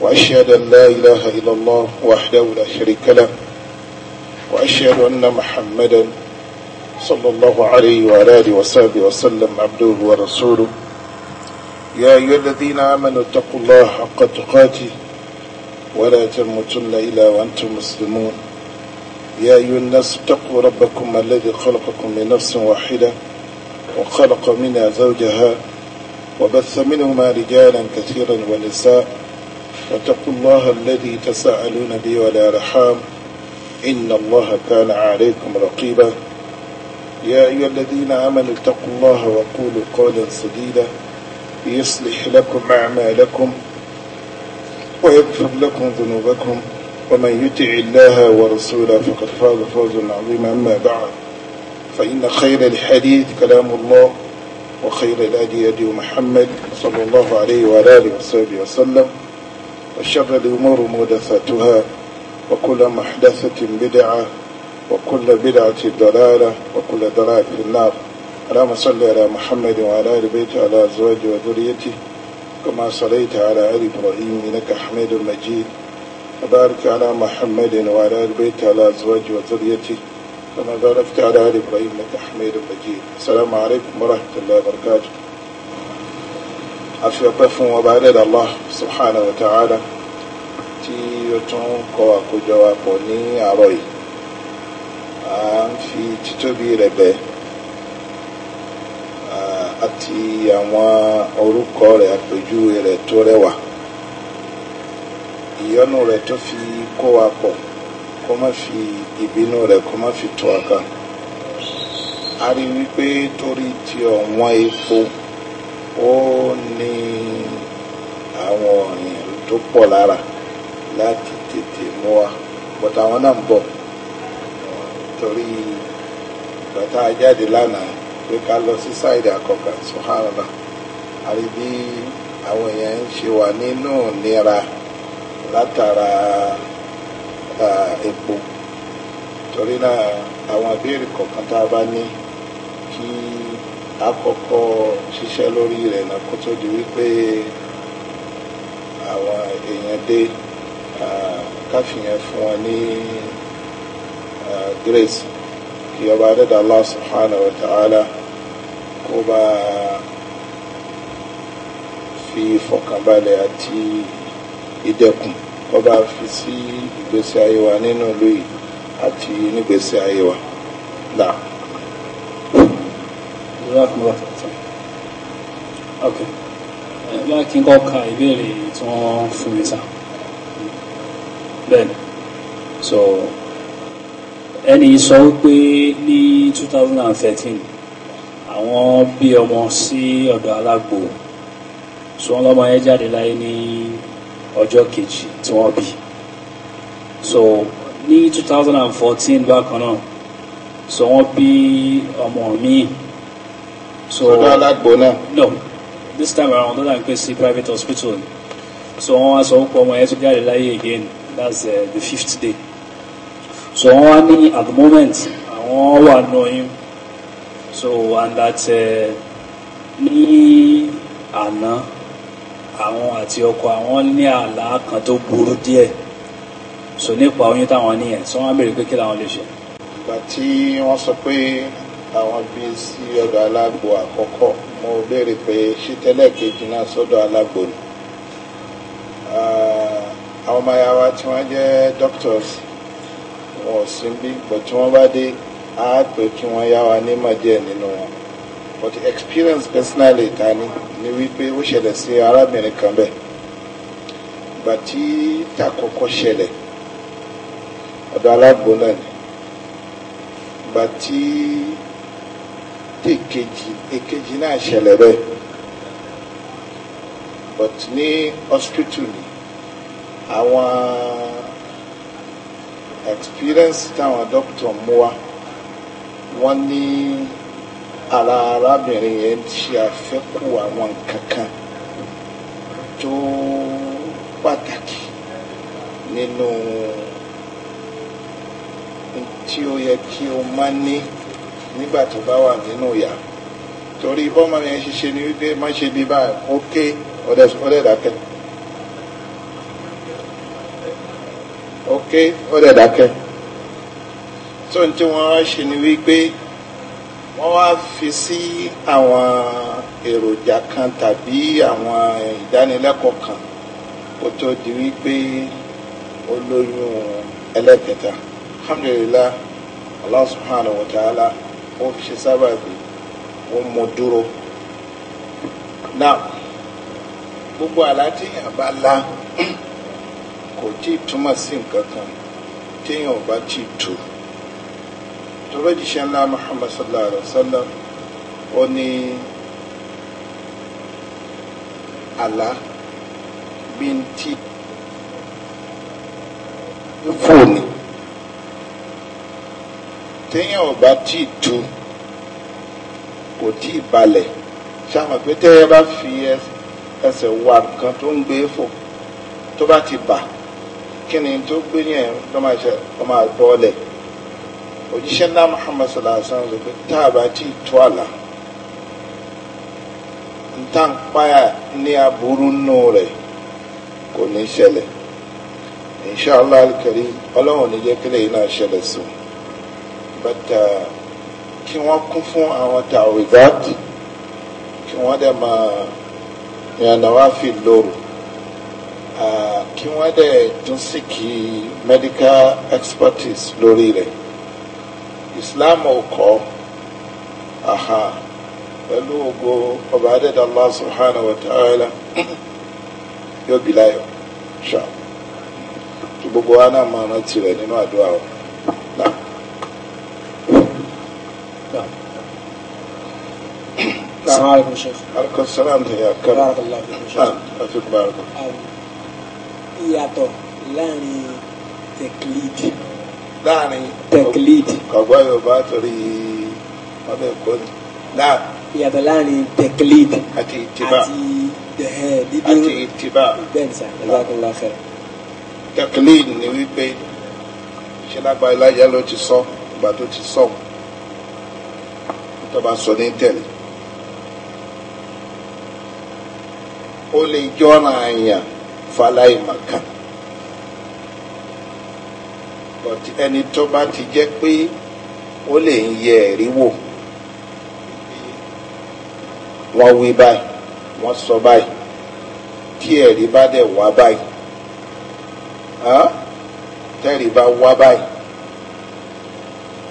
وأشهد أن لا إله إلا الله وحده لا شريك له وأشهد أن محمدا صلى الله عليه وعلى آله وصحبه وسلم عبده ورسوله يا أيها الذين آمنوا اتقوا الله حق تقاته ولا تموتن إلا وأنتم مسلمون يا أيها الناس اتقوا ربكم الذي خلقكم من نفس واحدة وخلق منها زوجها وبث منهما رجالا كثيرا ونساء واتقوا الله الذي تساءلون به والأرحام إن الله كان عليكم رقيبا يا أيها الذين آمنوا اتقوا الله وقولوا قولا سديدا يصلح لكم أعمالكم ويغفر لكم ذنوبكم ومن يطع الله ورسوله فقد فاز فوزا عظيما أما بعد فإن خير الحديث كلام الله وخير الأدي هدي محمد صلى الله عليه وآله وصحبه وسلم وشر الأمور مهدثاتها وكل محدثة بدعة وكل بدعة ضلالة وكل ضلالة في النار اللهم صل على محمد وعلى آل بيته على أزواجه وذريته كما صليت على آل إبراهيم إنك حميد مجيد وبارك على محمد وعلى آل بيته على أزواجه وذريته كما باركت على آل إبراهيم إنك حميد مجيد السلام عليكم ورحمة الله وبركاته àfi ọpẹ́ fún ọba adẹ́dà Allah subhanahu wa ta'ala tí ó tún kọ àkójọ wa pọ̀ ní àárọ̀ yìí à ń fi títóbi rẹ̀ bẹ̀ àti àwọn orúkọ rẹ̀ àpèjúwe rẹ̀ tó rẹwà ìyọ́nú rẹ̀ tó fi kó wa kó má fi ìbínú rẹ̀ kó má fi tó wa a rí wípé torí ti ọ̀wọ́n epo. ó ní àwọn ọ̀rìn tó pọ̀ lára láti tètè mú wa bọ̀tà àwọn náà ń bọ̀ torí bàtà jáde lánàá pé ká lọ sí sáìdì àkọ́kà sọ̀hánàlá àrí bí àwọn èèyàn ń ṣe wà nínú látara epo torí náà àwọn kọ̀ọ̀kan tá a bá ní àkọ́kọ́ ṣiṣẹ lórí rẹ náà kó di wípé àwọn èèyàn dé káfíyàn fún wa ní grace kí ọba adẹ́dà Allah subhanahu wa ta'ala kó bá fi ìfọkànbalẹ̀ àti ìdẹ̀kùn kó bá fi sí ìgbésí ayé wa nínú ìlú yìí àti nígbésí ayé wa Okay. Ẹgbẹ́ akínkọ́ ka ìbéèrè tí wọ́n fún mi sá. Bẹ́ẹ̀ni. So, ẹni sọ wípé ní 2013, àwọn bí ọmọ sí ọ̀dọ̀ alágbò. So, wọ́n lọ́mọ yẹn jáde láyé ní ọjọ́ kejì tí wọ́n bí. So, ní 2014 bákan náà, so wọ́n bí ọmọ míì so sọ́dọ̀ alágbó náà. no this time around ọ̀dọ́ là ń pè private hospital so wọ́n wá to go ọmọ yẹn tún jáde again that's uh, the fifth day so wọ́n wá ní at the moment àwọn wà nù him. so and that me eh, ní àná àwọn àti ọkọ àwọn ní àlá kan tó burú díẹ̀ so nípa oyún táwọn níyẹn so wọ́n á béèrè pé kí làwọn lè ṣe. ìgbà tí wọ́n sọ pé àwọn bí sí alagbo alágbo mo béèrè pé ṣé kejì náà sọ́dọ̀ alágbo ni ah, àwọn ọmọ ya wa tí wọ́n jẹ́ doctors wọn ò sí bí bọ̀ tí wọ́n bá dé á pè but experience personally ta ni ni wípé ó ṣẹlẹ̀ sí arábìnrin kan bẹ́ẹ̀ ìgbà tí ni ìgbà àti ìkejì ìkejì náà ṣẹlẹ̀ bẹ́ẹ̀ but ní hospital ni àwọn experience táwọn doctor mú wa wọ́n ní ara arábìnrin yẹn ṣe àfẹ́kù àwọn nǹkan kan tó pàtàkì nínú tí ó yẹ kí o máa ní nígbà tó bá wà nínú ìyá torí bọ́mọ yẹn ṣiṣẹ́ ni wípé má ṣe bí báyìí ó ké ọdẹ dákẹ́ ó ké ọdẹ dákẹ́ tó ní tí wọ́n ṣe ni wípé wọ́n wá fi sí àwọn èròjà kan tàbí àwọn ìdánilẹ́kọ̀ọ́ kan kó tó di wípé olóyún ẹlẹ́kẹta alhamdulilayi allah subhanahu wa ta'ala wọ́n fi ṣe sábà gbé wọ́n mọ dúró náà gbogbo àlá téèyàn bá lá kò tí ì túmọ̀ sí nǹkan kan téèyàn bá tí ì tù tọ́rọ́ jíṣẹ́ ńlá Muhammad sallallahu alayhi wa sallam ó ní àlá bí n fóònù. téèyàn ò tí tu kò tí balẹ̀ ṣàmọ̀ pé tẹ́ bá fi ẹsẹ̀ nǹkan tó ti bà kí ni tó gbé ní ẹ̀ máa ṣe ọmọ àgbọ̀ọ́lẹ̀ òjíṣẹ́ ńlá Muhammad sallallahu alaihi wasallam pé tá a bá tí ì tó àlà ntá ń páyà ní aburú nù rẹ̀ kò ní ṣẹlẹ̀ inṣàlá ọlọ́run ní jẹ́ but uh, kí wọ́n kún fún àwọn tàwídáàtì kí wọ́n dẹ̀ máa yànnàwá fi lóru kí wọ́n dẹ̀ tún sí kí medical expertise lórí rẹ̀ Islam ò kọ́ aha pẹ̀lú ògo ọba adẹ́dà Allah subhanahu wa ta'ala yóò bí láyọ̀ ṣá gbogbo wa náà máa rántí rẹ̀ nínú àdúrà wa. السلام عليكم يا شيخ عليكم السلام يا كرم بارك الله فيكم نعم فيك بارك الله ìyàtọ̀ láàrin teclid. láàrin teclid. kọ̀gbọ́n yorùbá torí ọbẹ̀ èkó ni. ìyàtọ̀ láàrin teclid. àti ìtìbà àti dídí àti ìtìbà. bẹ́ẹ̀ ni sà ẹ̀dákun la fẹ́. teclid ni wípé ṣé lágbàá iláyà ló ti sọ ìgbà tó ti sọ tó bá sọ ní tẹ̀lé. ó lè jọ́ra àyàn fàlàìmọ̀kan but ẹni tó bá ti jẹ́ pé ó lè ń yẹ ẹ̀rí wò wọ́n wí báyìí wọ́n sọ báyìí tí ẹ̀rí bá dẹ̀ wá báyìí tẹ́rì bá wá báyìí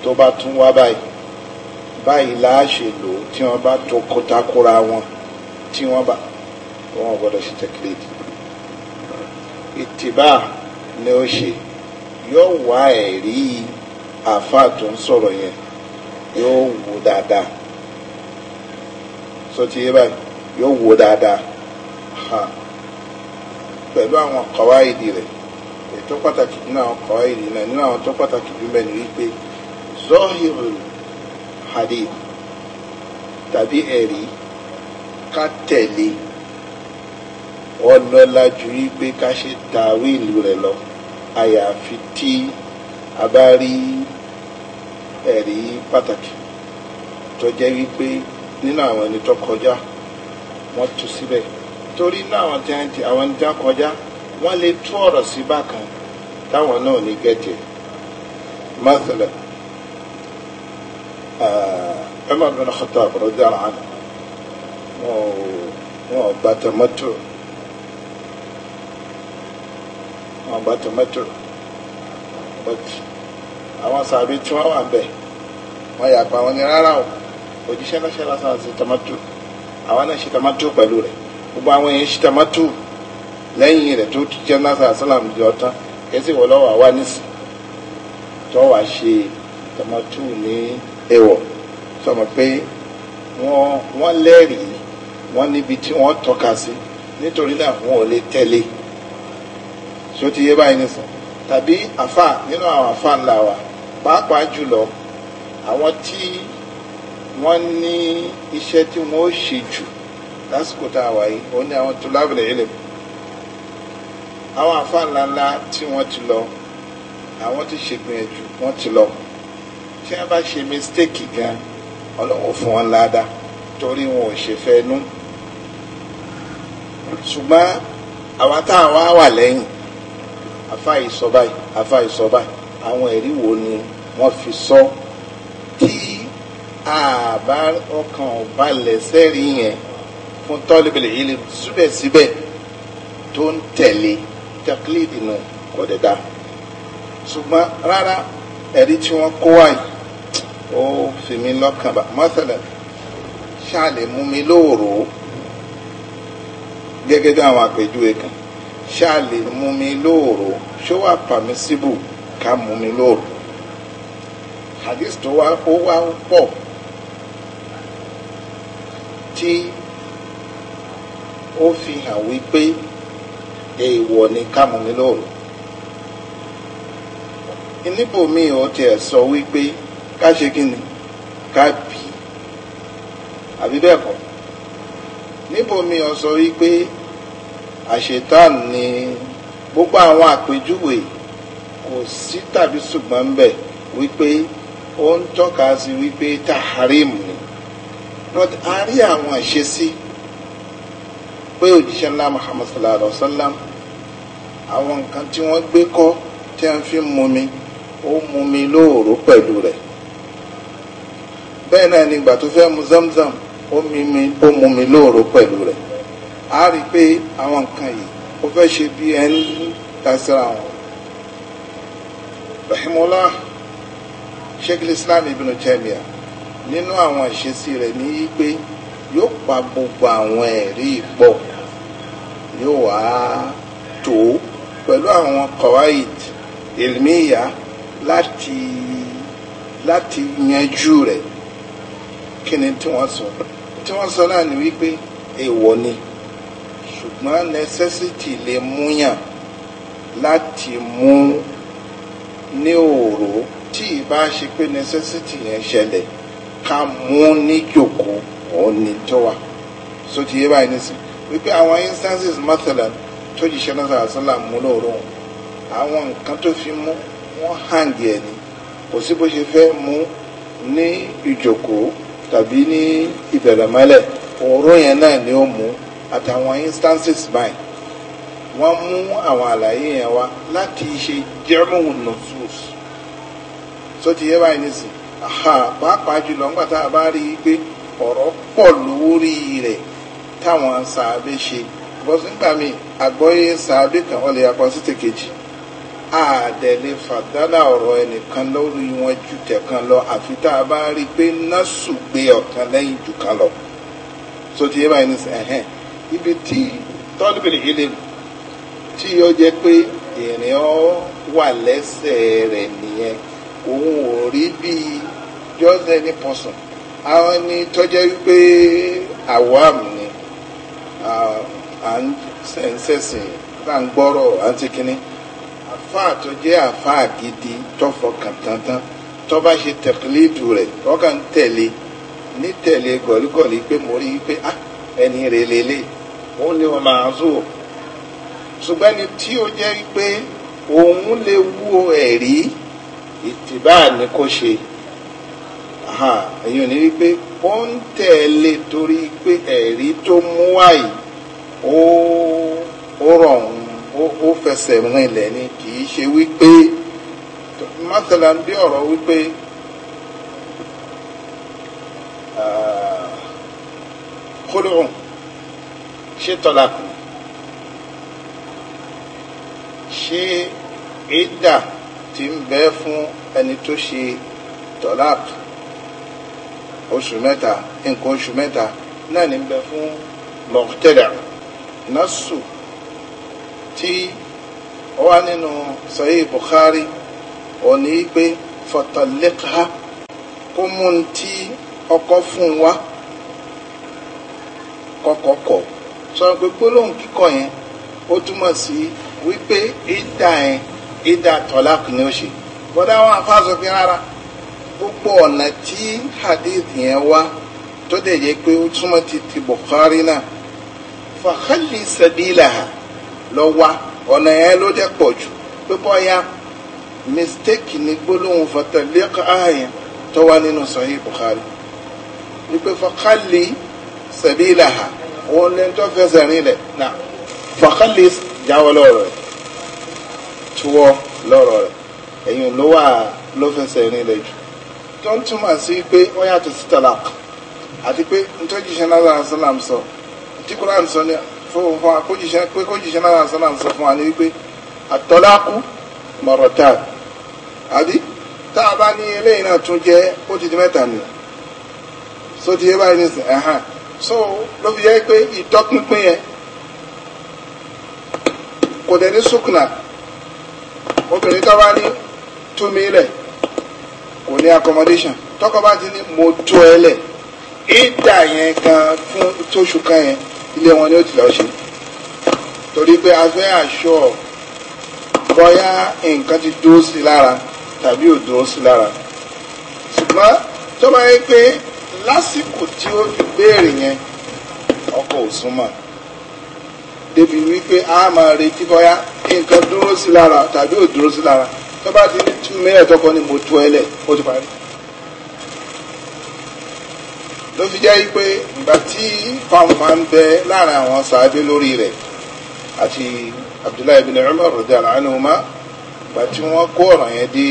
tó bá tún wá báyìí báyìí láà lò tí wọ́n bá tó kótakóra wọn tí wọ́n bá wọn ò gbọdọ̀ ṣe tẹkílẹ̀dì ìtìbá ni ó ṣe yóò wá ẹ̀rí àáfàá tó ń sọ̀rọ̀ yẹn yóò wò dáadáa sọ ti yé báyìí yóò wò dáadáa pẹ̀lú àwọn kọ̀wáìdì rẹ̀ ètò pàtàkì nínú àwọn kọ̀wáìdì náà nínú àwọn tó pàtàkì jù mẹ́rin wípé zọ́hìrì hadith tàbí ẹ̀rí ká tẹ̀lé ọlọ́lá ju wípé ká ṣe tàwíìlù rẹ̀ lọ àyàfi tí a bá rí ẹ̀rí pàtàkì tó jẹ́ wípé nínú àwọn ẹni tó kọjá wọ́n tú síbẹ̀ torí nínú àwọn tí àwọn ẹni tó kọjá wọ́n lè tú ọ̀rọ̀ sí bákan táwọn náà ní gẹ̀jẹ̀ mọ́tòlẹ̀ ah, Umar bin Khattab radiyallahu anhu wọn ò gbàtẹ́ mọ́tò. wọn gba tomato but àwọn sàbí tí wọ́n wà ń bẹ̀ wọ́n yà pa wọn ní rárá o òjíṣẹ́ náà ṣe lásán àti tomato àwọn náà ṣe tomato pẹ̀lú rẹ̀ gbogbo àwọn èèyàn ṣe tomato lẹ́yìn rẹ̀ tó jẹ́ nasa asálàmù di ọ̀tán kẹ́sì wọ́n lọ́wọ́ àwa nísìn tó wà ṣe tomato ní ẹ̀wọ̀ sọmọ pé wọ́n wọ́n lẹ́rìí wọ́n níbi tí wọ́n tọ́ka sí nítorí náà wọ́n ò lè tẹ̀lé tó ti yé báyìí nìsín tàbí àfa nínú àwọn àfa ńlá wa pàápàá jùlọ àwọn tí wọ́n ní iṣẹ́ tí wọ́n ó ṣe jù lásìkò tá a wà yìí òun ni àwọn tó lábìlẹ̀ yìí lè mú àwọn àfa ńlá ńlá tí wọ́n ti lọ àwọn ti ṣègbìyànjú wọ́n ti lọ tí wọ́n bá ṣe mistake gan ọlọ́wọ́ fún wọn ládàá torí wọn ò ṣe fẹ́ nú ṣùgbọ́n àwa tá a wá wà lẹ́yìn àfa ìsọ báyìí àfa ìsọ báyìí àwọn ẹ̀rí wo ni wọ́n fi sọ tí àbá ọkàn balẹ̀ sẹ́rí yẹn fún tọ́lébìlì yìí lè síbẹ̀síbẹ̀ tó ń tẹ̀lé tẹ́kílìdì nù kò dẹ̀ dá ṣùgbọ́n rárá ẹ̀rí tí wọ́n kó wáyé ó fi mí lọ́kàn bá mọ́sálẹ̀ ṣáà lè mú mi lóòrò gẹ́gẹ́ bí àwọn àpèjúwe kan ṣá lè mú mi lóòrò ṣó wà pàmísíbù ká mú mi lóòrò hadith tó wá ó wá pọ̀ tí ó fi hàn wípé èèwọ̀ ni ká mú mi lóòrò níbòmíì ó tiẹ̀ sọ wípé ká ṣe kí ni ká bì í àbí bẹ́ẹ̀ kọ́ níbòmíì ó sọ wípé àṣetán ni gbogbo àwọn àpèjúwe kò sí tàbí ṣùgbọ́n ń bẹ̀ wípé ó ń tọ́ka sí wípé taharim ni a rí àwọn ìṣesí pé òjíṣẹ́ ńlá Muhammad sallallahu alayhi wa sallam àwọn nǹkan tí wọ́n gbé kọ́ tí wọ́n fi ń mumi ó mumi lóòró pẹ̀lú rẹ̀ bẹ́ẹ̀ náà ni ìgbà tó fẹ́ mu zamzam ó mumi ó pẹ̀lú rẹ̀ a rí i pé àwọn nǹkan yìí ó fẹ́ ṣe bí ẹni tasira wọn. rahimola sheikh islam ibn Taymiya nínú àwọn ìṣesí rẹ̀ ní pé yóò pa gbogbo àwọn ẹ̀rí pọ̀ yóò wá tó pẹ̀lú àwọn kawaid ilmiya láti láti yanjú rẹ̀ kí ni tí wọ́n sọ tí wọ́n sọ náà ni wípé èèwọ̀ ni ṣùgbọ́n necessity lè múyàn láti mú ní òòró tí ìbá ṣe pé necessity yẹn ṣẹlẹ̀ ká mú ní jòkó òun ni tó wà so ti yé báyìí nísìn wípé àwọn instances mọ́tàlá tó jíṣẹ́ náà sọ̀rọ̀ sọ́là mú lóòró wọn àwọn nǹkan tó fi mú wọ́n hang ẹ̀ ni kò sí bó ṣe fẹ́ mú ní ìjòkó tàbí ní ìbẹ̀rẹ̀ mọ́lẹ̀ yẹn náà ni ó mú àtàwọn instances báyìí wọ́n mú àwọn àlàyé yẹn wá láti ṣe german nusus tó ti yẹ báyìí nísìnyí pàápàá jùlọ ńgbà tá a bá rí i pé ọ̀rọ̀ pọ̀ lórí rẹ̀ táwọn sàábé ṣe bọ́sùn nígbà mi àgbọ́yé sàábé kan wọ́n lè yàpọ̀ sí tèkejì fàdánà ọ̀rọ̀ ẹnìkan lórí wọn ju tẹ̀kan lọ àfi tá a bá rí i pé násù gbé ọ̀kan lẹ́yìn jù kan lọ so ti yé báyìí ní ibi tí tọ́lùbìlì yìí lè tí yọ jẹ́ pé ìrìn ọ wà lẹ́sẹ̀ rẹ̀ nìyẹn òun ò rí bíi just any person àwọn ni tọ́jẹ́ wípé awam ni à ń sẹ̀nsẹ̀sìn bá ń gbọ́rọ̀ àti kínní àfáà tó jẹ́ àfáà gidi tọ́fọkàn tantan tó bá ṣe tẹ̀kílíìtù rẹ̀ ọkàn tẹ̀lé ní tẹ̀lé gọ̀lígọ̀lí pé mo rí i pé ah, ẹni rẹ̀ lélẹ́yìí ó lè wọ́n máa zò ṣùgbọ́n ẹni tí o jẹ́ pé òun lè wo ẹ̀rí ìtìbá ni kò ṣe èyàn ní wípé ó ń tẹ̀lé torí pé ẹ̀rí tó mú wáyé ó ó rọ̀ ó fẹsẹ̀ rinlẹ̀ ni kì í ṣe wípé mọ́tàlá ń bí ọ̀rọ̀ wípé ah, kólóhùn ṣé tọ́lá kù ṣé ìdà tí ń bẹ fún ẹni tó ṣe tọ́lá oṣù mẹ́ta nǹkan oṣù mẹ́ta náà ní bẹ fún mọ̀tẹ́dà násù tí ó wá nínú sahih Bukhari òní pé fatalekha kó mú un tí ọkọ fún wa kọkọkọ sọ̀rọ̀ pé gbólóhùn kíkọ yẹn ó túmọ̀ sí wípé ìdá yẹn ìdá tọ́láàkì ni ó ṣe bọ́dá wọn afá sọ pé rárá gbogbo ọ̀nà tí hadith yẹn wá tó dẹ̀ yẹ pé ó túmọ̀ ti ti Bukhari náà fàkàlì sẹ́bílà lọ wá ọ̀nà yẹn ló dẹ̀ pọ̀ jù pé bọ́yá mistake ni gbólóhùn fọ̀tẹ̀lẹ́kọ̀ ààyè tó wá nínú sọ̀hí Bukhari wípé fàkàlì sẹ́bílà ha. òun le fẹsẹ̀ rìn lẹ̀ nà fàkàlì jáwọ́ lọ́rọ̀ rẹ̀ túwọ́ lọ́rọ̀ rẹ̀ ẹ̀yìn ló ló fẹsẹ̀ rìn lẹ̀ jù tó ń túmọ̀ sí pé wọ́n yàtọ̀ sí talaq àti pé ntọ́jíṣẹ́ náà lára sálàm sọ tí Qur'an sọ ní fún wa pé kójíṣẹ́ náà lára sálàm sọ fún wa ní wípé àtọ́láàkú marratan àbí tá bá ní eléyìí di mẹ́ta sóti so ló fi yẹ pé ìtọ́pinpin yẹn kò dẹ̀ ní sukuna obìnrin tó bá ní tú lẹ̀ kò ní accommodation tọkọ bá ti ní mo tú ẹ lẹ̀ ìdà yẹn kan fún tóṣù kan yẹn ilé wọn ni ó ti lọ ṣe torí pé a fẹ́ àṣọ bóyá nǹkan ti dúró sí lára tàbí ò dúró sí lára ṣùgbọ́n tó bá yẹ pé lásìkò tí ó fi béèrè yẹn ọkọ ò súnmọ́ débi wípé a máa retí bóyá nǹkan dúró sí lára tàbí ò dúró sí lára tó bá ti ní tú mẹ́rẹ̀ tọkọ ni mo tú ẹ lẹ̀ ó ti parí. ló fi jẹ́ pé ìgbà tí fáǹfà ń bẹ láàrin àwọn sàábé lórí rẹ̀ àti Abdullahi bin Umar radiyallahu anhuma ìgbà tí wọ́n kó ọ̀ràn yẹn dé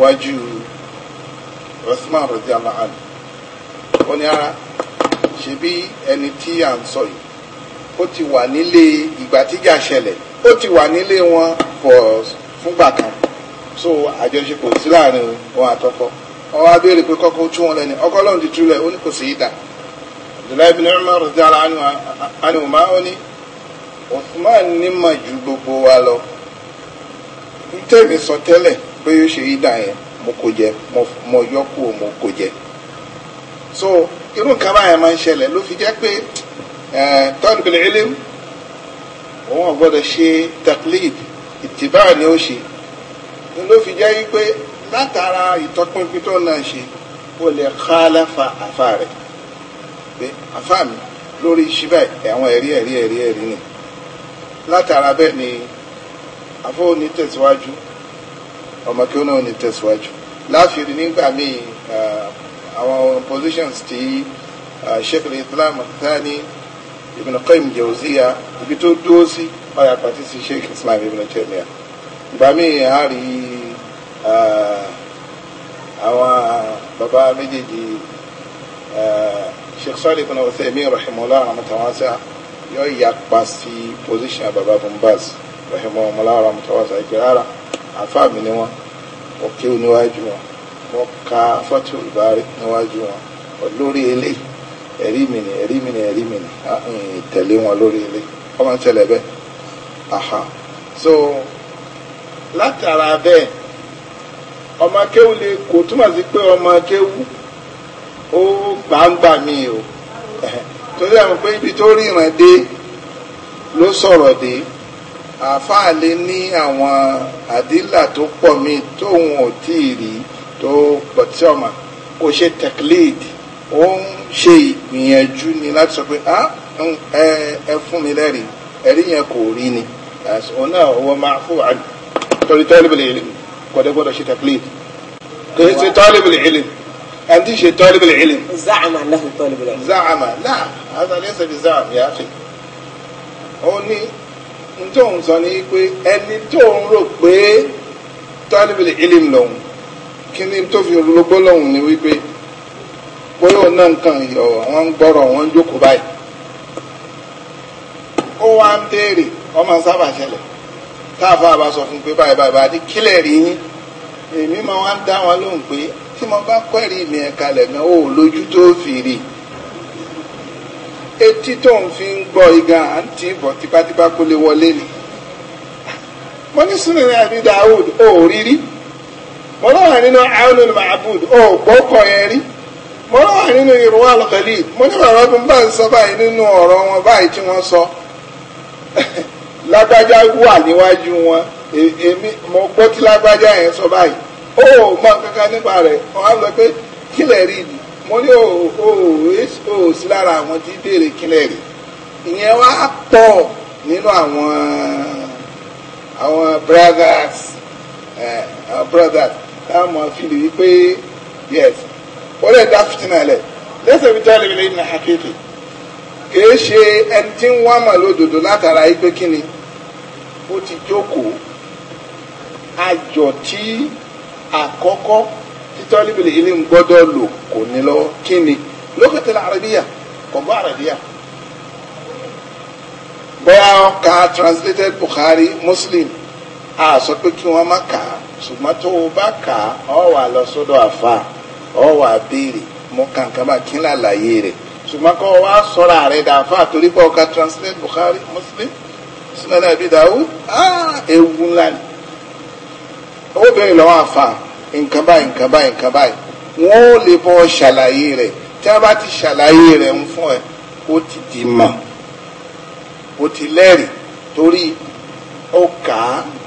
wájú Uthman radiyallahu anhu ó ní ara ṣe bí ẹni tí à ń sọ yìí ó ti wà nílé ìgbà tíjà ṣẹlẹ̀ ó ti wà nílé wọn fúngbà kan so àjọṣepọ̀ sí láàrin wọn àtọkọ wọn wá béèrè pé kọ́kọ́ tún wọn lẹ́nu ọkọ lọ́run ti túlẹ̀ ó ní kò sí ìdá abdullahi bin umar radiyallahu anhu ma ó ní usman ní mà ju gbogbo wa lọ n tẹ̀mí sọ tẹ́lẹ̀ pé yóò ṣe ìdá yẹn mo kò jẹ mo yọ kú mo kò jẹ so irú nǹkan báyẹn máa ń ṣẹlẹ̀ ló fi jẹ́ pé talibul ilm òun ò gbọ́dọ̀ ṣe taklid ìtìbá ni ó ṣe ló fi jẹ́ wípé látara ìtọ́pinpin tó náà ṣe ó lè khalafa àfa rẹ̀ pé àfa mi lórí ṣíbẹ̀ àwọn ẹ̀rí ẹ̀rí ẹ̀rí ẹ̀rí ni látara bẹ́ẹ̀ ni àfọ òní tẹ̀síwájú ọmọ kí ó náà ní tẹ̀síwájú nígbà míì Our positions tí uh, sheikh islam thani ibn qayyim jawziya ibi tó dúró sí ọyà pàtí sheikh islam ibn taymiya ìgbà míì a rí uh, àwọn bàbá méjèèjì uh, sheikh sọ́ọ̀lì ibn uthaymin rahimahullah rahmatawasa yóò yapa sí position bàbá bumbas rahimahullah rahmatawasa ìgbéra àfáà mi ni wọn òkè oníwájú wọn wọ́n ka fatul bari níwájú wọn lórí ilé ẹ̀rí mi ni ẹ̀rí mi ni ẹ̀rí mi ni tẹ̀lé wọn lórí ilé wọ́n tẹ̀lé bẹ́ẹ̀ aha so látara bẹ́ẹ̀ ọmọ kéwú lè kò túmọ̀ sí pé ọmọ kéwú ó gbàǹgbà mi o torí àwọn pé ibi tó ríran dé ló sọ̀rọ̀ dé àáfàá lè ní àwọn àdílà tó pọ̀ mi tóun ò tí ì rí tó pọ̀tí ọ̀mà kò ṣe tẹ̀kílíìd ó ń ṣe ìgbìyànjú ni láti sọ pé ẹ fún mi lẹ́rìí ẹ̀rí yẹn kò rí ni òun náà wọ́n máa fún àgbẹ̀ torí tọ́lẹ̀bìlì ìlìm kọ̀dẹ́ gbọ́dọ̀ ṣe tẹ̀kílíìd kò ṣe tọ́lẹ̀bìlì ìlìm àti ṣe tọ́lẹ̀bìlì ìlìm. zaama lahu tọ́lẹ̀bìlì ìlìm. zaama náà azalẹ́sẹ̀ bí zaama yà á fi. ó ní n sọ ni pé ẹni tó rò pé tọ́lẹ̀bìlì ìlìm lòun kíní tó fi ológbó lọ́hùn ni wípé bóyá ọ̀nà nǹkan yọ̀ wọ́n ń gbọ́rọ̀ wọ́n ń jókòó báyìí ó wá ń béèrè ọmọ sábà ṣẹlẹ̀ táàfà bá sọ fún pé báyìí báyìí báyìí kílẹ̀ rí yín èmi máa wá ń dá wọn lóhùn pé tí mo bá kẹ́rì mi ẹ̀ka lẹ̀mẹ́ ò lójú tó fi rí etí tó ń fi ń gbọ́ igan à bọ̀ tipátipá kó lè wọlé ni mo ní sùnìrìn àbí Dáúdù ò rírí mo lọ wà nínú aunul ma'bud o gbọ́kọ̀ yẹn rí mo lọ wà nínú ìrùwà lọ́kẹ̀lì mo ní bàbá bí n bá ń sọ báyìí nínú ọ̀rọ̀ wọn báyìí tí wọ́n sọ lágbájá wà níwájú wọn e, èmi mo gbọ́ tí lágbájá yẹn sọ báyìí o mọ kankan nípa rẹ̀ wọ́n á lọ pé kílẹ̀ rí ni mo ní o sí lára àwọn tí béèrè kílẹ̀ rí ìyẹn wá pọ̀ nínú àwọn àwọn brothers. Uh, our táwọn afili wípé yes ó lè dá fìtínà lẹ̀ lẹ́sẹ̀ fi tẹ́lẹ̀ mi lè nà hakeke kìí ṣe ẹni tí ń wá mà lódodo látara yìí pé kíni ó ti jókòó àjọ tí àkọ́kọ́ títọ́ níbìlì ilé ń gbọ́dọ̀ lò kò ní lọ́wọ́ kíni lókètè làrẹ́bíyà kò gbọ́ àrẹ́bíyà bóyá ka translated Bukhari Muslim a sọ pé kí wọ́n má kà ṣùgbọ́n tó o bá kà á ọ wà lọ sọ́dọ̀ àfa ọ wà béèrè mo kàǹkà bá kí n làlàyé rẹ̀ ṣùgbọ́n kọ́ wa sọ̀rọ̀ àrẹ dàáfà torí pé ọ̀ka translate Bukhari Muslim Sunan Abi Dawud ah, ewu ńlá ni ó béèrè lọ́wọ́ àfa nǹkan báyìí nǹkan báyìí nǹkan báyìí wọ́n ó lè bọ́ ṣàlàyé rẹ̀ tí wọ́n bá ti ṣàlàyé rẹ̀ ń fún ẹ ó ti dì mọ̀ ó ti lẹ́rìí torí ó kà á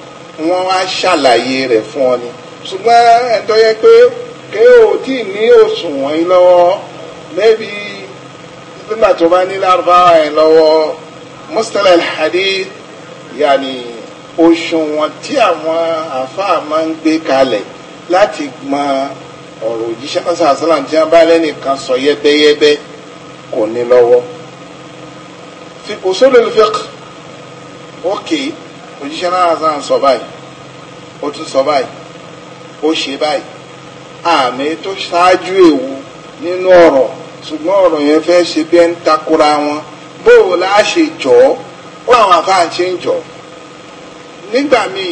wọ́n á ṣàlàyé rẹ̀ fún ọ ni ṣùgbọ́n ẹ̀tọ́ yẹ pé ké o tí ì ní òṣùwọ̀n yín lọ́wọ́ lẹ́bi nígbà tó bá ní lárúbáwá yín lọ́wọ́ mustala hadith yàní òṣùwọ̀n tí àwọn àfáà máa ń gbé kalẹ̀ láti mọ ọ̀rọ̀ òjíṣẹ́ pásá àsálàm tí wọ́n bá lẹ́nìkan sọ yẹ́bẹ́yẹ́bẹ́ kò ní lọ́wọ́ fi usulul fiqh okay òjíṣẹ́ náà sàn sọ báyìí ó tún sọ báyìí ó ṣe báyìí àmì tó ṣáájú èwo nínú ọ̀rọ̀ ṣùgbọ́n ọ̀rọ̀ yẹn fẹ́ ṣe bí ẹ takora wọn bóò la ṣe jọ ọ́ ó àwọn àfáà ṣe ń jọ nígbà míì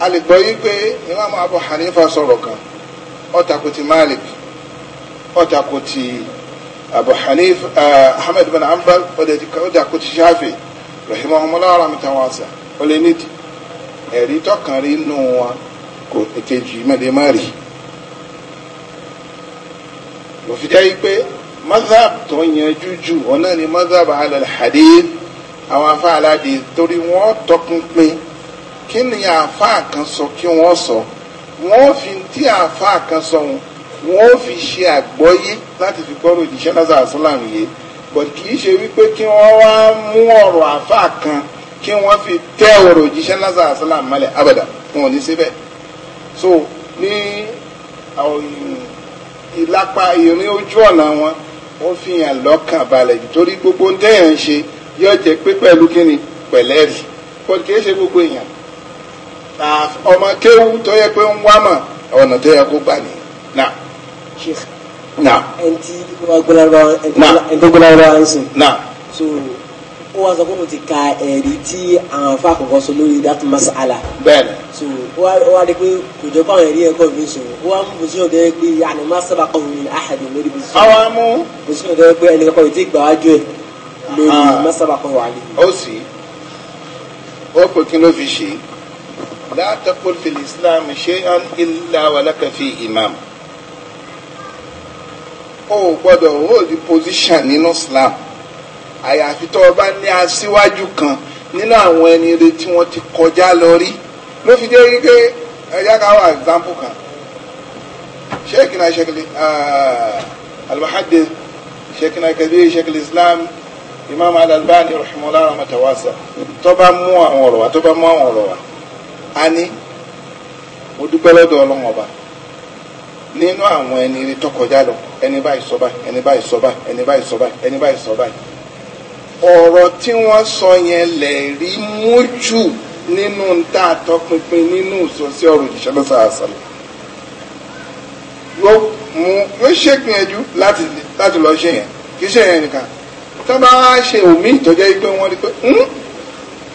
a lè gbọ́ yí pé Imam Abu Hanifa sọ̀rọ̀ kan ó tako ti Malik ó tako ti Abu Hanifa eh, Ahmed bin Ambal ó tako ti Shafi rahimahumullah rahmatan wasi'a ó lé nídìí ẹ̀rí tọkàn rí nù wọn kò èkejì mẹ́lẹ́ má rí òfin jẹ́ pé mazhab tó yanjú jù wọn náà ni mazab al-hadith àwọn afáàládì torí wọn tọpinpin kí ni àáfàá kan sọ kí wọn sọ wọn fi tí àáfàá kan sọ wọn wọn fi ṣe àgbọ́yé láti fi gbọ́rọ̀ òjíṣẹ́ lásán àṣálàmù yìí but kì í ṣe wípé kí wọ́n wá mú ọ̀rọ̀ àáfàá kan kí wọ́n fi tẹ́ ọ̀rọ̀ òjíṣẹ́ lásán àṣálà mọ́lẹ̀ abàdà wọn ò ní síbẹ̀ so ní ìlápa ìrìn ojú ọ̀nà wọn ó fi hàn lọ́kàn balẹ̀ torí gbogbo ń tẹ̀yàn ń ṣe yóò jẹ́ pé pẹ̀lú kíni pẹ̀lẹ́rì kò kìí ṣe gbogbo èèyàn ọmọ kéwú tó yẹ pé ń wá mọ̀ ọ̀nà tó yẹ kó gbà ní. na na. ẹn tí wọ́n gbọ́dọ̀ ẹ̀dọ́gbọ́dọ̀ ẹ̀dọ́gbọ́dọ̀ ẹ̀sìn. na. so ó wá sọ pé mo ti ka ẹ̀rí tí àwọn afa àkọ́kọ́ sọ lórí that masala. bẹ́ẹ̀ni. so ó wá rí pé kò jọ pé àwọn ẹ̀rí ẹ̀kọ́ mi sùn ó wá mú bùsùn ọ̀dẹ́ pé àná má sábà kọ́ mi àhàdì lórí bùsùn. àwa mú. bùsùn ọ̀dẹ́ pé ẹnì kankan ò tí ì gbàwájú ẹ̀ lórí má sábà kọ́ wà ní. ó sì ó pè kí ló fi ṣe látàkùn fìlì islam ṣé an ilà wàlákà fi imam ó gbọ́dọ̀ hold position nínú islam. No àyàfi tó o bá ní aṣíwájú kan nínú àwọn ẹni rẹ tí wọ́n ti kọjá lọ rí ló fi jẹ́ wípé ẹ̀yà ká wà example kan sheikina shekili albahadde sheikina kabir shekili islam imam alalbani rahimahullah rahmatawasa tó bá mú àwọn ọ̀rọ̀ wa tó bá mú àwọn ọ̀rọ̀ wa a ní mo dúpẹ́ lọ́dọ̀ ọlọ́run ọba nínú àwọn ẹni tó kọjá lọ ẹni báyìí sọ báyìí ẹni báyìí sọ báyìí ẹni báyìí sọ báyìí ẹni báyìí sọ báyìí ọ̀rọ̀ tí wọ́n sọ yẹn lè rí mú jù nínú tá a tọpinpin nínú ìsọsí ọ̀rọ̀ òjíṣẹ́ lọ́sà àṣàlẹ̀ yóò mú yóò ṣègbìyànjú láti láti lọ ṣe yẹn kì í ṣe yẹn nìkan tó bá wá ṣe òmí ìtọ́jẹ́ yìí pé wọ́n rí pé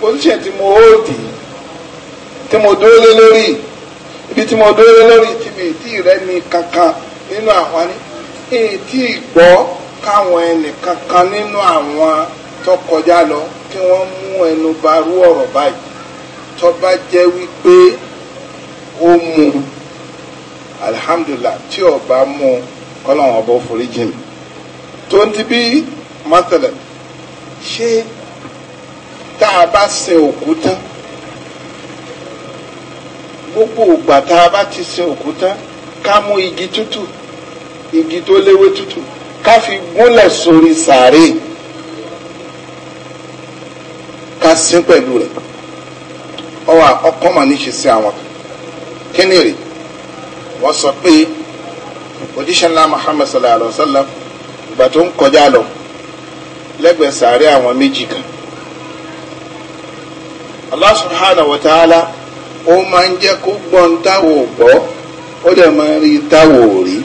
position tí mo hold tí mo dúró lé lórí ibi tí mo dúró lé lórí tí mi tí rẹ ni kankan nínú àwọn ní èyí gbọ́ káwọn ẹnì kankan nínú àwọn tó kọjá lọ kí wọ́n mú ẹnu ba rú ọ̀rọ̀ báyìí tó bá jẹ́ wípé ó mú alihamdulilah tí ó mú ọlọ́run ọba foríjì mi tó bí mọ́tẹ̀lẹ̀ ṣé tá a bá sin òkú tán gbogbo ìgbà tá a bá ti sin òkú tán ká mú igi tútù igi tó léwé tútù ká fi gúnlẹ̀ sórí sàárè ká sín pẹ̀lú rẹ̀ ọwọ́ ọkọ́ mà níṣe sí àwọn kíni rè wọ́n sọ pé òjíṣẹ́ ńlá Muhammad sallallahu alayhi wa sallam ìgbà tó ń kọjá lọ lẹ́gbẹ̀ẹ́ sàárẹ̀ àwọn méjì kan Allah subhanahu wa ta'ala ó máa ń jẹ́ kó gbọ́n táwò gbọ́ ó dẹ̀ máa ń rí táwò rí.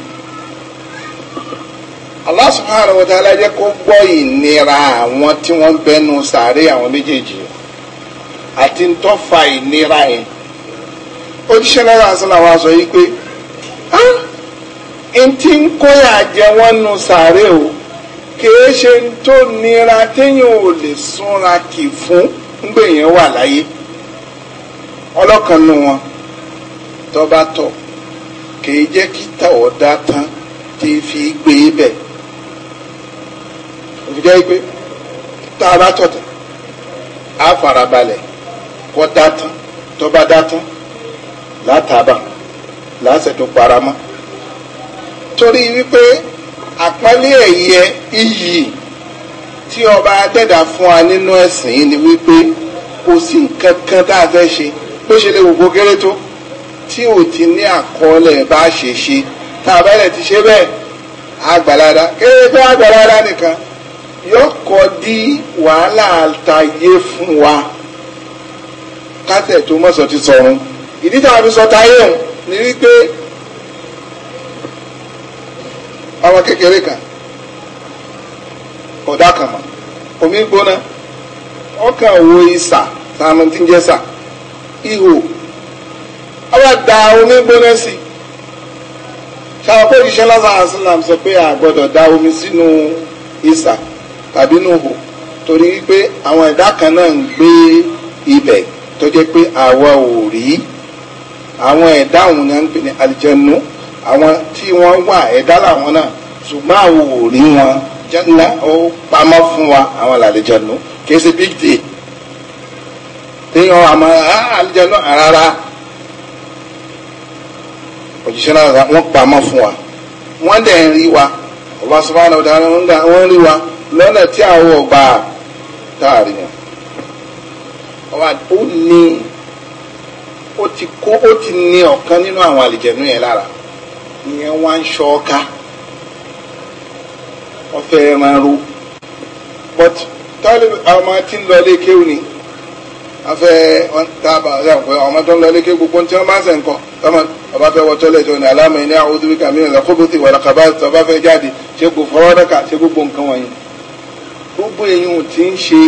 Allah subhanahu wa ta'ala jẹ́ kó gbọ́ ìnira àwọn tí wọ́n bẹnu sàárè àwọn méjèèjì àti ń tọ́ fa ìnira yẹn oníṣẹ́ lọ́wọ́ àṣàlà wa sọ yìí pé n tí ń kóyà jẹ wọ́n nu sàárè o kìí ṣe tó nira téèyàn ò lè súnra kì fún ngbèyàn wà láyé ọlọ́kan nu wọn tọ́ bá tọ̀ kìí jẹ́ kí tàwọ̀ dá tán tí fi gbé e bẹ́ẹ̀ òfìjẹ́ pé tá a bá tọ̀tẹ̀ á farabalẹ̀ kọ́ dá tán tó bá dá tán látàbà láṣẹ tó paramọ́ torí wípé àpọ́nlé ẹ̀yẹ iyì tí ọba adẹ́dà fún wa nínú ẹ̀sìn yìí ni wípé kò sí nǹkan kan tá a fẹ́ ṣe bó ṣe lè wògbó kéré tó tí ò ti ní àkọọ́lẹ̀ bá ṣe ṣe tá a bá lè ti ṣe bẹ́ẹ̀ àgbàlada kéré pé àgbàlada nìkan yọkọ di wàhálà àtàyè fún wa kátẹ̀ tó ti sọ̀run ìdí tá a fi sọ táyé òun ni wípé ọmọ kékeré kan ọ̀dà kan mọ̀ omi gbóná ọkàn wo ìsà sàmù tí ń jẹ́ sà ihò ọba da omi gbóná sí lásán àṣìlám sọ da omi tàbí nùhù torí wípé àwọn ẹ̀dá kan náà ń gbé ibẹ̀ tó jẹ́ pé àwa ò rí àwọn ẹ̀dá òun náà ń pè ní àlìjẹnu àwọn tí wọ́n wà ẹ̀dá làwọn náà ṣùgbọ́n àwọn ò rí wọn jẹ́nà ó pamọ́ fún wa àwọn làlìjẹnu kì í ṣe big day téèyàn àmọ́ ah, àlìjẹnu ah, rárá òjíṣẹ́ náà wọ́n pamọ́ fún wa wọ́n dẹ̀ ń rí wa ọba sọ́fàánà ọ̀daràn wọ́n rí wa lọ́nà tí àwọn ọgbà táàrí wọn ó ní ó ti kó ó ti ní ọ̀kan nínú àwọn àlìjẹ̀nú yẹn lára ìyẹn wá ń ṣọ ọ́ká wọ́n ẹran ro but tọ́lẹ̀ ọmọ tí ń lọ ilé kéwù ni wọ́n fẹ́ tábà ọ̀sẹ̀ pé ọmọ tó ń lọ ilé kéwù gbogbo tí wọ́n bá ń sẹ̀ ń kọ́ ọmọ ọba fẹ́ wọ tọ́lẹ̀ tó ní alámọ̀ ẹni àwọn òdúbí kàmínà lọ́kọ́ bó ti wà lọ́kàbá tó ọba fẹ́ jáde ṣé gbogbo fọwọ́dọ́kà ṣé gbogbo nǹkan wọ̀nyí gbogbo èèyàn tí ń ṣe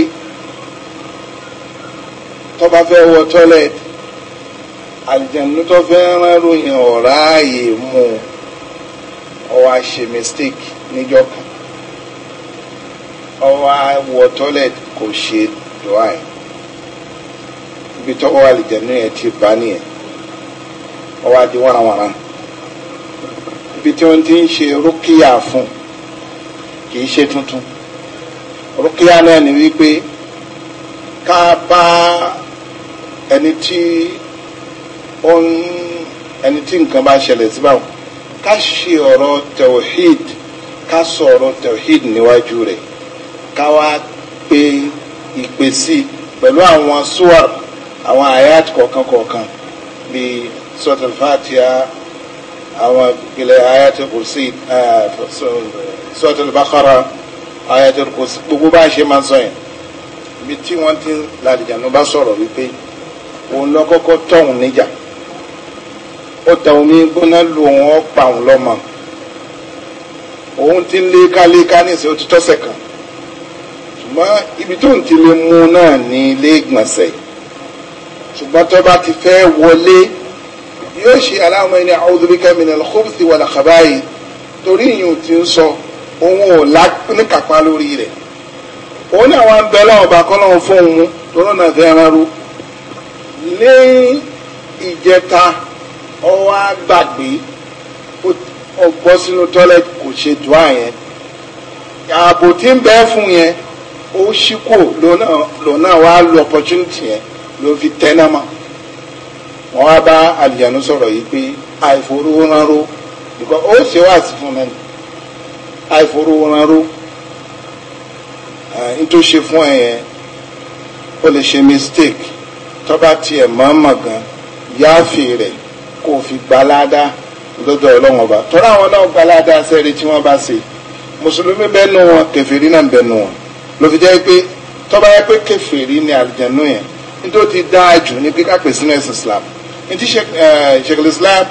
tó bá fẹ́ wọ tọ́lẹ̀tì àlìjẹ̀mú tó fẹ́ rán ròyìn ọ̀rá ààyè mú ó wá mistake níjọ́ kan ó wá wọ tọ́lẹ̀tì kò ṣe dùá ẹ̀ ibi tọ́wọ́ àlìjẹ̀mú yẹn ti bá nìyẹn ó wá wàràwàrà ibi tí wọ́n ti ń ṣe rókìá fún kì í ṣe tuntun rúkìá náà ni wípé ká bá ẹni tí ó ń ẹni tí nǹkan bá ṣẹlẹ̀ sí báwọn ká ṣe ọ̀rọ̀ tawhid ká sọ ọ̀rọ̀ tawhid níwájú rẹ̀ ká wá pe ìpè sí pẹ̀lú àwọn suwar àwọn ayat kọ̀ọ̀kan kọ̀ọ̀kan bíi sọ́tàl fatia, àwọn ìpìlẹ̀ ayat kùsì sọ́tàl bakara ayatul kursi gbogbo bá a ṣe máa sọ yẹn ibi tí wọ́n ti làdìjànú bá sọ̀rọ̀ wípé òun lọ kọ́kọ́ tọ̀hún níjà ó ta omi gbóná lu òun ó pa òun lọ́mọ òun ti lékaléka níṣẹ́ ó ti tọ́sẹ̀ kan ṣùgbọ́n ibi tóun ti lè mú náà ní ilé ìgbọ̀nsẹ̀ ṣùgbọ́n tó bá ti fẹ́ wọlé yóò ṣe aláwọ̀ ẹni a'udhu bika minal khubuthi wal khaba'i torí ìyún ti ń sọ. So òun ò lá níkàpá lórí re òun ni wá ń bẹ lọ́wọ́ fún òun tóró náà fẹ́ ẹran ru ní ìjẹta ọwọ́ àgbàgbé ó bọ́ sínú tọ́lẹ̀tì kò ṣe dùá yẹn ààbò tí ń bẹ fún yẹn ó ṣí kò náà lu opportunity yẹn ló fi wá bá yìí pé ó ṣe wá sí fún àìforúwọ́nrú nítorí ṣe fún ẹ yẹn ó lè ṣe mistake tọ́ba tiẹ̀ mọ̀ọ́mọ̀ gan yááfì rẹ̀ kó o fi gbalada lọ́dọ̀ ọlọ́run ọba tọ́ra àwọn náà gbalada sẹ́ẹ̀rì tí wọ́n bá ṣe mùsùlùmí bẹ́nu wọn kẹfìrí náà bẹ́nu wọn ló fi jẹ́ pé tọ́ba yẹ pé kẹfìrí ni àlùjànnú yẹn nítorí ti dáa jù ní kíkà pè sínú ẹ̀sìn Islam ní ti Sheikh Islam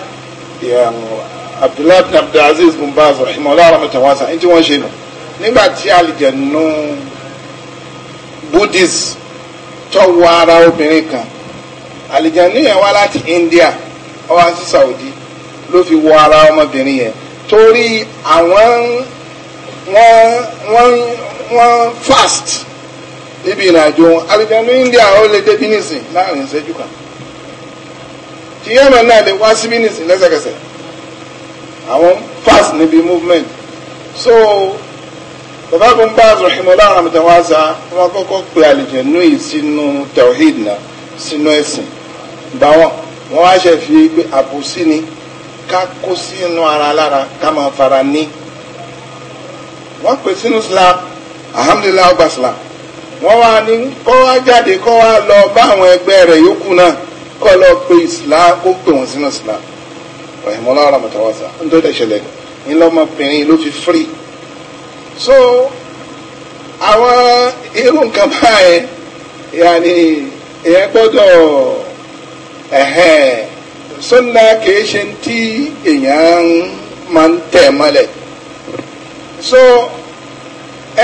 abdullahi bin abdulaziz bin baz rahimahullah rahmatawasa ẹni tí wọ́n ṣe nù nígbà tí alìjẹ̀nu buddhist tọ́wọ́ ara obìnrin kan alìjẹ̀nu yẹn wá láti india ó wá sí saudi ló fi wọ ara ọmọbìnrin yẹn torí àwọn wọ́n wọ́n wọ́n fast níbi ìrìnàjò wọn alìjẹ̀nu india ó lè débi nísìn láàrin ìṣẹ́jú kan tí yẹ́mọ̀ náà lè wá síbí nísìn lẹ́sẹ̀kẹsẹ̀ àwọn fast níbi movement so bàbá kan bá rahimola ramadawaza wọn kọ́kọ́ pe àlìjẹnú yìí sínú tawhid náà sínú ẹsìn gbà wọn wọn wá ṣe fi pé àbòsí ni ká kó sínú ara lára ká máa fara ní wọn pè sínú islam alhamdulilayi ọgbà islam wọn wá ní kó wá jáde kó wá lọ bá àwọn ẹgbẹ́ rẹ̀ yòókù náà kó lọ pe islam kó pè wọn sínú islam rahimola aramata wasa nítorí ìṣẹ̀lẹ̀ ní lọ́mọbìnrin ló fi firi so àwọn irú nǹkan báyẹn yàní èèyàn gbọ́dọ̀ sunna kìí ṣe tí èèyàn máa ń tẹ̀ mọ́lẹ̀ so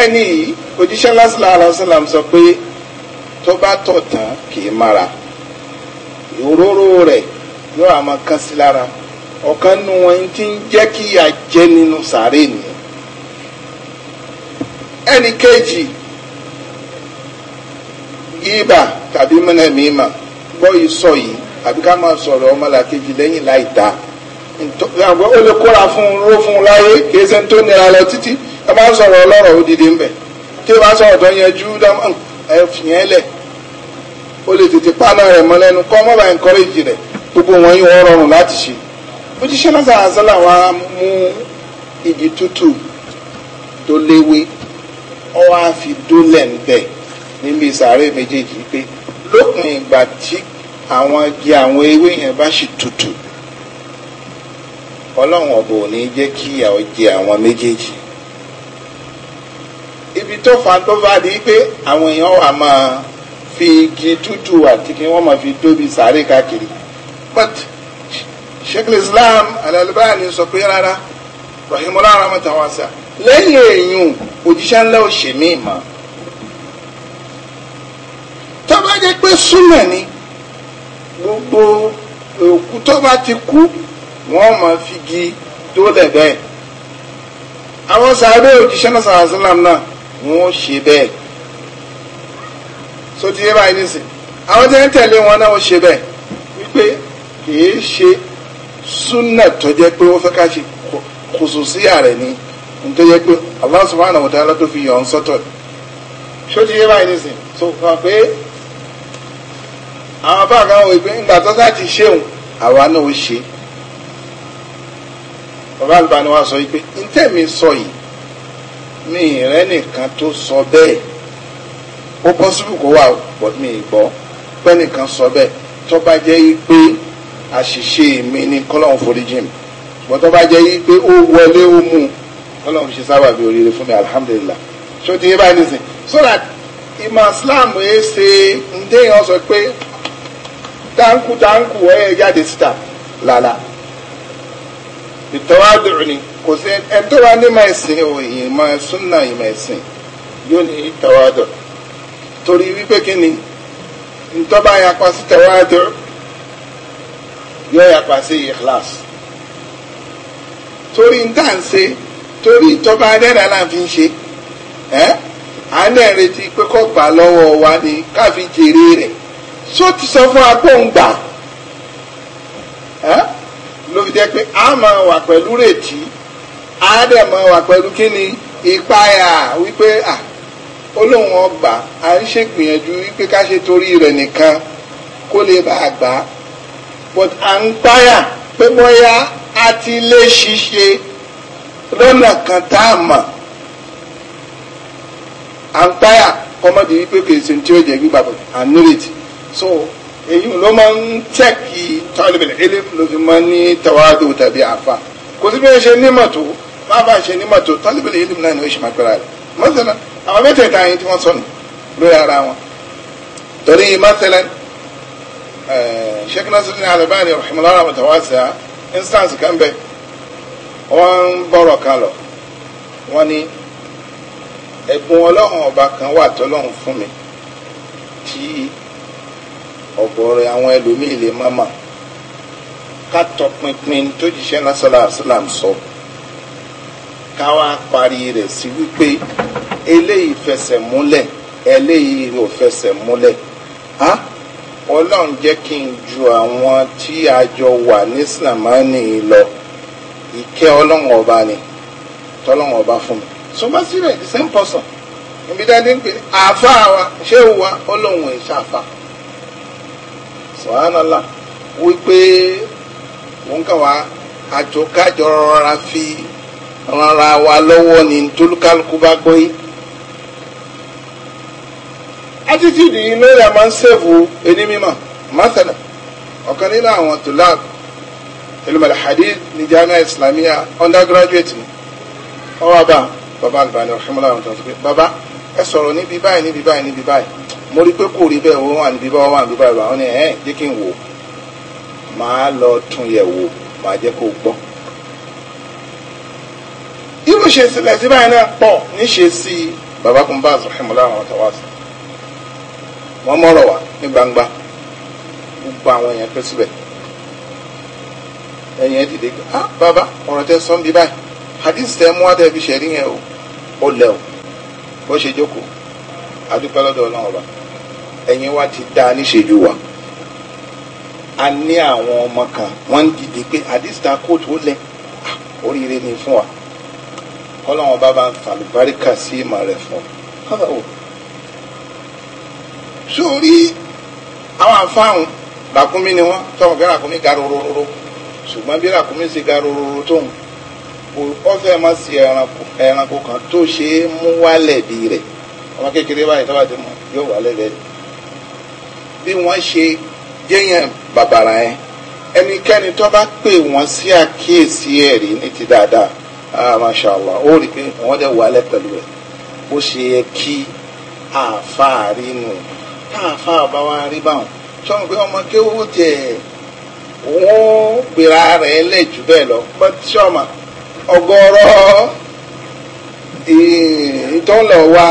ẹni yìí òjíṣẹ́ lásìlá aláṣàlám sọ pé tó bá tọ̀ tán kìí mára ìróró rẹ̀ yóò àmọ́ kán sí lára ọ̀kan nu wọn ti ń jẹ́ kí ìyà jẹ nínú sàárè nìyẹn ẹnì kejì ibà tàbí mẹ́nẹ̀mímà gbọ́ yìí sọ yìí àbí ká máa sọ̀rọ̀ ọmọlàkejì lẹ́yìn láì dáa àwọn ó lè kóra fún un ró fún un láyé kì í ṣe ń tó nira lọ títí ẹ máa ń sọ̀rọ̀ ọlọ́rọ̀ òdìdí ń bẹ̀ tí ó bá sọ̀rọ̀ tó yanjú ẹ̀fìyàn lẹ̀ ó lè tètè pàánà rẹ̀ mọ́ lẹ́nu kọ́ mọ́ bá encourage rẹ̀ gbogbo wọn yóò rọrùn láti ṣe òjíṣẹ́ náà zala wa mú ìdí tútù tó léwé ọ wá fi dólẹ̀ ńbẹ̀ níbi ìsàárè méjèèjì pé lópin ìgbà tí àwọn igi àwọn ewé yẹn bá sì tútù ọlọ́run ọ̀bọ̀ ò ní jẹ́ kí ìyàwó jẹ àwọn méjèèjì ibi tó fa tó bá di pé àwọn èèyàn wà máa fi igi tútù àti kí wọ́n máa fi dóbi sàárè káàkiri but sheikh islam alalibani sọ pé rárá rahimola ramata wasa lẹ́yìn èèyàn òjíṣẹ́ ńlá òṣè mí mà tó bá jẹ́ pé súnmọ̀ ni gbogbo òkú tó bá ti kú wọ́n máa fi gi tó lẹ̀ bẹ́ẹ̀ àwọn sàárè òjíṣẹ́ náà sàrà sílám náà wọ́n ṣe bẹ́ẹ̀ so ti yé àwọn tí wọ́n wọn náà wọ́n ṣe bẹ́ẹ̀ wípé kì í ṣe súnà tó jẹ́ pé ó fẹ́ ká ṣe kùsù sí ààrẹ ni tó jẹ́ pé Allah subhanahu wa ta'ala tó fi yàn sọ́tọ̀ ṣó ti yé báyìí nísìn tó kàn pé àwọn bá kan wò pé ńgbà tó sáà ti ṣéun àwa náà ó ṣe bàbá àlùbáni wa sọ yìí pé ntẹ́mi sọ yìí mi ìrẹ́ nìkan tó sọ bẹ́ẹ̀ ó pọ́sibú kó wà mi ìgbọ́ pẹ́ nìkan sọ bẹ́ẹ̀ tó bá jẹ́ yìí pé àṣìṣe mi ní kọ́lọ́hún foríjìn bọ́tọ́ bá jẹ́ yí pé ó wọlé ó mú kọ́lọ́hún ṣe sábà bí oríire fún mi alhamdulillah ṣó ti yé báyìí nìsín so that ìmọ̀ islam ẹ ṣe ń déyàn sọ pé táǹkù táǹkù ẹ jáde síta lálá ìtọ́wádùn ni kò sí ẹ tó wá ní máa ẹ̀sìn ìmọ̀ súnà ìmọ̀ ẹ̀sìn yóò ní ìtọ́wádùn torí wípé kí ni ntọ́ba yẹn apá sí tẹ̀wádùn yọ yapa sí ikhlas torí ń tà ń ṣe torí ìtọ́ba adẹ́rẹ́ là ń fi ṣe ẹ́ à ń retí pé kó gbà lọ́wọ́ wa ni ká fi jèrè rẹ̀ só ti sọ fún agbóǹgbà ẹ́ ló fi jẹ́ pé a máa wà pẹ̀lú rètí a dẹ̀ máa wà pẹ̀lú kí ìpayà wípé à olóhùn ọgbà à ń ṣègbìyànjú wípé ká ṣe torí rẹ̀ nìkan kó lè bá a gbà á but à ń páyà pé bóyá a ti lè ṣiṣe lọ́nà kan tá a mọ̀ à ń páyà kọ́mọ́dé wípé kìí ṣe tí ó jẹ́ gbígbà bọ̀ à nírètí so èyí ló máa ń tẹ́kì tọ́lẹ̀bẹ̀lẹ̀ ilé ló fi máa ń ní tàwádò tàbí àfa kò sí bí wọ́n ṣe nímọ̀ tó bá bá ṣe nímọ̀ tó tọ́lẹ̀bẹ̀lẹ̀ ilé náà ni ó ṣe máa pẹ́ra rẹ̀ mọ́tẹ́lá àwọn mẹ́tẹ̀ẹ̀ta yẹn tí wọ́n sọnù lórí ara wọn torí mọ́tẹ́lá Eh, sheikh nasiru alibani rahimahullah mutawasa instance kan bẹ wọ́n ń gbọ́rọ̀ kan lọ wọ́n ní ẹ̀bùn ọlọ́run ọba kan wà tọ́lọ́run fún mi tí ọ̀gọ̀ọ̀rẹ̀ àwọn ẹlòmíì lè má mà ká tọpinpin tó jíṣẹ́ lásàlá àṣìlám sọ ká wá parí rẹ̀ sí wípé eléyìí fẹsẹ̀ múlẹ̀ eléyìí ò fẹsẹ̀ múlẹ̀ ọlọ́run jẹ́ kí n ju àwọn tí a jọ wà ní sinamani lọ ìkẹ́ ọlọ́run ọba ni tọ́lọ́run ọba fún mi so bá the same person ibi dáadé ń pè ní àfa wa ṣé o wa ọlọ́run ìṣe àfa sọ̀hánàlá wípé òun kà wá àjọkájọ rọra fi rọra wa lọ́wọ́ ni tólúkálukú bá gbọ́ yìí attitude yìí lórí a máa ń sèfù ẹni mímọ̀ masana ọ̀kan nínú àwọn tolab elumala hadith ní jami'a islamiyya undergraduate ni wọ́n wá baba Albani rahimahullah àwọn tó ń sọ baba ẹ sọ̀rọ̀ níbi báyìí níbi báyìí níbi báyìí mo rí pé kò rí bẹ́ẹ̀ wọ́n wà níbi báyìí wọ́n wà níbi báyìí wọ́n ní ẹ̀ jẹ́ kí n wò máa lọ tún yẹ̀ wò máa jẹ́ kó gbọ́ irú ṣe sílẹ̀ sí náà pọ̀ níṣe sí baba kúnbaz rahimahullah àwọn tó wá wọ́n mọ̀rọ̀ wá ní gbangba gbogbo àwọn èèyàn pẹ́ síbẹ̀ ẹ̀yìn ẹ̀ dìde gbé ah bàbá ọ̀rọ̀ tẹ sọ́n bí báyìí hadith tẹ mú adé fi ṣẹ̀rí yẹn o ó lẹ̀ o bó ṣe jókòó adúpẹ́ lọ́dọ̀ ọlọ́run ọba ẹ̀yin wa ti dá níṣẹ́jú wa a ní àwọn ọmọ kan wọ́n ń dìde pé hadith ta kóòtù ó lẹ̀ ah, oríire ni fún wa ọlọ́run ọba bá ń fàlùbáríkà sí ìmọ̀ rẹ̀ fún ọ sórí àwọn àǹfààní ràkúnmí ni wọ́n tọ́wọ́ bí ràkúnmí ga rororo ṣùgbọ́n bí ràkúnmí ṣe ga rororo tóun ọfẹ ma sí ẹranko ẹranko kan tó ṣe é mú wálẹ̀ bí rẹ̀ ọmọ kékeré báyìí tó bá ti mọ̀ yóò wálẹ̀ bẹ́ẹ̀ bí wọ́n ṣe jẹ́yàn bàbàrà yẹn ẹnikẹ́ni tó bá pè wọ́n sí àkíyèsí ẹ̀ rí ní ti dáadáa ah mashallah. allah ó rí i pé wọ́n dẹ̀ wálẹ̀ pẹ̀lú ẹ̀ ó ṣe yẹ kí àáfàá rí nù táàfà bá wa rí báwọn sọ̀rọ̀ pé ọmọ kéwọ́ tiẹ̀ wọ́n gbéra rẹ̀ lẹ̀ jù bẹ́ẹ̀ lọ sọ̀mà ọgọ́rọ́ ìtọ́lọ̀ wa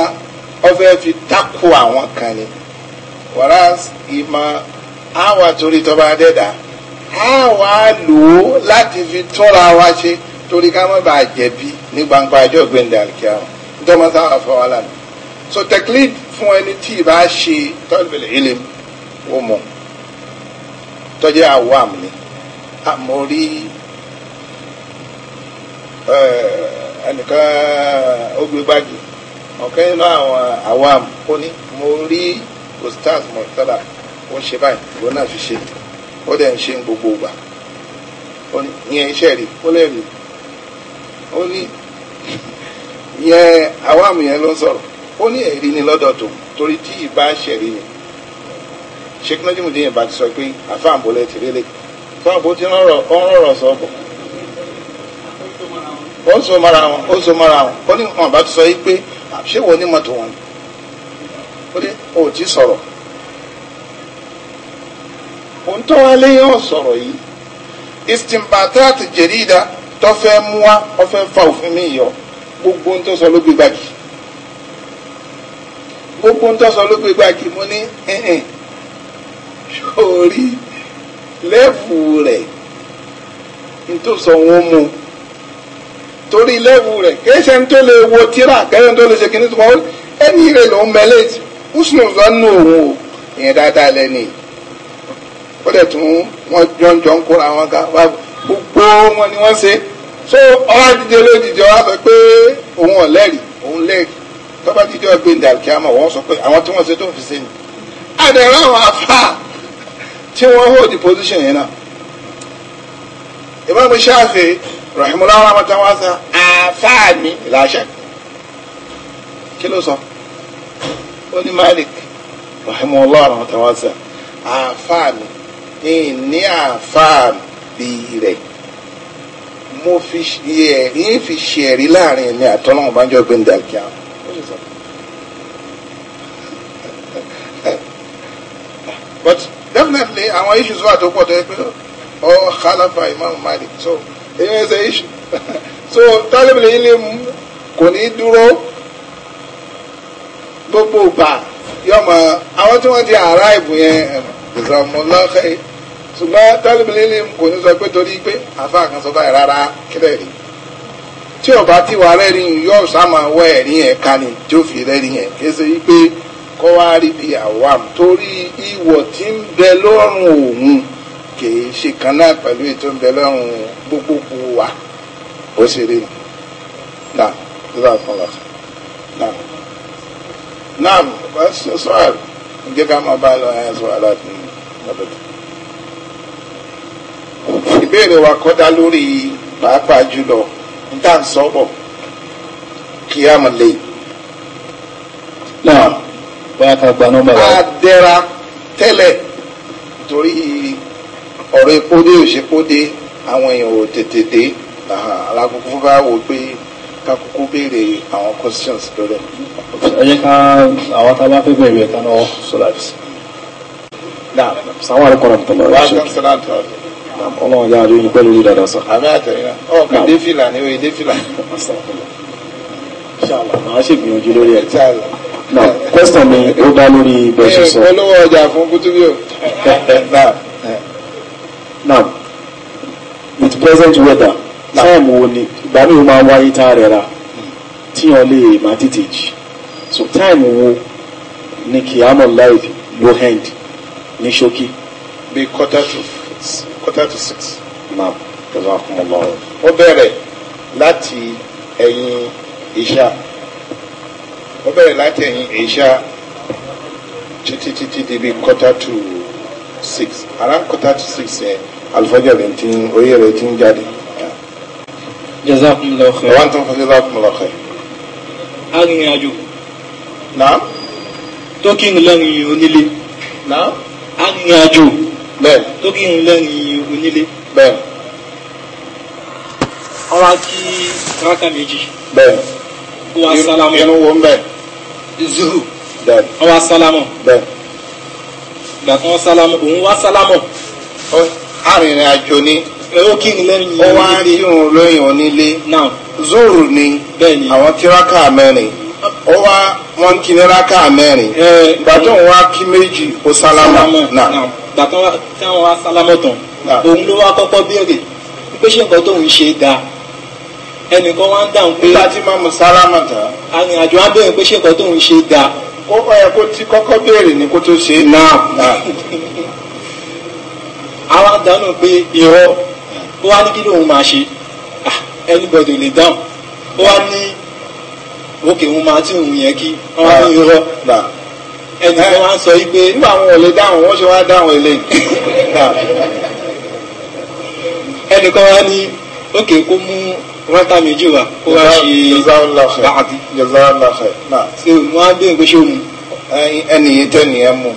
ọfẹ́ fi tako àwọn kan ni wàrà ìmọ̀ àwa torí tọ́ba dẹ́dà àwa lò ó láti fi tọ́ra wa ṣe torí ká má bàa jẹ̀bi ní gbangba ẹjọ́ gbẹ̀ndẹ̀ àkíyàwó nítorí wọn sábà fọwọ́ lánàá so teclid fún ẹni tí ì bá ṣe tọ́lùbẹ̀lẹ̀ ilim wọ́n mọ̀ tọ́jú àwọ̀ àmì àmọ́ rí ẹnìkan ó gbé gbági ọ̀kẹ́ nínú àwọn àwọ̀ àmì ó ní mo rí ostaz mọ̀tàlá ó ń ṣe báyìí ìwọ náà fi ṣe ó dẹ̀ ń ṣe gbogbo ìgbà ó ní ìyẹn iṣẹ́ rí ó lẹ́rìí ó ní ìyẹn àwọ̀ àmì yẹn ló ń sọ̀rọ̀ ó ní ẹ̀rí ni lọ́dọ̀ tó torí tí ìbá ṣẹ̀rí ni sheikh najimudin yẹn bá ti sọ pé àfáàbò lẹ ti rélé fáàbò ti rọrọ sọ bọ ó ń so mara wọn ó ń so mara wọn ó ní wọn bá ti sọ yìí pé ṣé wọn ní mọ́tò wọn ó ní o ò sọ̀rọ̀ òun tó wá lé yóò sọ̀rọ̀ yìí istimbatat jẹ̀rída tó fẹ́ mú fa òfin mi yọ gbogbo ohun tó sọ ló gbégbá yìí gbogbo ń tọ́sọ ló gbé gbàgì mú ní sórí lẹ́fù rẹ̀ nítòsọ wọn mú torí lẹ́fù rẹ̀ kéṣe ń tó lè wo tíra kéṣe ń tó lè ṣe kíní tó wọ́n ẹni rẹ̀ ló ń mẹ́lẹ̀tì húsùn ìzọ́nù òun o ìyẹn dáadáa lẹ́ni ó dẹ̀ tún wọ́n jọ̀ǹjọ̀ ń kóra wọn ká gbogbo wọn ni wọ́n ṣe so ọ̀rọ̀ àdìjẹ lójijì ọ̀rọ̀ sọ pé òun ò lẹ́rìí òun lẹ́rìí tọ́ba jíjọ́ gbẹ̀ndẹ̀ àkíyàmọ̀ wọ́n sọ pé àwọn tí wọ́n ṣe tó fi ṣe ni àdẹ̀rẹ́ àwọn afá tí wọ́n hold the position yẹn náà Imam Shafi rahimahullah rahmatan wasa afá mi làṣẹ kí ló sọ ó ní Malik rahimahullah rahmatan wasa afá mi ní afá bíi rẹ̀ mo fi ẹ̀rí fi ṣe ẹ̀rí láàrin ẹ̀mí àtọ́nà ọ̀bánjọ́ gbẹ̀ndẹ̀ àkíyàmọ̀ sọ. but definitely our issues wà to put tó yẹ khalafa imam malik so èyí ẹ ṣe issue so tálíbìlì ilé kò ní dúró gbogbo gbà yọmọ àwọn tí wọ́n ti arrive yẹn ìsàmúlọ́kẹ́ ṣùgbọ́n tálíbìlì ilé kò ní sọ pé torí pé àfa kan sọ tí ọba tí wàá rẹ́rìn yìí yóò sá máa wọ ẹ̀rín yẹn ká ni tí ó fi rẹ́rìn yẹn kí ṣe wípé kọ́ wá rí bí àwàm torí ìwọ̀ tí ń bẹ lọ́rùn òun kìí ṣe kan náà pẹ̀lú ètò ń bẹ lọ́rùn gbogbogbò wa ó ṣe rí ni náà lọ́dọ̀ àfọwọ́ náà náà bá ṣe sọ́ọ̀rọ̀ ǹjẹ́ ká máa bá lọ ẹ̀ sọ́ọ̀rọ̀ láti lọ́dọ̀dọ̀. ìbéèrè wa kọ́ dá lórí pàápàá jùlọ níta ń sọ pọ̀ kí á mọ̀ lẹ́yìn. náà báyà ká a dẹra tẹ́lẹ̀ torí ọ̀rọ̀ epo dé òṣèpo dé àwọn èèyàn ò tètè dé alákòókò bá wò pé ká kúkú béèrè àwọn questions lórí ẹ̀. ẹ jẹ́ ká àwọn tá a bá fẹ́ bẹ̀rẹ̀ ká náà sọ̀rọ̀ àti. náà sàwọn àlùkò náà tó lọ. wàá kàn sílá tó lọ ọlọ́run yára yóò yín lórí dáadáa sọ. àmì àtẹ̀yìnà ọkàn défìlà ni oye défìlà. ṣáàlà màá ṣègbìyànjú lórí ẹ̀. na question mi ó dá lórí bẹ́ẹ̀ ṣe sọ. olówó ọjà fún kútúbíò. now with present weather time wo ni ìgbà mi ò máa wáyé tá a rẹ̀ ra tíyan lè má tètè jì so time wo ni kìámọ̀ live low hand ní ṣókí. bí quarter to quarter to six náà kẹsàn án kún un lọ. ó bẹ̀rẹ̀ láti ẹ̀yìn ìṣá ó bẹ̀rẹ̀ láti ẹ̀yìn ìṣá títí títí débi quarter to six around quarter to six ẹ̀ alifọ́jà rẹ̀ ti ń oyè rẹ̀ ti ń jáde. jazakumullahu khair. wọ́n tún fún jazakumullahu khair. arìnrìn-àjò. náà. tó kí onílé. náà. arìnrìn-àjò bẹ́ẹ̀ tó kí irun lẹ́yìn onílé bẹ́ẹ̀ ọ̀rá kí rákà méjì bẹ́ẹ̀ wà sálámù irun wo ń bẹ̀ zuhu bẹ́ẹ̀ ọwà sálámù bẹ́ẹ̀ gbàtàn sálámù òun wá sálámù arìnrìn àjò ni ẹ̀rọ kí ni lẹ́yìn onílé ó wá rí irun lẹ́yìn onílé náà zuru ni àwọn tíráka mẹ́rin ó wá wọn kí ní rákà mẹ́rin gbàtọ́ wọn wá kí méjì ó sálámà náà. gbàtọ́ táwọn wá sálámà tán òun ló wá kọ́kọ́ béèrè pé ṣé nǹkan tóun ṣe dáa ẹnìkan wá ń dáhùn pé. nígbà tí màmú sálámà tán. arìnrìnàjò á béèrè pé ṣé nǹkan tóun ṣe dáa kókó yẹ kó ti kọ́kọ́ béèrè ní kó tó ṣe é. náà àwọn àdánù pé irọ́ ó wá ní kí lóun máa ṣe ẹnibọ̀dì ah, lè dáhùn ó wá ní òkè òun máa tí òun yẹn kí wọn wá ní irọ́ ẹnì kan wá sọ wípé nígbà wọn ò lè dáhùn wọn ṣe wá dáhùn eléyìí ẹnì kan wá ní òkè kó mú rántà méjì wa kó wá ṣe báàdì. ṣé wọn á gbé ìgbésẹ̀ òun. ẹnì yìí tẹ́ nìyẹn mú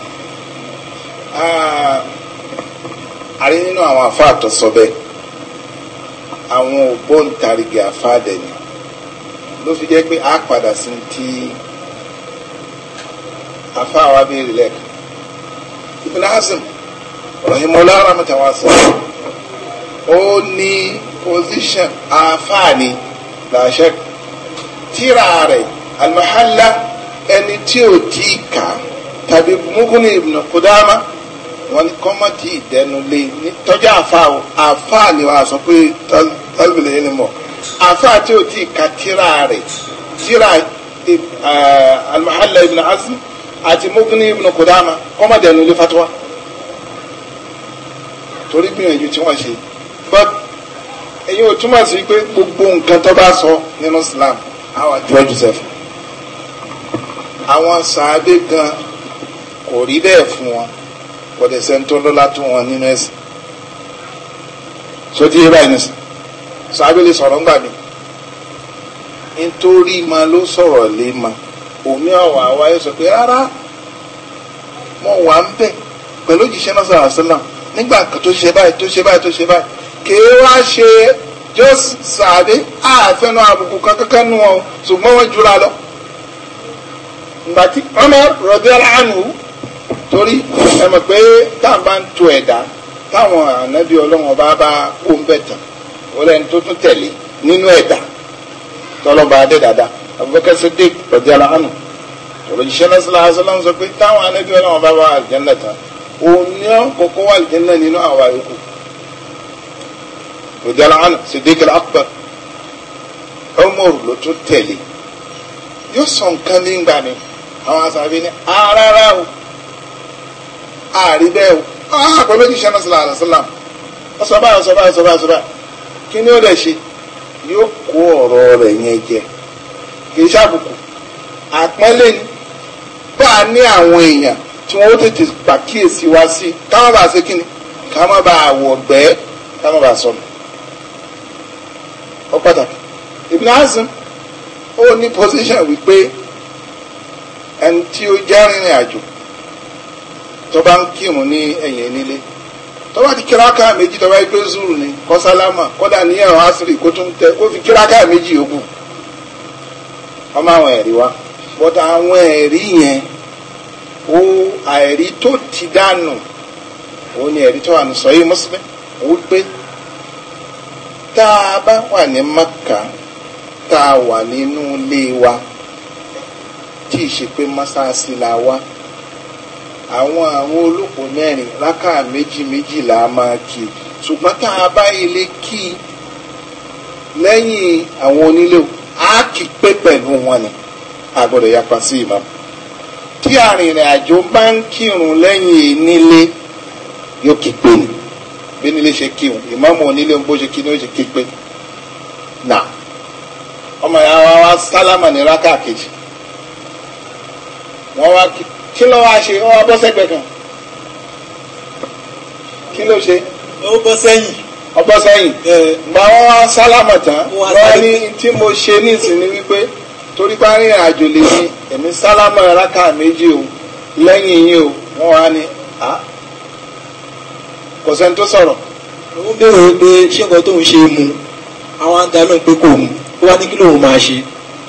àrí nínú àwọn àfáà tó sọ bẹ́ẹ̀ àwọn ògbóǹtarìgì àfáà dẹ̀ ni ló fi jẹ́ pé a padà sí ti afáwa béèrè lẹ́ẹ̀kan Ibn Hazm rahimola ramatawasa ó ní position àfààní làṣẹ tíra rẹ̀ alimahalla ẹni tí ò tí ì kà tàbí mukuni ibn Qudama wọn ni kọ́mọ tí ì dẹnu lé tọ́jú àfààní wa sọ pé tọ́jú lè ní mọ̀ àfáà tí o tí ì ka tíra rẹ̀ tíra almahalla ibn azm àti mugni ibn kudama kọ́mọ̀dẹ̀nu lè fatuwa torí gbìyànjú tí wọ́n ṣe but èyí ò túmọ̀ sí pé gbogbo nǹkan tó bá sọ nínú islam àwọn àjọyọ̀ sẹ́fù àwọn sàábé gan kò rí bẹ́ẹ̀ fún wọn kò dẹ̀ sẹ́ńtọ́ lọ́la tó wọn nínú ẹ̀sìn sójú yé báyìí nìsín sàábẹ́ lè sọ̀rọ̀ ńgbà mi nítorí ma ló sọ̀rọ̀ lé ma òní ọ̀wà wa yóò sọ pé rárá mo wà ń bẹ̀ pẹ̀lú òjíṣẹ́ náà sọ̀rọ̀ àṣẹ náà nígbà tó ṣe báyìí tó ṣe báyìí tó ṣe báyìí kì í wá ṣe just sàábẹ́ àfẹnú àbùkù kankan nù ọ ṣùgbọ́n wọ́n jura lọ gbàtí Umar radiyallahu anhu torí ẹ mọ̀ pé táwọn bá ń tu ẹ̀dá táwọn ànábì ọlọ́wọ́n bá bá kó ń bẹ̀ tán ọlẹ́ni tó tún tẹ̀lé nínú ẹ̀dá tọ́lọ́ba adé dada Abubakar Siddiq rọ̀díàlá hànú òròjìṣẹ́ lọ́sílá asọ́lá ń sọ pé táwọn anábí ọlọ́wọ́n bá wà àlùjẹ́nà tán òun ní ọ̀kọ̀ọ̀kọ̀ wà àlùjẹ́nà nínú àwọn àyòkù rọ̀díàlá hànú Siddiq al-Akbar Umar ló tún tẹ̀lé yóò sọ nǹkan ní ìgbà mi àwọn asàbí ní arára o àrí o ah, àpò méjì ṣẹ́ lọ́sílá asọ́lá ọ̀sọ̀ báyìí ọ̀sọ̀ báyìí ọ̀sọ̀ báyìí kí ni ó lè ṣe yóò kó ọ̀rọ̀ rẹ̀ yẹn jẹ kì í ṣàbùkù àpọ́nlé ni bá a ní àwọn èèyàn tí wọ́n tètè pàkíyèsí wá sí ká má bàa ṣe kí ni ká má bàa wọ̀gbẹ́ ká má bàa sọnù ó pàtàkì Ibn Hazm ó ní position wípé ẹni tí ó jẹ́ rìnrìn àjò tó bá ń kírun ní ẹ̀yìn nílé tọ́ba ti kíráka méjì tọ́ba yìí pé zuru ni kọ́ sálámà kọ́dà ní ẹ̀rọ asiri kó tún tẹ kó fi kíráka méjì yòókù ọmọ àwọn ẹ̀rí wa bọ́tà àwọn ẹ̀rí yẹn ó àìrí tó ti dànù ó ní ẹ̀rí tó wà ní sọ́yìn Muslim wípé tá a bá wà ní Makka tá a wà nínú ilé wa tí ì ṣe pé mọ́sáàsì la wá àwọn àwọn olóko mẹ́rin rákà méjì méjì là á máa kí ṣùgbọ́n tá a bá ilé kí lẹ́yìn àwọn onílé á kí pé pẹ̀lú wọn ni a gbọ́dọ̀ yapa sí ìmáàmù tí arìnrìn bá ń kírun lẹ́yìn nílé yóò kí pé ni bí nílé ṣe kí wọn ìmáàmù onílé ń bó ṣe kí ni ó ṣe kí pé nà ọmọ ìyá wa sálámà ní rákà kejì wọ́n wá kí kí ló wá ṣe ó wá bọ́ sẹ́gbẹ̀ẹ́ kan kí ló ṣe. ó bọ́ sẹ́yìn. ó bọ́ sẹ́yìn. gba wọn wá sálámà tán wọn ní tí mo ṣe nísìnyí wípé torí bá rìn àjò lè ní èmi sálámà rákà méjì o lẹ́yìn yín o wọ́n wá ní kò sẹ́ni tó sọ̀rọ̀. ó béèrè pé ṣé nǹkan tó ń ṣe mu àwọn àgbà náà pé kò mu ó wá ní kí lóun máa ṣe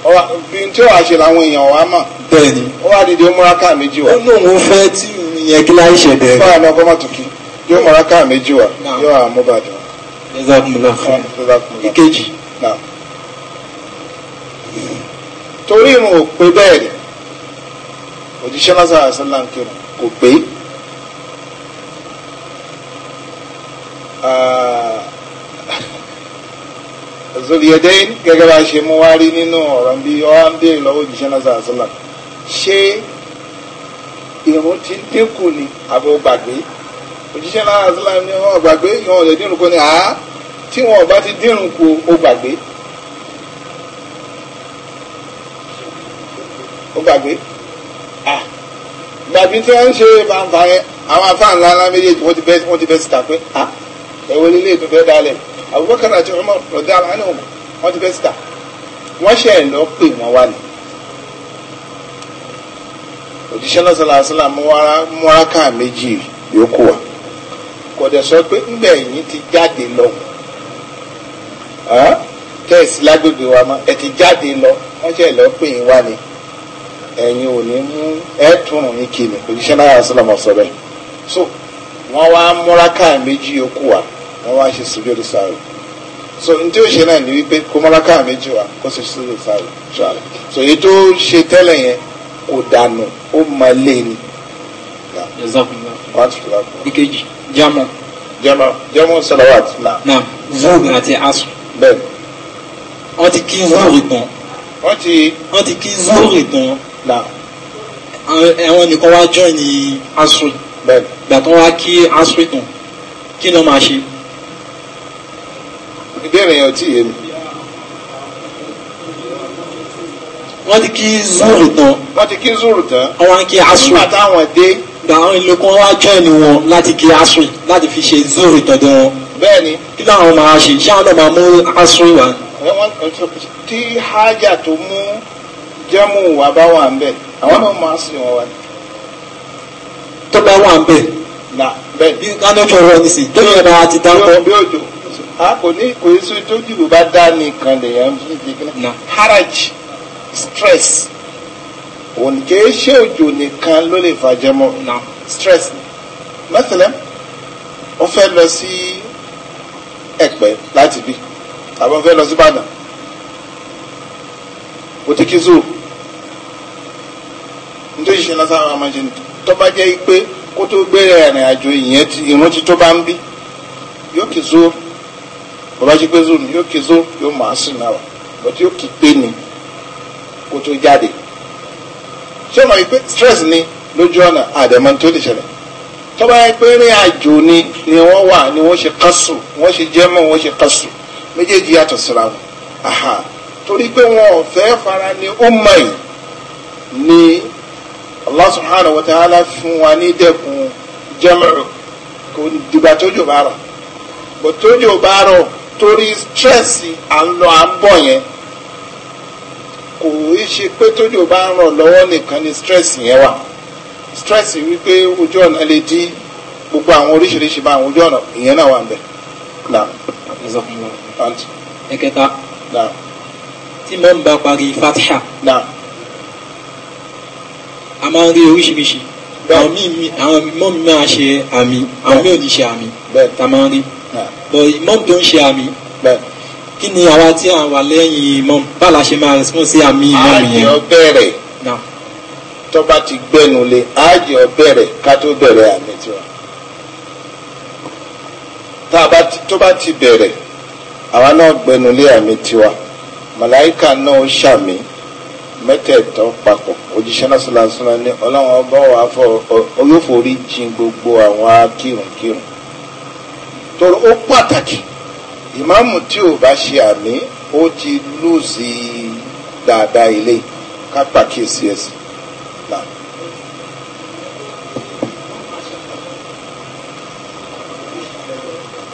bí tí ó wàá ṣe làwọn èèyàn wàá mọ̀. bẹ́ẹ̀ni ó wàá dìde ó múra káà méjì wá. ó lóun ó fẹ́ tí ìyẹn kí láì ṣe bẹ̀rẹ̀. fáwọn ọkọ mọ̀ tùkì yóò múra méjì wá yóò wà bàdàn. ìkejì. torí irun ò pé bẹ́ẹ̀ ni òjíṣẹ́ lásán àṣálà ń kò pé. Ah, zuliyadain gẹ́gẹ́ bá ṣe mú wárí nínú ọ̀rọ̀ bí ọwọ́ ń béèrè lọ́wọ́ òjíṣẹ́ náà sàásùlà ṣé irun ti dínkù ni àbí ó gbàgbé òjíṣẹ́ náà sàásùlà ni wọ́n gbàgbé ìwọ̀n ò lè dínrùn kú ni àá tí wọn ò bá ti dínrùn kú ó gbàgbé ó gbàgbé à gbàgbé tí wọ́n ń ṣe bàǹfà yẹn àwọn afáànlá ńlá méjèèjì wọ́n ti bẹ́ síta pé à ẹ̀wọ̀n ilé ìtúfẹ́ dálẹ̀ Abubakar àti Umar rọ̀dá àánú wọn ti fẹ́ wọ́n ṣe lọ pè wọ́n wá ní. òjíṣẹ́ náà sọ̀rọ̀ mọ́ráká méjì yòókù wa kò dẹ̀ sọ pé ńgbẹ̀ yìí ti jáde lọ tẹ́ẹ̀sì lágbègbè wa mọ́ ẹ ti jáde lọ wọ́n ṣe lọ pè ẹ̀yin ò ní mú ẹ tún òjíṣẹ́ náà sọ bẹ́ẹ̀ so wọ́n wá mọ́ráká méjì yòókù wa. wọ́n wá ṣe sùjúdù sahwi so n tí ó ṣe náà ni wípé kó mọ́láká méjì wá kó ṣe sùjúdù sahwi ṣáà so èyí tó ṣe tẹ́lẹ̀ yẹn kò dànù ó máa lé ni. ìkejì jamu. jamu jamu salawat na. na zuhur àti asu. bẹ́ẹ̀. wọ́n ti kí zuhur tán. wọ́n ti. wọ́n ti kí zuhur tán. na. àwọn nìkan wá join ní asu. bẹ́ẹ̀. gbàtọ́ wá kí asu tán kí ló máa ṣe ìbéèrè yẹn ò tí ì yé mi. wọ́n ti kí zúrù tán. wọ́n ti kí zúrù tán. àwọn kí asùn. nígbà táwọn dé. àwọn ìlòkun wa jọ ẹni wọn láti kí asùn láti fi ṣe zúrù tọ̀dọ̀ wọn. bẹ́ẹ̀ni. kí làwọn máa ṣe ṣé àwọn náà máa mú asùn wá. tí hájà tó mú jẹ́mú wà bá wà ń bẹ̀ àwọn náà máa sìn wọn wá. tó bá wà ń bẹ̀. nà bẹ́ẹ̀. bí kánáfẹ́ rẹ ní sí tó yẹ bá ti dáńkọ́. bí ó a kò ní kò èso tójú bá dá nìkan lèèyàn fi fi kí ni haraj stress òun ṣe òjò nìkan ló lè fàjẹ mọ stress mẹsàlẹ wọn fẹ́ lọ sí láti bí tàbí wọn lọ sí Ìbàdàn kò tí kí zoo nítorí ṣe jẹ́ pé kó tó gbé àjò tó bá ń bí yóò zoo. bọ́bá jí pé zoro yóò kí zoro yóò máa sùn náà bọ́tí yóò kí pé ni kó tó jáde ṣé o mọ̀ pé stress ni lójú ọ̀nà àdẹ̀mọ́ tó lè ṣẹlẹ̀ tọ́ba yẹn pé rìn àjò ni ni wọ́n wà ni wọ́n ṣe kásù wọ́n ṣe jẹ́mọ̀ wọ́n ṣe kásù méjèèjì yàtọ̀ síra wọn aha torí pé wọn ò fẹ́ fara ni ó mọ̀ yìí ni Allah subhanahu wa ta'ala fún wa ní dẹ́kun jẹ́mọ̀ kò dìgbà tójò bá rọ̀ bọ̀ tójò bá rọ̀ torí stress à ń lọ à ń bọ̀ yẹn kò í ṣe pé tójò bá ń ràn lọ́wọ́ nìkan ni stress yẹn wà stress wípé ojú ọ̀nà lè dí gbogbo àwọn oríṣiríṣi bá àwọn ojú ọ̀nà ìyẹn náà wà ń bẹ̀. ẹ̀kẹta tí mẹ́mbà parí fatiha a máa ń rí oríṣiríṣi àwọn míì àwọn mọ́mí máa ṣe àmì àwọn míì ò ní ṣe àmì tá a máa rí ah. but mọ́mí tó ń ṣe àmì kí ni àwa tí à ń wà lẹ́yìn mọ́mí bá la ṣe máa respond sí àmì mọ́mí yẹn. àjọ bẹ̀rẹ̀ tó ti gbẹnu lé àjọ bẹ̀rẹ̀ ká tó bẹ̀rẹ̀ àmì tiwa tó bá ti bẹ̀rẹ̀ àwa náà gbẹnu lé àmì tiwa màláìka náà ṣàmì mẹ́tẹ̀ẹ̀tọ́ papọ̀ òjíṣẹ́ náà sọlá sọlá ní ọlọ́run ọba wà fọ yóò forí jìn gbogbo àwọn akírunkírun torí ó pàtàkì ìmáàmù tí ò bá ṣe àmì ó ti lùzì dáadáa ilé kápá kíyèsí ẹsẹ̀ náà.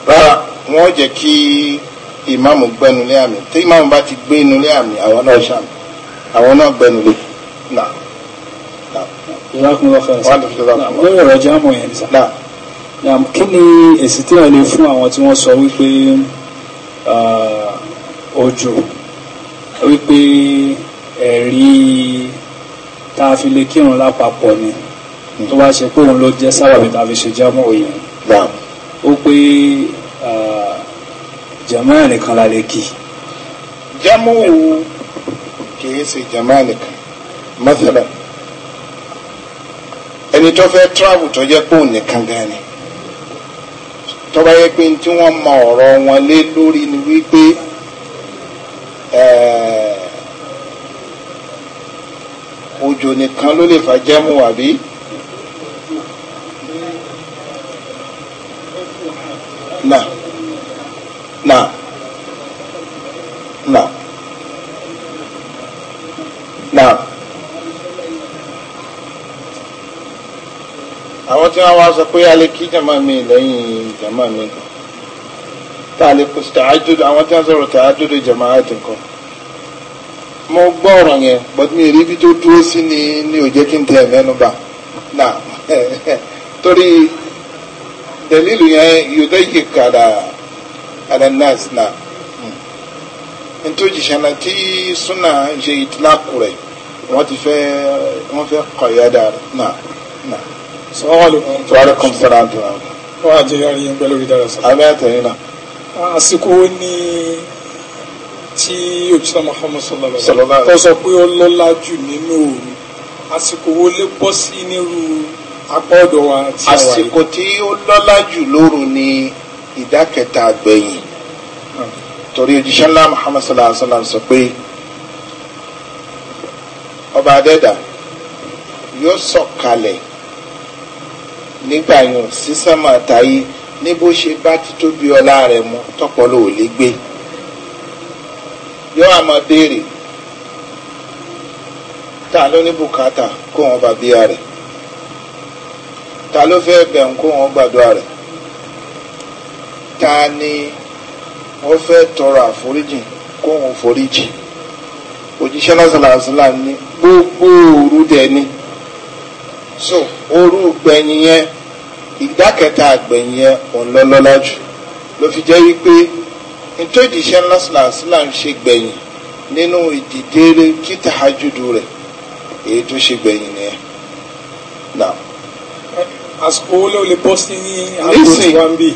rárá wọn jẹ́ kí ìmáàmù gbẹnulẹ àmì tí ìmáàmù bá ti gbẹnulẹ àmì àwọn náà ṣàmì àwọn náà gbẹnu lé nà. ìrákùnrin lọ́fẹ̀ẹ́ sọ lórí ọ̀rọ̀ jáàmù yẹn sá. kí ni èsì tí wọ́n lè fún àwọn tí wọ́n sọ wípé òjò wípé ẹ̀rí tá a fi lè kírun lápapọ̀ ni hmm. tó bá ṣe pé òun ló jẹ́ sábàbí tá a fi ṣe jáàmù yẹn. ó pé jàmáà nìkan la lè kí. jáàmù wo kìí ṣe jama nìkan mọ́tàlá ẹni tó fẹ́ travel tó jẹ́ pòun nìkan gan ni tó bá yẹ pé tí wọ́n mọ ọ̀rọ̀ wọn lé lórí ni wípé òjò nìkan ló lè fà jẹ́mu àbí. Nà nà nà. naa. àwọn tí wá sọ pé a lè mi lẹ́yìn jàmá mi kan tá a lè kó sí àwọn tí àti nǹkan mo gbọ́ ọrọ yẹn but mi rí ibi dúró sí ni ni ò kí n tẹ̀ mẹ́nu bà náà torí dẹ̀lílù yẹn yóò náà. ntòjìṣẹ́ náà tí súnà ń ṣe ìtìlákù rẹ̀ wọ́n ti fẹ́ wọ́n fẹ́ kọ̀yọ́dà náà náà. sọ́wọ́lùkùn tó wàlẹ̀ kọ́ńtà ráńtò náà. wọ́n á jẹ́ yàrá yín pẹ̀lú ìdára sọ. abẹ́ àtẹ̀yìn náà. àsìkò ní tí òjíṣẹ́ Muhammad sallallahu alaihi tó sọ pé ó lọ́lá jù nínú òru àsìkò wo lè bọ́ sí nírú apá ọ̀dọ̀ wa tí a wà yìí. àsìkò tí ó lọ́lá jù lóru ni ìdákẹ́ta gbẹ̀yìn torí òjíṣẹ́ ńlá muhammad sallallahu alayhi wa sallam sọ pé ọba adẹ́dà yóò sọ̀kalẹ̀ nígbà yẹn sísámà táyé ní bó ṣe bá títóbi ọlá rẹ̀ mu tọpọlọ ò lè gbé yóò àmọ́ béèrè ta ló ní bùkátà kó wọn bá bíyà rẹ̀ ta ló fẹ́ kó wọn gbàdúrà rẹ̀ ta wọ́n fẹ́ tọrọ àforíjì kóhun foríjì òjíṣẹ́ lásàlàsílà ní gbogbo òru dẹ̀ ni so ooru gbẹ̀yìn yẹn ìdákẹ́ta àgbẹ̀yìn yẹn ọ̀nlọ́lọ́lá jù ló fi jẹ́ wípé nítorí òjíṣẹ́ lásàlàsílà ń ṣe gbẹ̀yìn nínú ìdìdéré kíta àjùdù rẹ̀ èyí tó ṣe gbẹ̀yìn nìyẹn náà. àsìkò wo ló lè bọ́ sí ní àgbo tí wọ́n ń bì.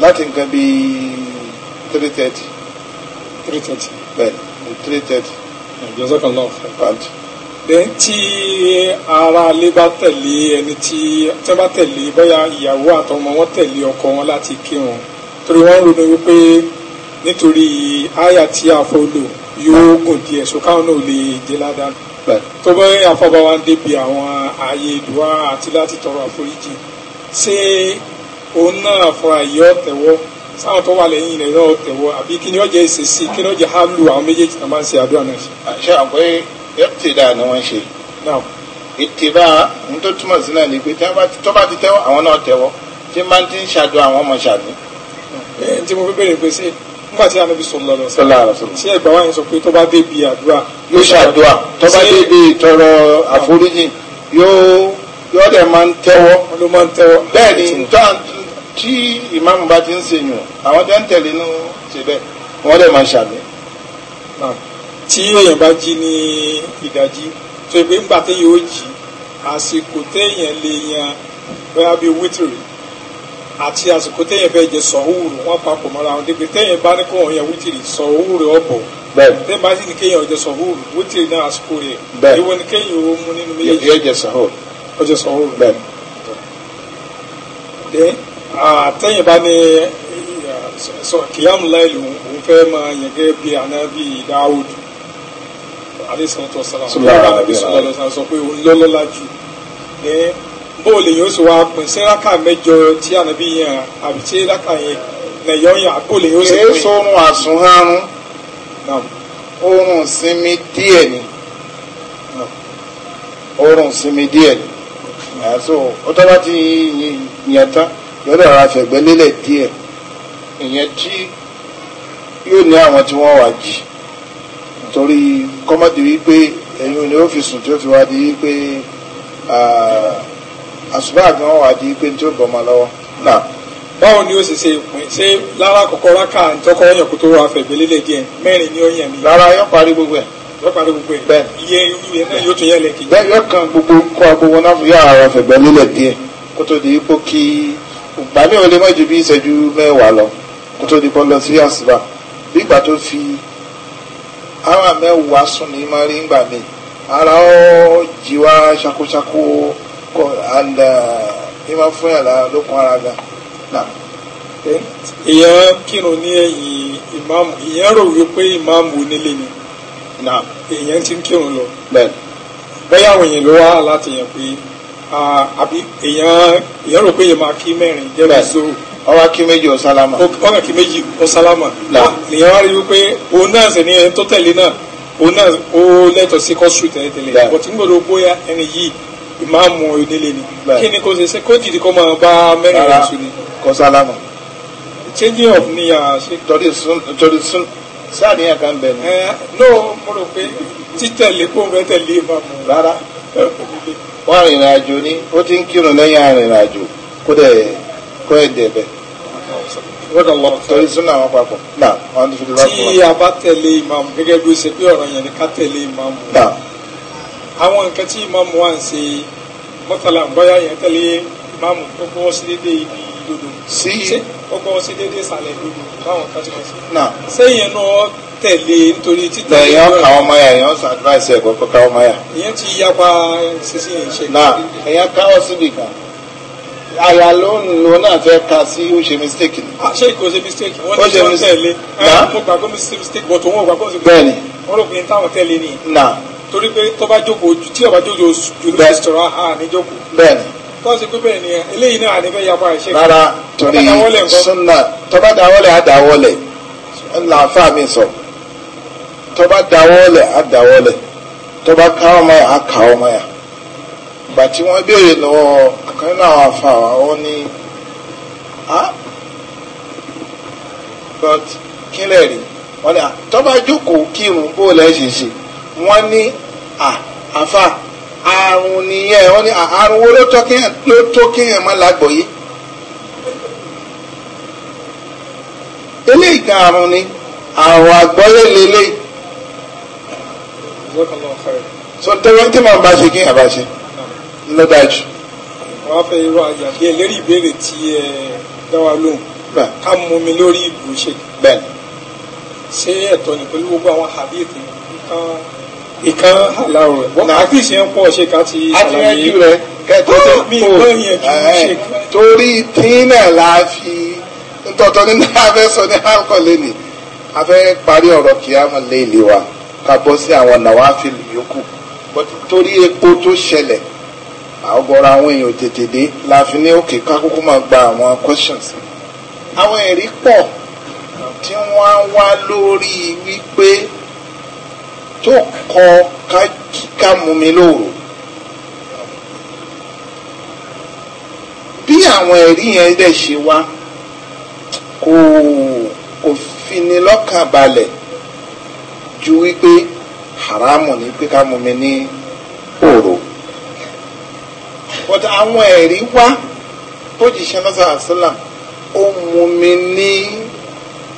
láti nǹkan bíi three thirty. three thirty. bẹ́ẹ̀ ni three thirty. jazakallahu khairan. bẹ́ẹ̀ tí ara ilé bá tẹ̀lé ẹni tí tẹ́ bá tẹ̀lé bóyá ìyàwó àtọmọ wọn tẹ̀lé ọkọ wọn láti kírun torí wọ́n ń ronú wípé nítorí àyà tí a fọ́ lò yóò gùn díẹ̀ so káwọn náà lè jẹ́ ládàá tó bá afọba wa ń débi àwọn ààyè ìdúrà àti láti tọrọ àforíjì ṣé òun náà fúnra yìí ọ tẹ̀wọ́ sáwọn tó wà lẹ́yìn rẹ̀ náà tẹ̀wọ́ àbí kí ni ó jẹ́ ìṣesí kí ni ó jẹ́ hálù àwọn méjèèjì tó máa ń ṣe àdúrà náà ṣe. àṣà àpé ẹ̀kútìdá ni wọ́n ṣe. ìtìbá ń tó túmọ̀ sí náà ni pé tó bá ti tẹ́wọ́ àwọn náà tẹ́wọ́ tí máa ti ń ṣàdùn àwọn ọmọ ṣàdùn. ẹ ẹ tí mo fi béèrè pé ṣé nígbà tí Ànábì sọlọ lọ sọlá sọ pé tí ìmáàmù bá ti ń ṣe yùn àwọn tó ń tẹ̀lé inú ṣe bẹ́ẹ̀ wọ́n dẹ̀ máa ṣàmì. tí èèyàn bá jí ní ìdájí tó ìgbé ńgbà téèyàn ó jí àsìkò téèyàn lè yan bóyá bíi wítìrì àti àsìkò téèyàn fẹ́ jẹ sọ̀húrù wọ́n papọ̀ mọ́ra àwọn dégbé téèyàn bá ní kó wọ́n yan wítìrì sọ̀húrù ọ̀bọ̀ téèyàn bá sì ní kéèyàn jẹ sọ̀húrù wítìrì náà àsìkò rẹ̀ èwo ni kéèyàn ó mú nínú méjèèjì ọjọ́ sọ̀húrù bẹ́ẹ̀ àtẹ̀yìn bá ní kìyàmù láìlú òun fẹ́ máa yàn gẹ́gẹ́ bí anábì dáwùdù àdìsọ́tọ̀ sára ọ̀gá anábì sọ̀rọ̀ lọ́sàn sọ pé òun lọ́lọ́lá jù ní bóòlù yóò sì wá pín sí rákà mẹ́jọ tí anábì yàn àbí tí rákà yẹn nàìjọ yàn bóòlù yóò sì pín. kìí sọrun àsùnhárún oorun sinmi díẹ̀ ni oorun sinmi díẹ̀ ni àti ọ̀tọ́ bá ti yàn tán yọ̀dọ̀ ara fẹ̀gbẹ́ lélẹ̀ díẹ̀ ìyẹn tí yóò ní àwọn tí wọ́n wà jì torí kọ́mọ́dé wípé ẹ̀yin ni ó fi sùn tí ó fi wá di wípé àṣùbà gan wà di wípé tí ó bọ̀ ọmọ lọ́wọ́ báwo ni ó sì ṣe ìpín ṣé lára kọ̀kọ́ rákà ìtọ́kọ́ yàn kó tó wà fẹ̀gbẹ́ lélẹ̀ díẹ̀ mẹ́rin ni ó yàn mí. rárá yóò parí gbogbo ẹ̀ yóò parí gbogbo ẹ̀ bẹ́ẹ̀ iye iye náà yóò tún yẹ lẹ́kì. bẹ́ẹ̀ yóò kan gbogbo kọ́ agbowó náà fún yàrá fẹ̀gbẹ́ lélẹ̀ díẹ̀ kó tó di ipò kí ụba mi ò lè ju bí ìṣẹ́jú lọ kó tó di bọ́ọ̀lù sí bí fi ara mẹ́wàá sùn ní máa rí ara ó jíwá ṣakóṣakó kọ àlà ní máa fún ara ga nà. kírun ní ẹ̀yìn ìmáàmù èèyàn rò wípé ìmáàmù onílé ni èèyàn ti ń kírun lọ bẹ́ẹ̀ ló wá láti àbí èèyàn èèyàn rò pé èèyàn máa kí mẹ́rin jẹ́rẹ̀ sóhùn ọwọ́ kí méjì ó sálámà ọwọ́ kí méjì ó sálámà èèyàn wá rí wípé òun náà sì ni ẹni tó tẹ̀lé náà òun náà ó lẹ́tọ̀ọ́ sí kọ́sù tẹ̀lé-tẹ̀lé bọ̀tí gbọ́dọ̀ bóyá ẹni yìí ìmáàmù onílé ni kí ni kò ṣe kó dìde kó máa bá mẹ́rin rẹ̀ ni. kò changing of ni a ṣe. torí sun torí sun sáà ní àkàn bẹ̀ ni. ẹ náà eh, mo rò pé títẹ̀lé kó fẹ́ tẹ̀lé ìmáàmù rárá. Eh, wọ́n arìnrìn àjò ní ó ti ń kírun lẹ́yìn arìnrìn àjò kó dẹ̀ kó ẹ̀ dẹ̀ bẹ̀. torí wọ́n ti fi lè bá fún wa. tí a bá tẹ̀lé ìmáàmù gẹ́gẹ́ bí ó ṣe pé ọ̀rọ̀ yẹn ni ká tẹ̀lé ìmáàmù. àwọn nǹkan tí ìmáàmù wa ń ṣe mọ́tàlá ń bọ́yá yẹn tẹ̀lé ìmáàmù tó kọ́ sí déédéé ibi dodo ṣé ọkọ sí déédéé ìsàlẹ̀ dodo báwọn kan ti mọ̀ sí. sẹ́yìn náà tẹ̀lé nítorí títẹ̀ ìlú ẹ̀yàn káwọn ọmọ yà èèyàn sàn advice ẹ̀kọ́ kọ́ káwọn ọmọ yà. ìyẹn ti yapa sísìn ìṣe. náà èèyàn káwọ́ síbi kan àyà ló ń lo náà fẹ́ ka sí ó ṣe mistake ni. Ah, ṣé kò ṣe mistake wọ́n ti wọ́n tẹ̀lé ah, mo gbà pé mo ṣe mistake but òun ò gbà pé mo ṣe mistake. bẹ́ẹ̀ni wọ́n rò pé táwọn tẹ̀lé ni. na torí pé tó bá jókòó tí ọba jókòó jùlọ ìṣòro àhà ní jókòó. bẹ́ẹ̀ni tọ́sí ni rárá torí sunna tọ́ba dáwọ́lẹ̀ á dáwọ́lẹ̀ mi sọ tọ́ba dáwọ́lẹ̀ á dáwọ́lẹ̀ tọ́ba káwọ́ mọ́ yà béèrè lọ́wọ́ àkànní náà wà fà wá a. but kí lè rí wọ́n ní tọ́ba jókòó kírun bó lẹ́ ṣe ṣe afa. àrùn nìyẹn wọ́n ní àrùn wo ló tó kéèyàn má lágbọ̀ yìí eléyìí kan àrùn ni àrùn àgbọ́yé lélẹ̀ so tẹ́wọ́n tí màá bá ṣe kí àbá ṣe ló dájú. wọ́n fẹ́ irú àyà bí ẹlẹ́rìí ìbéèrè tí ẹ dáwà lóhùn ká mú mi lórí ìbò ṣe. bẹ́ẹ̀ ṣé ẹ̀tọ́ ni pẹ̀lú gbogbo àwọn àbí ètò nǹkan ìkan àlàó rẹ̀ wọ́n náà kìí ṣe ń pọ̀ ṣe ká ti ṣàlàyé rẹ̀ kẹtọ́tọ́ tó torí tínà la fi tọ̀tọ̀ nínú abẹ́ sọ ní alcohol lẹ́nìí abẹ́ parí ọ̀rọ̀ kí á mọ̀ lé ìlú wa ká bọ́ sí àwọn nàwáfíl yòókù torí epo tó ṣẹlẹ̀ àwọ̀gọ̀rọ̀ àwọn èèyàn tètè dé la fi ní òkè ká kúkú máa gba àwọn questions àwọn ẹ̀rí pọ̀ tí wọ́n á wá lórí wípé tó kọ ká mú mi lóru bí àwọn ẹ̀rí yẹn dẹ̀ ṣe wá kò kò fini lọ́kàn balẹ̀ ju wípé haramu ni pé ká mú mi ní òru but àwọn ẹ̀rí wá tó jìṣẹ́ náà sàásìlà ó mú mi ní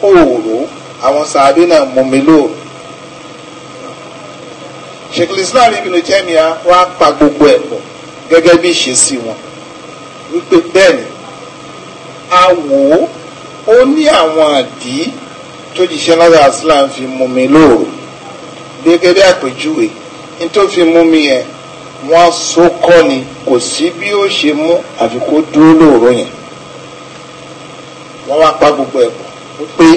òru àwọn sàádé náà mú mi lóru sheikh islam ibn Taymiyyah wá pa gbogbo ẹ̀ pọ̀ gẹ́gẹ́ bí ìṣesí wọn wípé bẹ́ẹ̀ ni a wò ó ó ní àwọn àdí tó jíṣẹ́ lọ́dọ̀ islam fi mú mi lóòrò gẹ́gẹ́ bí àpèjúwe ní tó fi mú mi yẹn wọ́n so kọ́ ni kò sí bí ó ṣe mú àfi kó dúró lóòrò yẹn wọ́n wá pa gbogbo ẹ̀ pọ̀ wípé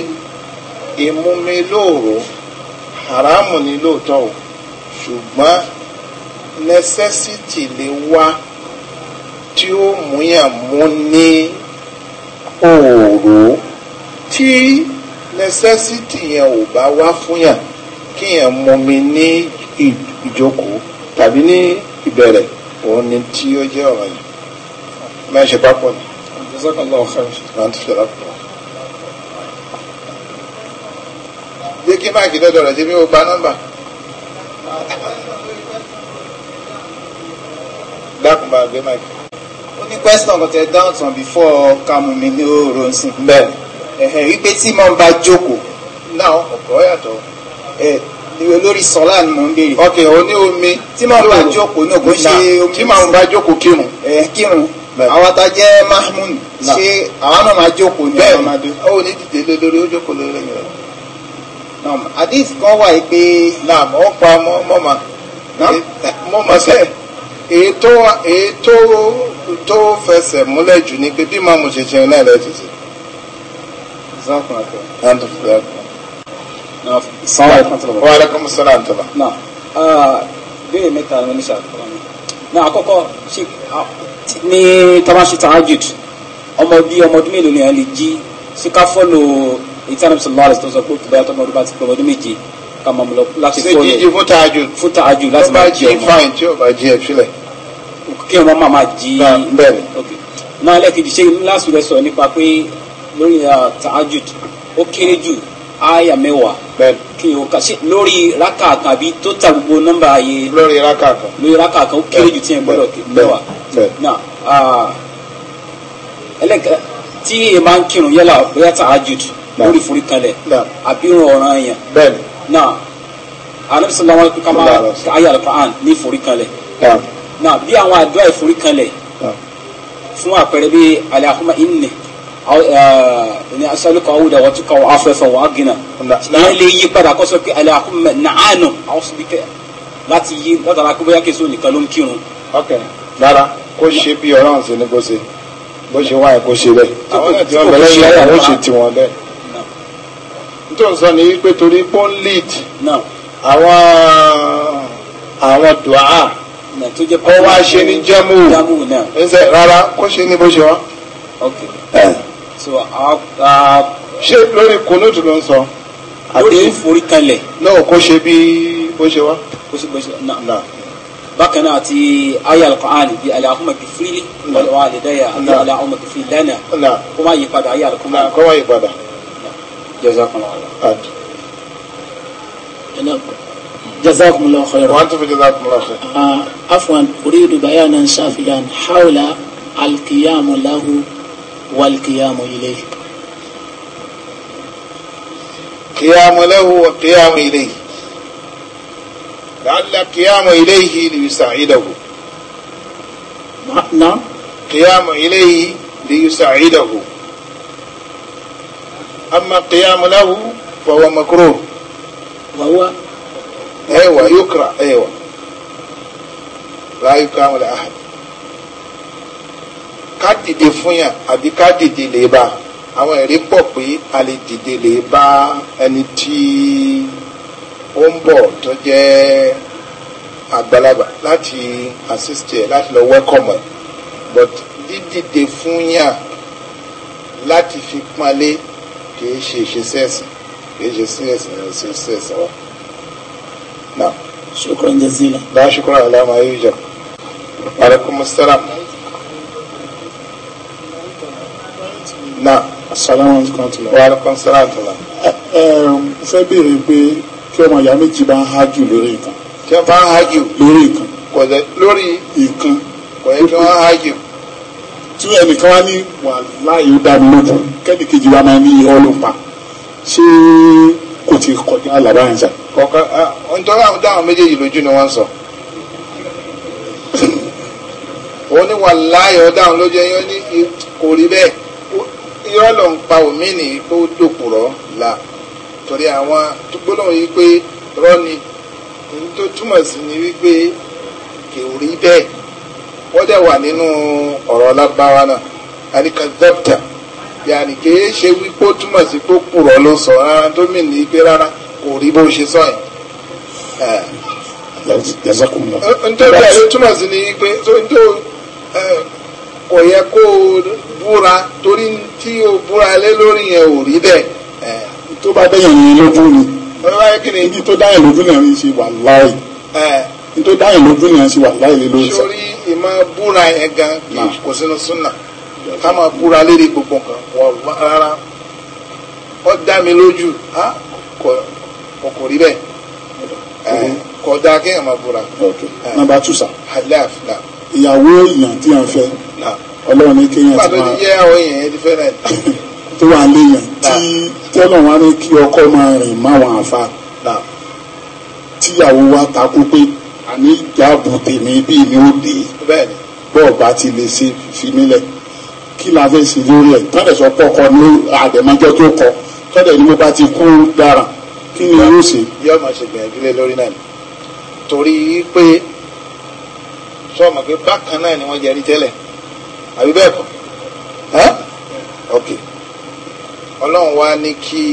ìmúmi lóòrò haramu ni lóòótọ́ o ṣùgbọ́n necessity lè wá tí ó múyàn mú ní òòró tí necessity yẹn ò bá wá fún yàn kí yàn mú ní ìjókòó tàbí ní ìbẹ̀rẹ̀ òun ni tí ó jẹ́ ọ̀rọ̀ yìí máa ṣe pápọ̀ ni. jazakallahu khair. máa tún ṣe lápò. jẹ́ kí máàkì dọ́dọ̀ rẹ̀ sí bí ó gba nọ́mbà dákùnbà gbé máìkì. ó ní question kan tẹ dáhùn tán before kàmú mi ní oòrùn sí. bẹ́ẹ̀. ẹ̀hẹ̀ wípé tí mo bá jókòó náà ọ̀pọ̀ yàtọ̀ ẹ̀ ìwé lórí sọlá ni mò ń béèrè. ok oní omi. tí mo bá jókòó náà kò ṣe omi. tí mo bá jókòó kírun. ẹ̀ kírun àwọn ta jẹ́ mahmoud ṣé àwọn náà máa jókòó ní ọmọdé. bẹ́ẹ̀ o ní dìde lórí ó jókòó lórí ẹ̀yìn naam hadith kan wà pé naam ó pa mọ́mà mọ́mà sẹ́ ètò ètò tó fẹsẹ̀ múlẹ̀ jù ni pé bí màá mo ṣe ṣe náà lẹ́yìn títí. wa alaikum salaam tọ́lá. Ah, bẹ́ẹ̀ mẹ́ta ló ní sàkóso ní àkọ́kọ́ ní tabaṣe tahajud ọmọ bíi ọmọ ọdún mélòó ni a lè jí síkáfọ́lò ìtàn sallallahu alaihi wasallam pé báyà tọmọ ọdún bá ti pé ọdún méje ká máa mú lọ láti kọ́ rẹ̀ ṣèjì fúta àjù fúta àjù láti máa jí ọmọ bá jí fáìn tí ò bá jí ẹ sílẹ̀. kí ọmọ máa máa jí bẹ́ẹ̀ náà lẹ́kìdì ṣé láti rẹ sọ nípa pé lórí tààjù ó kéré jù àyà mẹ́wàá kí o kà sí lórí rákà kan àbí tó ta gbogbo nọ́mbà ayé lórí rákà kan lórí rákà kan ó kéré jù tí ẹ gbọ́dọ̀ mẹ́wàá náà ẹlẹ́kẹ̀ẹ́ tí èèyàn bá ń kírun yálà lórí ìforíkalẹ̀ àbí ọ̀ràn yẹn. bẹ́ẹ̀ni. náà anabi kama ayé alukur'an ní ìforíkalẹ̀. náà bí àwọn àdúrà ìforíkalẹ̀ fún àpẹẹrẹ bí alahuma inni eh, ni asaluka awuda wa tuka afẹfẹ wa agina ìyẹn lè yí padà kọsọ pé alahuma naanu awusubike láti yí látara kó bóyá késo nìkan ló ń kírun. ok rárá kó ṣe bí ọlọ́run sí ni kó ṣe bó ṣe wáyé kó ṣe bẹ́ẹ̀ àwọn ẹ̀dùn ọ̀bẹ̀lẹ́yìn ayé àwọn ò ṣe tiwọn bẹ́ẹ̀ tó ń sọ ni wípé torí pọ́n lead àwọn àwọn dùá kọ́ wá ṣe ní jámù ẹsẹ̀ rárá kó ṣe ní bó ṣe wá. ṣé lórí kùnúùtù ló ń sọ. lórí ìforíkalẹ̀. náà kó ṣe bí bó ṣe wá. kó ṣe bó ṣe náà bákan náà àti aya alukur'an bi alahuma gifiri wàlúwà alidaya àti alahuma gifiri lana kó má yí padà aya alukur'an. kó má yí padà. جزاكم الله خير جزاكم الله خيرا وانتم جزاكم الله خيرا عفوا اريد بيانا شافيا حول القيام له والقيام اليه قيام له والقيام اليه لعل القيام اليه ليساعده نعم قيام اليه ليساعده أما القيام له فهو مكروه وهو أيوة يكره أيوة لا يقام لأحد ká dìde fún yàn àbí ká dìde lè bá àwọn ẹ̀rí pọ̀ pé a lè dìde lè bá ẹni tí ó ń bọ̀ tó jẹ́ àgbàlagbà láti assist ẹ̀ láti lọ welcome ẹ̀ but dídìde fún yàn láti fi panlé kì í ṣe ìṣesí ẹ̀sìn kì í ṣe sí ẹ̀sìn ẹ̀sìn sí ẹ̀sìn wa. na shukran jazila da shukran alama yi jam alaikum salam na assalamu alaikum wa alaikum salam tula. ẹ ẹ fẹ́ béèrè pé kí ọmọ ìyá méjì bá ń hájú lórí nǹkan. kí wọ́n bá ń hájú. lórí nǹkan. kò lórí nǹkan. kò yẹ kí wọ́n hájú tí ẹnìkan wá ní wà láàyè ó dá mi lójú kẹ́nìkejì wa máa ní irọ́ ló pa ṣé kò ti kọjá àlàbà yẹn sà. kọ̀ọ̀kan nítorí àwọn méjèèjì lójú ni wọ́n ń sọ. òun ní wà láàyè ó dáhùn lójú ẹ̀yán ní kò rí bẹ́ẹ̀ irọ́ ló ń pa òmí nì pé ó dòpùrọ̀ la torí àwọn gbólóhùn yìí pé rọ́ọ̀nì tó túmọ̀ sí ni wípé kò rí bẹ́ẹ̀ wọ́n dẹ̀ wà nínú ọ̀rọ̀ lágbára náà àní kazabta yàní kì í ṣe wípé ó túmọ̀ sí pé kùrọ̀ ló sọ rárá tó mì ní pé rárá kò rí bó ṣe sọ yìí. nítorí ẹ̀ ló túmọ̀ sí ni pé kò yẹ kó o búra torí tí o búra lé lórí yẹn ò rí bẹ́ẹ̀. tó bá dẹ́yìn ní lójú ni ibi tó dáyẹ̀ lójú náà ń ṣe wà láì. tó dáyẹ̀ lójú náà ń ṣe wà láì lé lórí ìmọ̀ búra yẹn gan kò sínú súnà ká máa búra lérí gbogbo nǹkan wọ́n rárá ó dá mi lójú kò rí bẹ́ẹ̀ kọjá kéèyàn máa búra. nàbà tùsà. alẹ́ àfìlà. ìyàwó èèyàn tí a ń fẹ́ ọlọ́run ní kéèyàn ti máa. pàtó ti yẹ àwọn èèyàn ti fẹ́rẹ̀. tó wà léèyàn tí tẹ́lọ̀ wá ní kí ọkọ máa rìn máwọn àfa tíyàwó wa takú pé àní ìjáàbù tèmi bí mi ó dé bọ́ọ̀ bá ti lè ṣe fi mí lẹ̀ kí la fẹ́ sí lórí ẹ̀ tọ́lẹ̀ sọ pọ̀ kọ ní àdèmọ́jọ́ tó kọ tọ́lẹ̀ ni mo bá ti kú dára kí ni yóò ṣe. yóò máa ṣe gbìyànjú lé lórí náà torí pé sọ́ọ̀mù pé bákan náà ni wọ́n jẹ́ rí tẹ́lẹ̀ àbí bẹ́ẹ̀ kọ́ ok ọlọ́run wá ní kí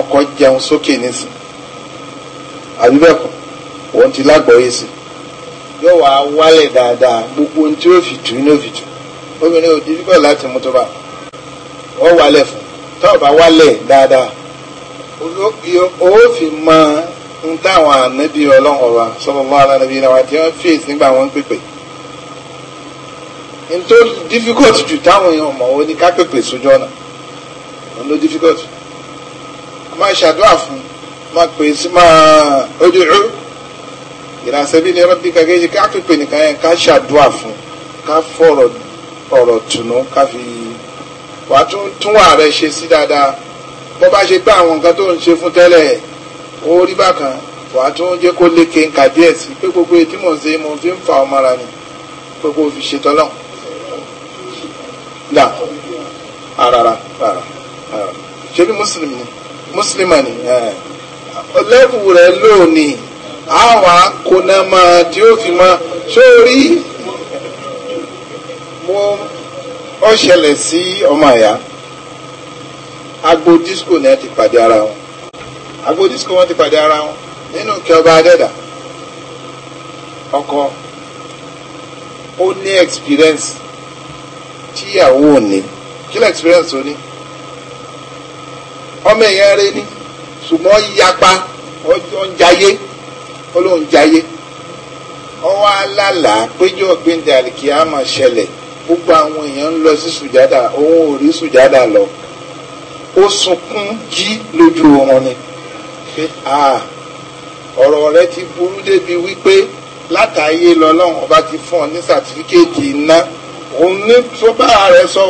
ọkọ̀ jẹun sókè nísìn àbí bẹ́ẹ̀ kọ́ wọ́n ti lágbọ̀ọ́yé sí yóò wá wálẹ̀ dáadáa gbogbo ohun tí ó fi tù ní òfìtù obìnrin ò dídúgbò láti mú tó bá wọ́n wálẹ̀ fún tó o bá wálẹ̀ dáadáa o fi mọ n táwọn ànábì ọlọ́run ọba sallallahu alaihi nàbí náà àti wọn fèsì nígbà wọn ń pèpè n tó difficult jù táwọn èèyàn mọ̀ ó ní ká pèpè sójú ọ̀nà òun ló difficult máa ṣàdúrà fún máa pè sí máa ojú ìrú ìrànṣẹ́bí ni rọ́bì kẹ́kẹ́ ṣe ká pèpè nìkan yẹn ká ṣàdúà fún ká fọ̀rọ̀ ọ̀rọ̀ tùnú ká fi wàá tún tún ààrẹ ṣe sí dáadáa bó bá ṣe pé àwọn nǹkan tó ń ṣe fún tẹ́lẹ̀ ó rí bákan wàá tún jẹ́ kó léke nǹka díẹ̀ sí pé gbogbo ètí mò ń ṣe mo fi ń fa ọmọ ara mi pé kó fi ṣe tọ́lọ́ là àràrà àràrà ṣé bí mùsùlùmí mùsùlùmí ni lẹ́bù rẹ̀ lónìí àwa kò náà máa tí ó fi máa sórí mo ọ ṣẹlẹ̀ sí ọmọ àyà agbo disco náà ti pàdé ara wọn agbo disco wọn ti pàdé ara wọn nínú kí adẹ́dà ọkọ ó ní experience tíyàwó ò kí lè experience ó ní ọmọ èèyàn rẹ ní ṣùgbọ́n yapa ọjọ́ ń jayé olóhùn jayé ọwọ́ alálà péjọ gbẹ̀ndẹ̀ àlìkíyàmọ̀ ṣẹlẹ̀ gbogbo àwọn èèyàn ń lọ sí sùjádà òun ò rí sùjádà lọ ó sunkún jí lójú oorun ni pé ọ̀rọ̀ rẹ ti burú débi wípé látàáyé lọ́lọ́run ọba ti fún ọ ní sàtífíkẹ́ẹ̀tì iná òun ní tó bá rẹ sọ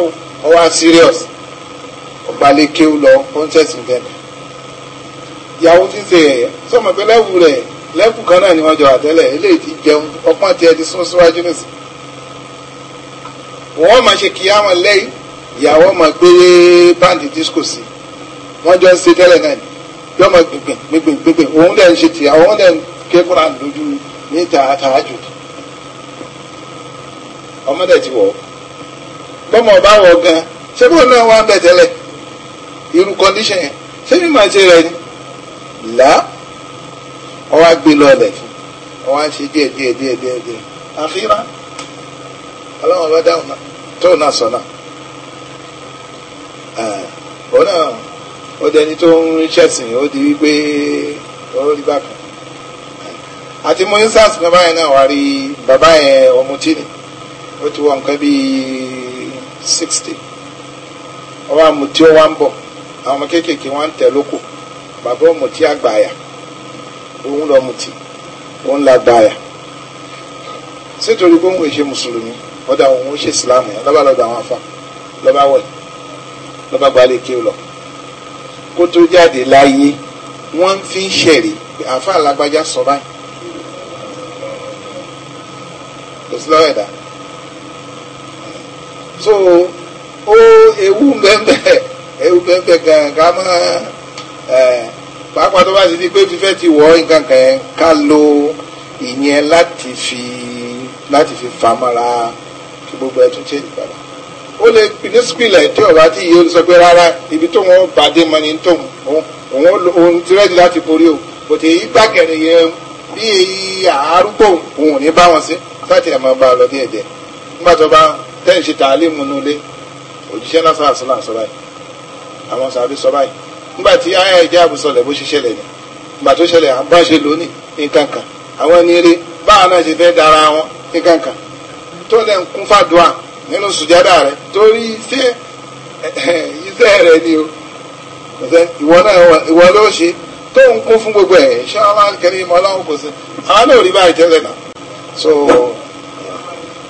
ọ wá serious ọgbàlékè lọ ó ń tẹ̀sìn bẹ́ẹ̀ ìyàwó ti ń ṣe ẹ̀yẹ sọmọ pé lẹ́wù rẹ̀ lẹ́kùn kan náà ni wọ́n jọ àtẹ́lẹ̀ eléyìí ti jẹun ọpọ́n tiẹ̀ ti sún síwájú nìsín wọ́n máa ṣe kíá wọn lẹ́yìn ìyàwó máa gbé báńdì disco sí wọ́n jọ ń ṣe tẹ́lẹ̀ náà yọ máa gbìngbìn gbìngbìn gbìngbìn òun dẹ̀ ń ṣe ọba wọ̀ gan ṣé bóun náà wà ń bẹ̀ condition yẹn ṣé mi máa ṣe rẹ ọ wá gbé lọ́ọ̀lẹ̀ ọ wá ṣe àfihàn dáhùn tó náà sọ náà náà ó dẹni tó ń ríṣẹ́ sìn ó di wípé ó rí bákan àti mo ní sars náà wà rí bàbá yẹn ni ó ti wọ nǹkan bíi sixty ọwọ́ àmùtí ó wá ń òun lọ mutí òun la gbààyà sítorí pé òun èṣe mùsùlùmí ọ̀dà òun ó ṣe ìsìlámù yẹn lọ́ba lọ́dọ̀ àwọn afa lọ́ba wẹ̀ lọ́ba gbalẹ̀ kí o lọ kó tó jáde láyé wọ́n fi ń ṣẹ̀rí àfa alágbájá sọ báyìí kò sí lọ́wọ́ ẹ̀dá so ó ewu bẹ́ẹ̀ bẹ́ẹ̀ ewu bẹ́ẹ̀ bẹ́ẹ̀ gan-an ká máa pàápàá tó bá ti di pé fífẹ́ ti wọ̀ nǹkan kan ká lo ìyẹn láti fi láti fi famara kí gbogbo ẹ̀ tún ṣe ìpadà ó lè ní sípìlẹ̀ tí ọ̀rọ̀ àti ìyẹn sọ pé rárá ibi tó wọn bàdé mọ ni tó òun òun ti rẹ́dí láti borí o kò tè í gbàgẹ̀rẹ̀ yẹn bí èyí àárúgbó òun ò ní bá wọn sí láti ẹ̀ máa bá a lọ ní ẹ̀dẹ̀ nígbà tó bá tẹ́yìn tààlé mu nulẹ̀ òjíṣẹ́ náà sọ àṣọ náà sọ báyìí àwọn sàbí sọ báyìí nígbà tí aya ìjà àbùsọ̀lẹ̀ bó ṣe ṣẹlẹ̀ ni ìgbà tó ṣẹlẹ̀ à bá ṣe lónìí nǹkan kan àwọn ẹni eré báwọn náà ṣe fẹ́ dára wọn nǹkan kan tó lẹ̀ ń kún fàdúà nínú sùjádà rẹ̀ torí iṣẹ́ iṣẹ́ rẹ̀ ni o ìwọ náà ìwọ ló ṣe tó ń kún fún gbogbo ẹ̀ ṣé wọn máa ń kẹrin ìmọ̀ ọlọ́run kò sí àwọn náà rí báyìí tẹ́lẹ̀ náà so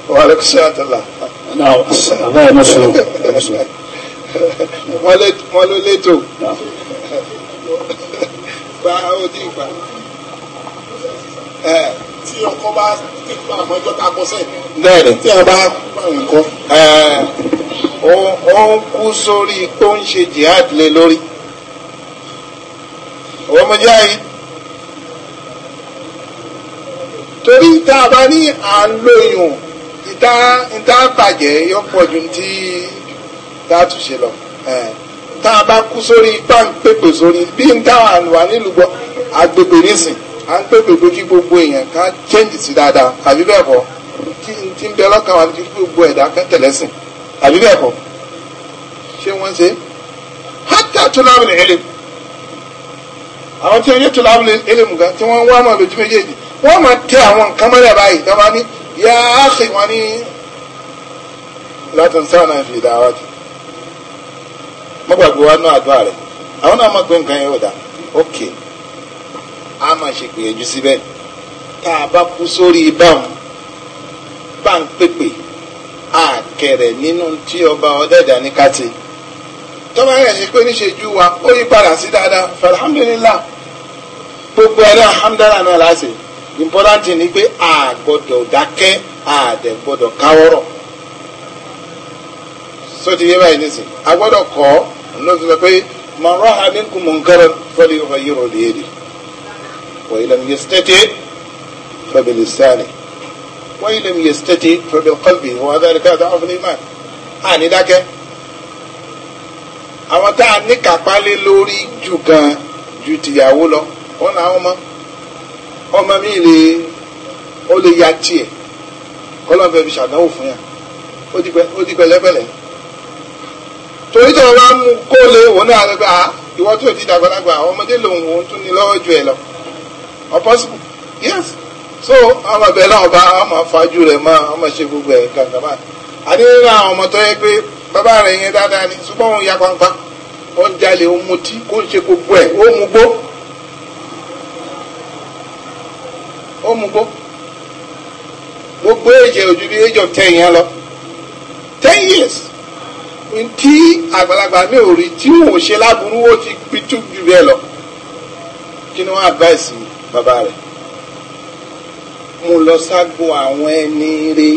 wàhálà kò sí àtàlà. náà báyìí mọ̀ sọ̀rọ̀ wọ́n ló létò gba odi ìgbà. tí ọkọ bá kíkọ àmọ́jọ́ ta bọ́sẹ̀. bẹ́ẹ̀ni tí a bá gbà nǹkan. ó ń kú sórí tó ń ṣe jihad lé lórí. ọmọ mujahid torí tá a bá ní à ń lóyún ìta ìta bàjẹ́ yọ pọ̀ ju ti. láti ṣe lọ tá a bá kú sórí ipá ń sórí bí n táwọn àlùwà nílùú agbègbè nísìn à ń pèpè pé kí gbogbo èèyàn ká chẹ́ǹjì sí dáadáa àbí bẹ́ẹ̀ kọ́ kí n ti bẹ lọ́kàn wa kí gbogbo ẹ̀dá kan sìn àbí bẹ́ẹ̀ kọ́ ṣé wọ́n ṣe hátà tó lábìlì ẹlẹ́m àwọn tí wọ́n yé tó lábìlì ẹlẹ́m gan tí wọ́n wá mọ̀ lójú méjèèjì wọ́n tẹ àwọn nǹkan mọ́lẹ̀ báyìí bá ní wọ́n ní sáà náà fi mọ́gbàgbé wa náà àdúrà rẹ̀ àwọn náà máa gbé nǹkan ok a ma se gbìyànjú síbẹ̀ tá a bá kú sórí báwọn pepe ọba tọ́ba yẹn ṣe pé níṣe ju wa ó yí padà sí dáadáa alhamdulilah gbogbo ẹ̀rọ alhamdulilah náà láti important ni pé a gbọ́dọ̀ dákẹ́ a dẹ̀ gbọ́dọ̀ káwọ́rọ̀ báyìí ló sọ pé man ra'a minkum munkaran falyughayyirhu biyadihi wa illam yastati' fabilisanihi wa illam yastati' fabilqalbihi wa dhalika ad'afu al-iman àní dákẹ́ àwọn tá a ní kápálẹ lórí jù gan ju tìyàwó lọ wọn làwọn ọmọ ọmọ mi lè ó lè ya tiẹ̀ di torí tó bá mú kó lé òun náà rẹ ìwọ tó ti ọmọdé lòun òun tún ní lọ́wọ́ ju ẹ yes so ọmọ bẹ́ẹ̀ náà ọba ọmọ fàájú rẹ̀ mọ́ ọmọ ṣe gbogbo àdéhùn àwọn ọmọ tó yẹ pé bàbá yẹn dáadáa ni ṣùgbọ́n òun ya pàǹpà ó ń jalè ó ń mutí kó ń ṣe gbogbo ẹ ó mú gbó ó mú gbó gbogbo èjì ojú bí years. ntí àgbàlagbà mi ò rí tí wọn ò ṣe láburú ó ti pitú jù bẹ́ẹ̀ lọ kí ni wọ́n advice bàbá rẹ̀ mo lọ ságbo àwọn ẹni rẹ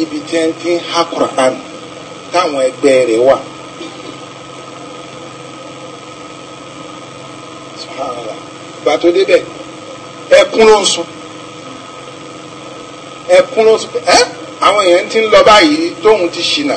ibi tí wọ́n ti ń há Quran táwọn ẹgbẹ́ rẹ̀ wà. ìgbà tó débẹ̀ ẹkún ló ń sun ẹkún ló ń sun ẹ́ àwọn èèyàn ti ń lọ báyìí tóun ti ṣìnà.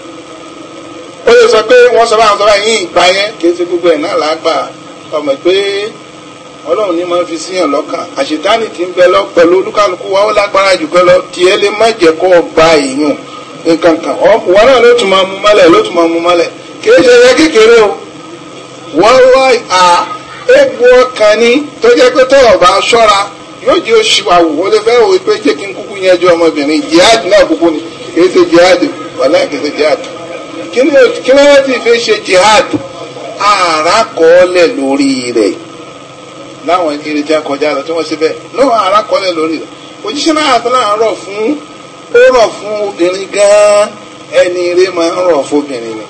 ó lè sọ pé wọ́n sọ báwọn sọ báyìí yín ìgbà yẹn kì í ṣe gbogbo ẹ̀ náà lágbà ọmọ pé ọlọ́run ní máa fi síyàn lọ́kàn àṣetánì tí ń bẹ lọ pẹ̀lú olúkálukú wa ó lágbára jù pẹ́ lọ tiẹ̀ lè má jẹ́ kó gba èèyàn nǹkan kan wọn náà ló tún máa mú mọ́lẹ̀ ló tún máa mú mọ́lẹ̀ kì í ṣe yẹ kékeré o wọ́n wá à égbò ọkàn ni tó jẹ́ pé tó ọ̀bà ṣọ́ra yóò jẹ́ oṣù àwò ó lè fẹ́ òwe pé jẹ́ kí n kúkú yẹn ju ọmọbìnrin jihad náà kúkú ni kì í ṣe jihad wàlá kì í ṣe jihad kí ló ti fi ṣe jihad ara kọ́ọ́lẹ̀ lórí rẹ̀ láwọn ìkiri tí a kọjá lọ tí wọ́n ṣe bẹ́ẹ̀ lọ́wọ́ ara kọ́ọ́lẹ̀ lórí rẹ̀ òjíṣẹ́ náà àti náà rọ̀ fún ó rọ̀ fún obìnrin gan-an ẹni eré máa ń rọ̀ fóbìnrin ni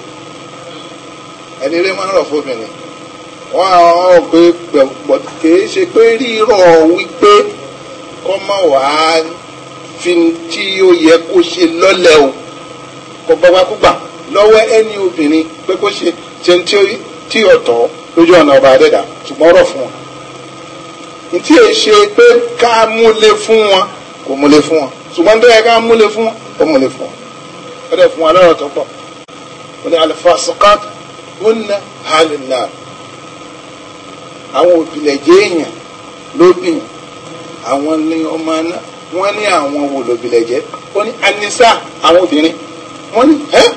ẹni eré máa ń rọ̀ fóbìnrin wọ́n á ọ̀ pé kìí ṣe pé rírọ̀ wípé kọ́ mọ̀ wàá fi tí ó yẹ kó ṣe lọ́lẹ̀ o kò gbọ́gbá lọ́wọ́ ẹni obìnrin pé kó ṣe ṣe ń tí ọ̀tọ̀ lójú ọ̀nà ọba adẹ́dà ṣùgbọ́n ọ̀rọ̀ fún wọn. ntí èyí ṣe pé ká múlé fún wọn kò múlé fún wọn ṣùgbọ́n tó yẹ ká múlé fún wọn kò múlé fún wọn. ó dẹ̀ fún wa lọ́rọ̀ tó pọ̀ ó ní alifasakatu hunna halina àwọn òbílẹ̀ jẹ́ èèyàn lóbìnrin àwọn ní ọmọ náà wọ́n ní àwọn wò lóbìlẹ̀ jẹ́ ó ní anisa àwọn obìnrin wọ́n ní ẹ́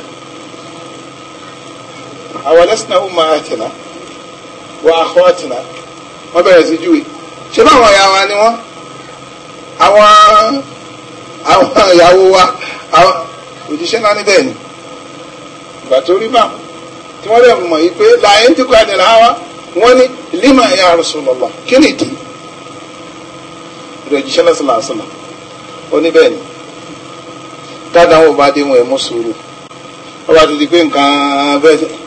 a ummahatina wa akhwatina wọ́n bẹ̀rẹ̀ sí júwe ṣé báwọn ìyá ni wọ́n àwọn àwọn ìyàwó wa àwọn òjíṣẹ́ náà níbẹ̀ ni ìgbà tó rí báwọn tí wọ́n lè mọ̀ yìí lima ya ni bá dé wọn ẹ̀ mú di pé nǹkan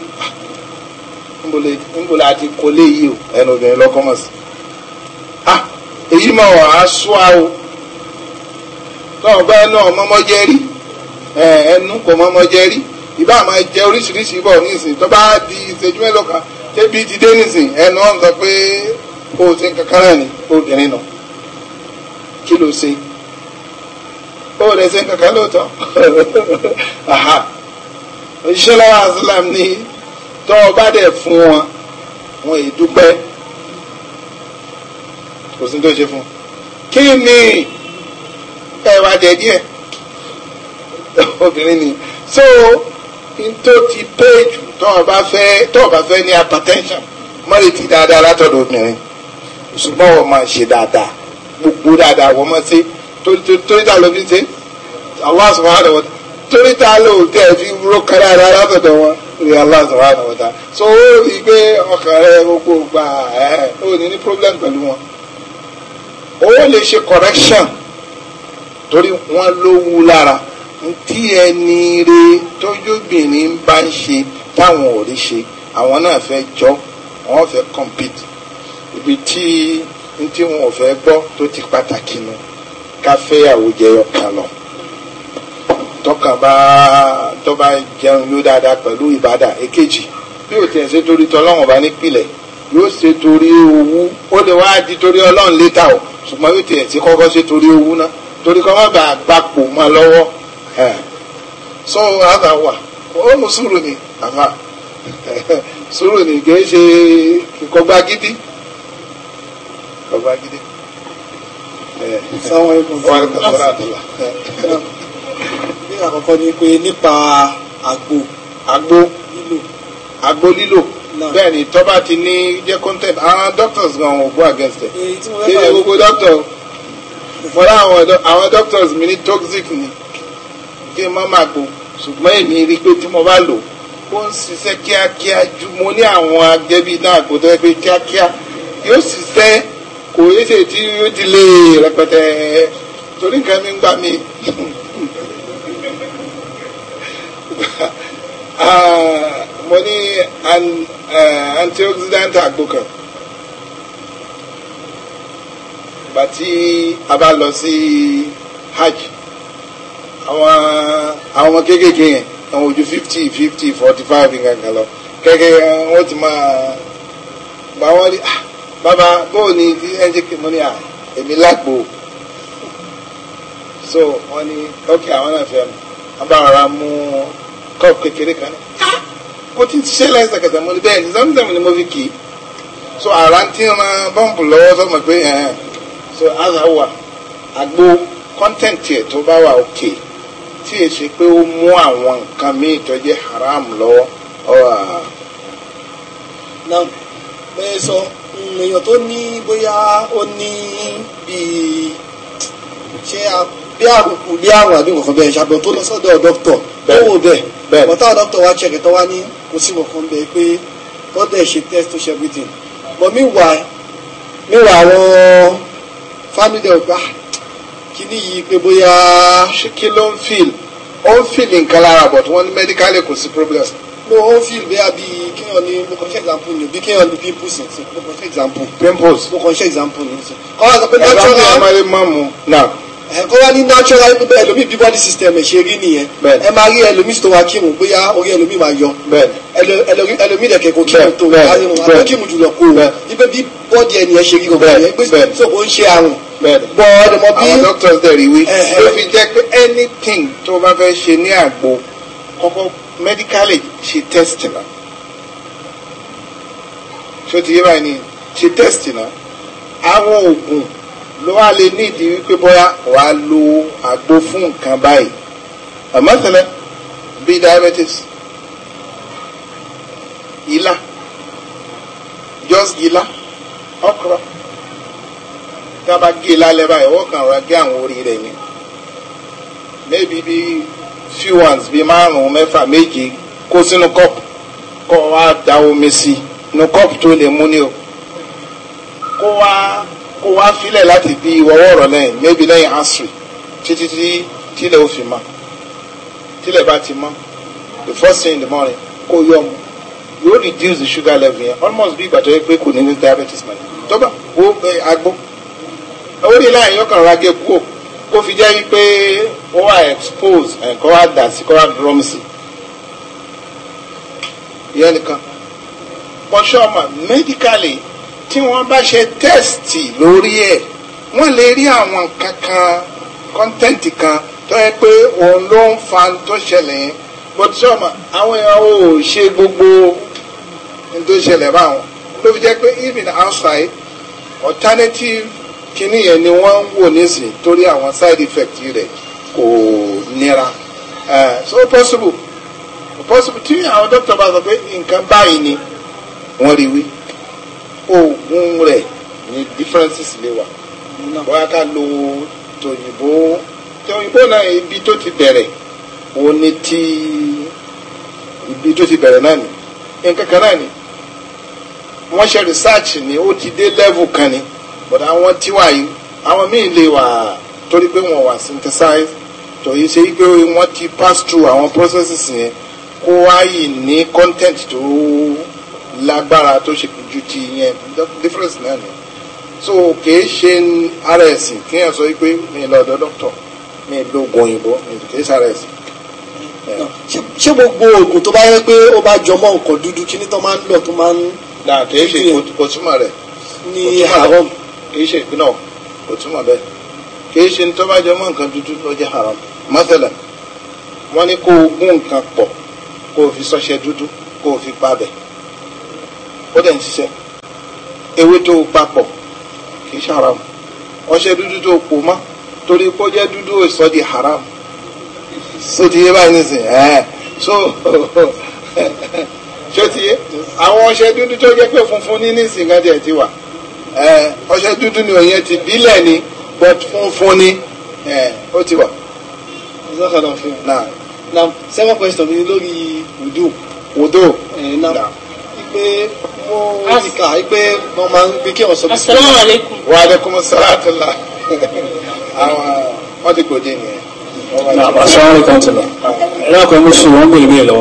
níbo la ti kọ léyìí o ẹnu obìnrin lọ́kọ́ mọ̀ sí. ah èyí máa wà á sọ a o tọ́wọ́n bá ẹnu ọmọọmọ jẹ́ rí ẹnu kò mọ́mọ́ jẹ́ rí ìbá máa jẹ oríṣiríṣi bọ̀ nísìn tó bá di ìṣẹ́jú mélòó kan débi ti dé nísìn ẹnu ọ̀n sọ pé o ti kankan rẹ̀ ni obìnrin nà kí ló ṣe o lè ṣe kankan lóòótọ́ òṣìṣẹ́ lọ́wọ́ àṣìlám ní tọ́ ọ bá dẹ̀ fún wọn wọn èyí dúpẹ́ kò sí tó ṣe fún un kí ni ẹwà jẹ díẹ̀ obìnrin ni so n tó ti pé jù tọ́ ọ bá fẹ́ tọ́ ọ bá fẹ́ ní hypertension mọ́lẹ̀ ti dáadáa látọ̀dọ̀ obìnrin ṣùgbọ́n wọ́n máa ṣe dáadáa gbogbo dáadáa wọ́n máa ṣe torí torí dáa ló fi ṣe Allah subhanahu wa ta'ala torí tá a lò tẹ́ fi ró kára ara látọ̀dọ̀ wọn rí aláàtọ̀wá ni wọ́n ta so ó rí i pé ọkàn rẹ gbogbo gbà ẹ́ ó ní ní problem pẹ̀lú wọn ó lè ṣe correction torí wọ́n ló wú lára tí ẹni re tójúbìnrin bá ń ṣe táwọn ò rí ṣe àwọn náà fẹ́ jọ wọ́n fẹ́ compete ibi tí tí wọn ò fẹ́ gbọ́ tó ti pàtàkì nu ká fẹ́ àwùjẹyọ lọ tọkàn bá tó bá jẹun yóò dáadáa pẹ̀lú ìbádà èkejì bí o tiẹ̀ ṣe torí tọ́lọ́run ọba nípìnlẹ̀ yóò ṣe torí owó ó lè wá di torí ọlọ́run létà o ṣùgbọ́n yóò tiẹ̀ ti kọ́kọ́ ṣe torí owó náà torí kọ́ má bàa gbapò mọ́ ọ lọ́wọ́ so àgbà wà ó mú sùúrù ni àmà sùúrù ni kì í ṣe ìkọgbà gidi ìkọgbà gidi. Sáwọn ẹ̀kọ́. Wàhálà kọ́ra àdúrà àkọ́kọ́ ni pé nípa àgbo àgbo lílò àgbo lílò bẹ́ẹ̀ ni tọ́ba ti ní jẹ́ content àwọn doctors gan ò go against it kí ni gbogbo doctor fọlá àwọn doctors mi ní toxic ni kí n má má gbo ṣùgbọ́n èmi rí i pé tí mo bá lò ó ń ṣiṣẹ́ kíákíá ju mo ní àwọn agẹ́bí náà kò tó yẹ pé kíákíá yóò ṣiṣẹ́ kò yẹ tí yóò ti lè rẹpẹtẹ torí nǹkan mi ń gbà mí Ah, mo ní eh, antioxidant àgbo ìgbà tí a bá lọ sí hajj àwọn àwọn ọmọ kéékèèké yẹn àwọn ojú fifty fifty forty five nǹkan lọ kẹ́kẹ́ wọ́n ti máa bá wọ́n rí ah, bàbá bóò ni ndk mo ní à ah, èmi lágbo so wọ́n ní ok àwọn náà fẹ́ mi wọ́n bá rọra mú kọ́ọ̀pù kékeré kan ní. mo ti ṣẹlẹ̀ ṣàkàtà mo ní bẹ́ẹ̀ ní zamzam ni mo fi kì í so ara ń tí ń ran bọ́ǹbù lọ́wọ́ sọ ma pé so ara wà àgbo kọ́ńtẹ̀ǹtì ẹ̀ tó bá wà òkè tí è ṣe pé ó mú àwọn nǹkan míì tó jẹ́ haram lọ́wọ́ ọ̀rọ̀ àà. náà bẹ́ẹ̀ sọ èèyàn tó ní bóyá ó ní bíi ṣé a bí àbùkù bí àrùn àbí nǹkan bẹ́ẹ̀ ṣàbọ̀ tó lọ sọ́dọ̀ dọ́kítọ̀ tó wò bẹ́ẹ̀ bọ́tà dọ́kítọ̀ wa check tó wá ní kò sí nǹkan bẹ́ẹ̀ pé ó dẹ̀ ṣe test to everything but meanwhile meanwhile àwọn family ọgbà ah, kìíní yìí pé bóyá ṣé kí ló ń feel ó ń feel nǹkan lára but wọ́n ní medically kò sí problem no o feel bẹ́ẹ̀ bí kéèyàn ní mo kàn ṣe example ni bí kéèyàn ní pimples ní mo kàn ṣe example pimples mo kàn ṣe example ní. kọ́ ọ́ sọ pé natural. ẹ̀rọ ẹ kó wá ní natural ibi bẹ́ẹ̀ ẹlòmíì bí body system ẹ̀ ṣe rí nìyẹn ẹ máa rí ẹlòmíì sítọ́wá kírun bóyá orí ẹlòmíì máa yọ ẹlòmíì dẹ̀kẹ̀ kò kírun tó kárìmù àbẹ́ kírun jùlọ kó o ibẹ̀ bí body ẹ̀ ṣe rí gbogbo ẹ̀ pé so ó ń ṣe àrùn bọ́ ọdún bí. àwọn doctors dẹ̀ rí wí ló fi jẹ́ pé anything tó bá fẹ́ ṣe ní àgbo kọ́kọ́ medically ṣe test náà ṣó ti yé báyìí ni ṣe test náà àwọn oògùn ló wá lè ní ìdí wípé bóyá wà á lo àgbo fún nǹkan báyìí àmọ́sẹ̀lẹ̀ bíi diabetes ilá just ilá okra tá a bá gé ilá e lẹ́ báyìí wọ́n kàn ra gé àwọn orí rẹ̀ ni maybe bíi few ones bíi márùn-ún mẹ́fà méje kó sínú kọ́ọ̀pù kó wá da omi sí inú kọ́ọ̀pù tó lè mú ni o kó wá kó wá filẹ̀ láti bí ìwọ́wọ́ ọ̀rọ̀ lẹ́yìn maybe lẹ́yìn asiri títí tí tílẹ̀ ó fi mọ́ tílẹ̀ bá ti mọ́ the first thing in the morning kó yọ mu yóò reduce the sugar level yẹn almost bí ìgbà tó yẹ pé kò ní ní diabetes mọ̀ tọ́gbà wo agbó owó ní láàyè yọkàn ra gé kúò kó fi jẹ́ pé ó wà expose kó wá dà sí kó wá drum sí ìyẹn nìkan pọ̀ṣọ́ medically tí wọ́n bá ṣe tẹ́sítì lórí ẹ̀ wọ́n lè rí àwọn kankan kọ́ńtẹ́ǹtì kan tó yẹ pé òun ló ń fa tó ṣẹlẹ̀ yẹn but sọ́ọ̀mà àwọn èèyàn ò ṣe gbogbo ní tó ṣẹlẹ̀ báwọn ló fi jẹ́ pé even outside alternative kìíní yẹn ni wọ́n ń wò nísìn torí àwọn side effect rẹ̀ kò nira eh, so possible possible tí àwọn dókítà bá sọ pé nǹkan báyìí ni wọ́n rí wí oògùn rẹ̀ ní differences lè wà wọ́n á ká lo tòyìnbó tòyìnbó náà ibi tó ti bẹ̀rẹ̀ òun ni ti ibi tó ti bẹ̀rẹ̀ náà ni nǹkan kan náà ni wọ́n ṣe research ni ó ti dé level kan ni but àwọn tiwa yìí àwọn míì lè wà torí pé wọ́n wà synthesized tòyí ṣe wípé wọ́n ti pass through àwọn processes yẹn kó wáyì ní content tó. To lágbára tó ṣe ju ti yẹn difference náà ni so kìí ṣe ara ẹ̀sìn kí èèyàn sọ wípé mi lọ ọ̀dọ̀ dọ́kítọ̀ mi lo oògùn òyìnbó kìí ṣe ara ẹ̀sìn. ṣé gbogbo oògùn tó bá yẹ pé ó bá jọmọ́ nǹkan dúdú kí ni tó máa ń lọ tó máa ń. na kìí ṣe kòtúmọ̀ rẹ̀ ní haram kìí ṣe náà kòtúmọ̀ bẹ́ẹ̀ kìí ṣe tó bá jọmọ́ nǹkan dúdú ló jẹ́ haram mọ́tẹ́lẹ̀ wọ́n ní kó o gún nǹkan pọ̀ kó o fi sọ́ṣẹ́ dúdú kó o fi pa bẹ́ẹ̀ ó dẹ̀ ń ṣiṣẹ́ ewé tó papọ̀ kì í ṣe haram ọṣẹ dúdú tó pò mọ́ torí kó jẹ́ dúdú ìsọ di haram so ti yé báyìí nìsín ẹ̀ so ṣó ti yé àwọn ọṣẹ dúdú tó jẹ́ pé funfun ní nìsín kan tiẹ̀ ti wà ọṣẹ dúdú ni òyìn ti bílẹ̀ ni but funfun ni ó ti wà. Nah. Now, second question mi lórí wudu. Wudu pé wọ́n ti kà á pé wọ́n máa ń gbé kí wọ́n sọ bísí. asalaamualeykum. wa aleykum salaatula. àwọn wọ́n ti gbòde nìyẹn. nàbà sọ́wọ́n kan ti lọ. ẹ̀rọ kan mo sùn wọ́n gbèrè mí lọ.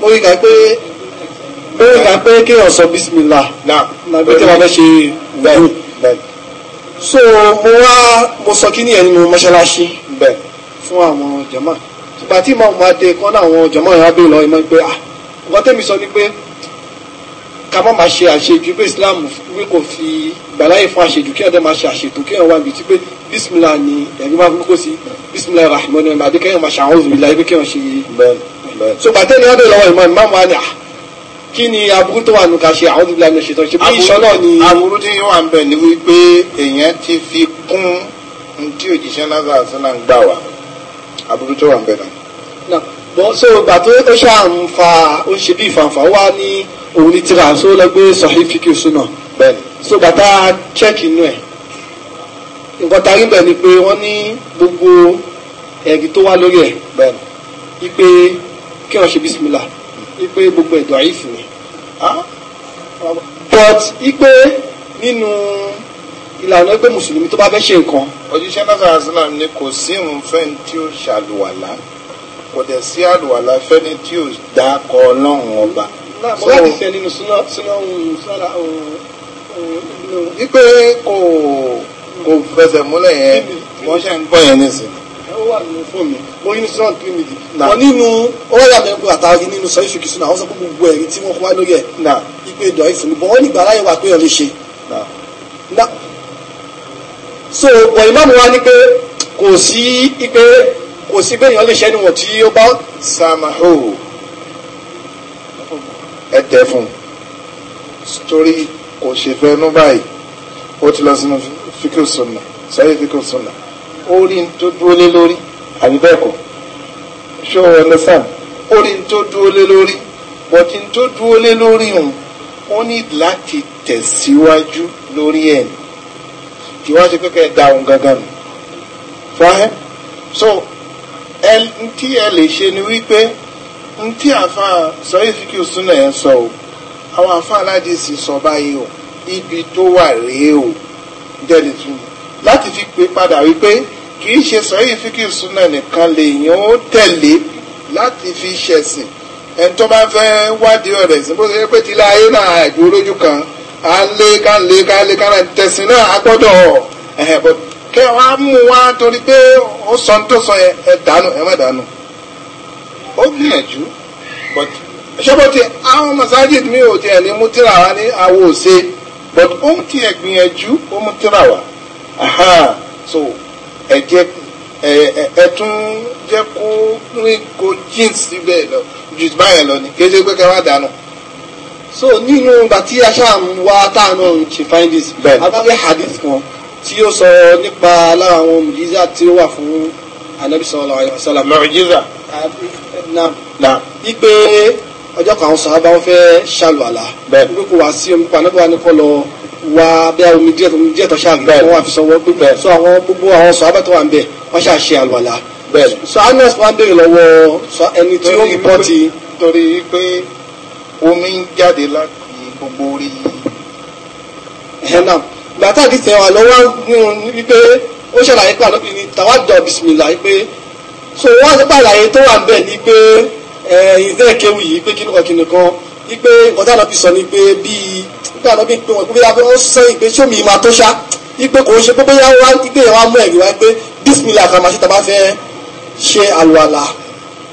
mo rí i kà pé mo rí i kà pé kí wọ́n sọ bísímìlà. náà bí tí wọ́n fẹ́ ṣe bẹ́ẹ̀ bẹ́ẹ̀. so mo wá mo sọ kí ni ẹni mo mọ́ṣáláṣí. bẹ́ẹ̀ fún àwọn jàmáà. ìgbà tí màmú adé kan náà àwọn jàmáà yẹn á bè lọ ìmọ̀ pé ah nǹkan tẹ́mi sọ ni pé ká má máa ṣe àṣejù pé islam wí kò fi gbàláyè fún àṣejù kí ọdẹ máa ṣe àṣetò kí ọwọ́ àbí tí pé bísímìlà ni ẹ̀mí máa fi kó sí bísímìlà rahman ẹ̀mí àbí kẹ́yìn máa ṣe àwọn òbí láyé pé kẹ́yìn ṣe yé. so gbàtẹ́ ni wọ́n dé lọ́wọ́ ìmọ̀ ìmọ̀ àná kí ni aburú tó wà nù ká ṣe àwọn òbí láyé ṣètò ṣe bí ìṣọ́ náà ni. aburú tí yóò wà ń bẹ̀ ni wípé èèyàn ti fi kún ní tí òjíṣẹ́ náà bọ́ so ìgbà tó ó ṣáà ń fa ó ń ṣe bí ìfànfà wá ní òun ní tira so lọ gbé sahih fíkì bẹ́ẹ̀ so bàtà chẹ́ẹ̀kì inú ẹ̀ nǹkan ta bẹ́ẹ̀ ni pé wọ́n ní gbogbo ẹ̀rí tó wá lórí ẹ̀ bẹ́ẹ̀ ni pé kí wọ́n ṣe bísímìlà ni pé gbogbo ẹ̀dọ̀ àìsàn ni but ipe nínú ìlànà pé mùsùlùmí tó bá fẹ́ ṣe nǹkan. òjíṣẹ́ náà sọ̀rọ̀ ni kò sí ìrùnfẹ́ tí ó ṣàlùwàlá kò dẹ̀ sí àlùwàlà fẹ́ni tí ò dá kọ ọlọ́run ọba. láti sẹ́ nínú súná súná òun sára òun. wípé kò kò fẹsẹ̀ múlẹ̀ yẹn wọ́n ṣe ń gbọ́ yẹn nísìnyí ó wà nínú fún mi ó yín strong clinic wọn nínú ó wà yàtọ̀ ẹ̀kọ́ àtàrí nínú sọ iṣu kìsùn àwọn sọ pé gbogbo ẹ̀rí tí wọ́n kọ́ wá lórí ẹ̀ ìpè ìdọ̀ ìfún mi bọ́ ó ní gbàrá yẹn wà pé ọ̀lẹ́ ṣe. so bọ̀ ìmáàmù wa ni pé kò sí ipe kò sí bẹ́ẹ̀ yẹn lè ṣẹ́ níwọ̀n tí ó bá sàmàhó ẹ tẹ̀ fún torí kò ṣe fẹ́ nú báyìí ó ti lọ sínú fíkìl sọ̀nà sọ́yìn fíkìl sọ̀nà ó rí n tó dúró lé lórí àbí bẹ́ẹ̀ kọ́ ṣé o understand ó rí n tó dúró lé lórí but n tó dúró lé lórí òun ó ní láti tẹ̀síwájú lórí ẹ̀ kí wọ́n ṣe pé kẹ́ ẹ da òun gangan nù fún ahẹ́ so ẹn tí ẹ lè ṣe ni wípé n tí àfa sọ ìfikì súnà yẹn sọ o àwọn àfa aládìsí sọ báyìí o ibi tó wà rèé o dẹ́lẹ̀ tún láti fi pè padà wípé kì í ṣe sọ ìfikì súnà nìkan lèèyàn ó tẹ̀lé láti fi ṣẹ̀sìn ẹni tó bá fẹ́ wádìí ọ̀rẹ́ sí bó ṣe pé ti lé ayé náà àìdúró lójú kan à ń lé ká ń lé ká lé ká náà tẹ̀sìn náà a ẹ̀hẹ̀ bọ́dọ̀ kẹ́ wàá mú wá torí pé ó sọ tó sọ yẹ ẹ dànù ẹ má dànù ó gbìyànjú but ṣọ́bọ̀ tí àwọn masajid mi ò tiẹ̀ ní mú wa ní àwo òsè but ó ń tiẹ̀ gbìyànjú ó mú tíra wa so ẹ jẹ́ ẹ tún jẹ́ kó rí kó jeans síbẹ̀ lọ ju báyẹn lọ ni kéde pé kẹ́ wá dànù so nínú bàtí aṣáà ń wá táwọn náà ń ṣe find this bẹ́ẹ̀ abáwẹ́ hadith kan tí ó sọ nípa lára àwọn mùjíza tí ó wà fún anabi sallallahu alaihi wasallam. mùjíza. na ipe ọjọ́ kan àwọn sàhábà wọn fẹ́ ṣàlùwàlà. bẹ́ẹ̀ ni kò wá sí omi pa anabi wa ní kọ́ lọ wa bí omi díẹ̀ tó díẹ̀ tó ṣáà gbẹ wọn fi sanwó pípẹ́ so àwọn gbogbo àwọn sàhábà tó wà ń bẹ wọ́n ṣáà ṣe àlùwàlà. bẹ́ẹ̀ so anas wa béèrè lọ́wọ́ ẹni tí ó rìpọ́tì. torí pé omi ń jáde láti gbogbo orí. ẹ̀ náà gbàtàdì tẹ̀ wà lọ́wọ́ nínú wípé ó ṣàlàyé pé àlọ́bì ni tàwádọ̀ bisimilà wípé so wọ́n sọ pé àlàyé tó wà níbẹ̀ ni pé ìdẹ́ kéwì yìí pé kí nìkan kí nìkan wípé ọ̀tá àlọ́bì sọ ni pé bíi wípé àlọ́bì pé wọ́n pé ó sọ ìpè sómi ìmọ̀ tó ṣá wípé kò ń ṣe pé bóyá wá wípé ìwà mú ẹ̀rí wá pé bisimilà kan ṣe tàbá fẹ́ ṣe àlùwàlà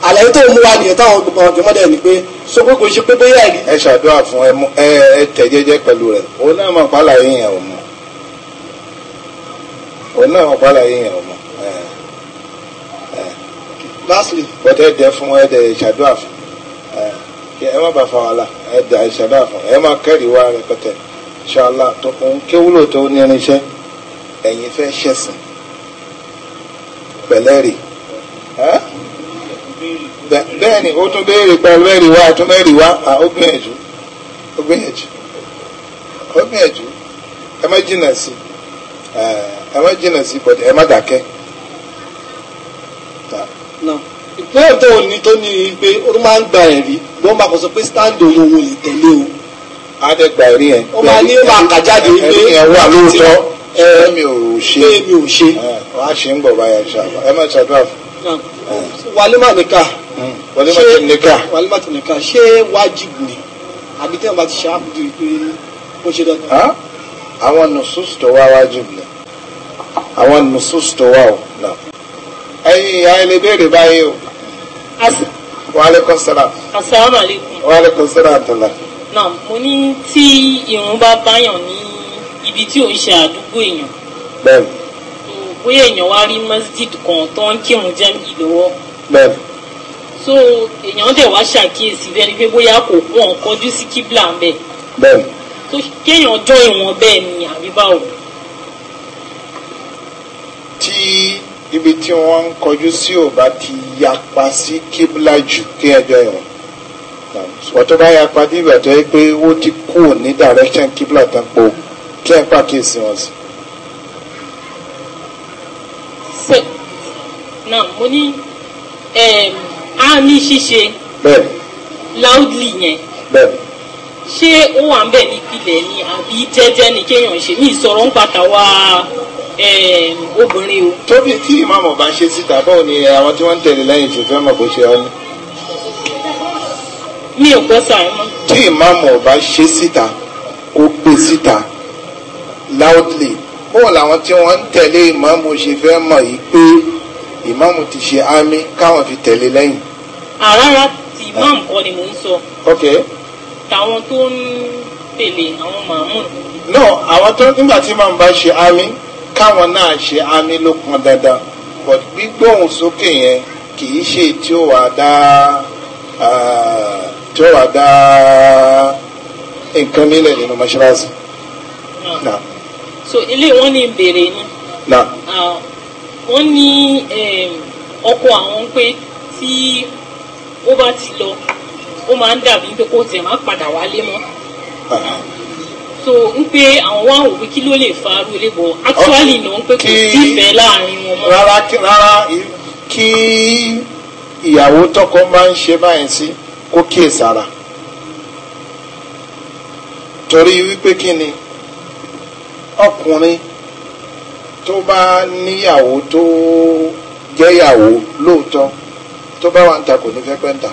àlàyé tó mú wa nìyẹn táwọn gbogbo ọjọ́ mọ́dẹ̀ ni pé so pé kò ń ṣe pé bóyá ẹ̀rí. ẹ ṣàdúrà fún ẹ tẹ̀ jẹ́jẹ́ pẹ̀lú rẹ̀ òun náà mọ̀ pálá yẹn ò mọ̀ òun náà yìí yàn ọmọ. lastly. bọ́tẹ́ ẹ̀dẹ̀ fún ẹ̀dẹ̀ ìṣàdúrà fún ẹ má bàa fa wàhálà ẹ̀dẹ̀ ìṣàdúrà fún ẹ má kẹ́rì wá rẹpẹtẹ ṣọlá tó ń kéwúlò tó ní irinṣẹ́ ẹ̀yin fẹ́ ṣẹ̀sìn pẹ̀lẹ́rì bẹ́ẹ̀ ni ó tún béèrè pẹ̀lú ẹ̀rì wá tún mẹ́rì wá ó gbìyànjú ó gbìyànjú ó gbìyànjú ẹ má jìnnà sí ẹ má jìnnà sí bọ̀dẹ̀ ẹ má dákẹ́. ìpínlẹ̀ tó ní tó ní i pé ó máa ń gba ẹ̀rí wọ́n máa kọ sọ pé stand òun òun lè tẹ̀lé o. a dẹ̀ gba ẹ̀rí yẹn. ó máa ní ó máa kà jáde pé ẹ̀rí yẹn wà lóòótọ́ ṣé mi ò ṣe ṣé mi ò ṣe. wọ́n á ṣe ń bọ̀ báyà ṣàlọ́ ẹ má ṣàdúrà fún. wàlímà nìkà. Hmm. wàlímà ti nìkà. wàlímà ti nìkà ṣé wájibù ni àbí tẹ́wọ̀n bá ti ṣe àbùdù ìpè ó ṣe dọ́ta. àwọn nùsùsù tó wá wájibù ni àwọn nusus tó wà o náà ẹ̀yin ìyá ẹni béèrè báyìí o. wa aleykum salaam. asalaamu aleykum. wa aleykum salaam àtàlà. náà mo ní tí irun bá báyàn ní ibi tí ò ń ṣe àdúgbò èèyàn. bẹ́ẹ̀ni. bóyá èèyàn wá rí masjid kan tó ń kírun jẹ́ ìlọ́wọ́. bẹ́ẹ̀ni. so èèyàn dẹ̀ wá ṣàkíyèsí bẹ́ẹ̀ ni pé bóyá kò wọ́n kọjú sí kíbla ń bẹ̀. bẹ́ẹ̀ni. so kéèyàn jọ ìwọ̀n bẹ́ẹ̀ ni àbí báwo tí ibi tí wọ́n ń kọjú sí ò bá ti yapa sí kíbla jù kí ẹjọ́ ìwọ̀n wọ́n tó bá yapa bí ìgbà tó yẹ pé ó ti kú ní direction kíbla tán po kí ẹ pàkíyèsí wọn sí. ṣe náà mo ní àmì ṣíṣe loudly yẹn. bẹ́ẹ̀ni ṣé ó wà ń bẹ̀ ní ìpìlẹ̀ ni àbí jẹ́jẹ́ ni kéèyàn ṣe ní ìsọ̀rọ̀ ń pàtà wá obìnrin o. tóbi tí ìmáàmù bá ń ṣe síta báwo ni àwọn tí wọ́n ń tẹ̀lé lẹ́yìn ṣe fẹ́ mọ̀ bó ṣe ọ́nà. mi ò gbọ́ sàn án. tí ìmáàmù bá ṣe síta kó gbé síta loudly báwo làwọn tí wọ́n ń tẹ̀lé ìmáàmù ṣe fẹ́ mọ̀ yìí pé ìmáàmù ti ṣe àmì káwọn fi tẹ̀lé lẹ́yìn. àrárá tí ìmáàmù kọ́ ni mò ń sọ. okay tàwọn tó ń tẹ̀lé àwọn mahmood. no àwọn tó nígbà tí màmú bá ṣe àmì káwọn náà ṣe àmì ló pọn dandan but gbígbóhùn sókè yẹn kì í ṣe tí ó wà dá tí ó wà dá nǹkan nílẹ̀ nínú mọ́ṣáláṣí. Ah. so ilé wọn ní ìbéèrè ni. Ah, wọ́n ní ọkọ àwọn pé tí ó bá ti lọ ó máa ń dàbí pé kó tiẹ̀ máa padà wálé mọ́ so ń pé àwọn wá òwe kí ló lè fa aró ilé bọ̀ actually náà ń pé kò sífẹ̀ẹ́ láàrin wọn mọ́. rárá rárá kí ìyàwó tọkọ máa ń ṣe báyìí sí kó kíyèsára torí wípé kí ni ọkùnrin tó bá níyàwó tó jẹ́yàwó lóòótọ́ tó bá wà ń ta kò ní fẹ́ pẹ́ ń ta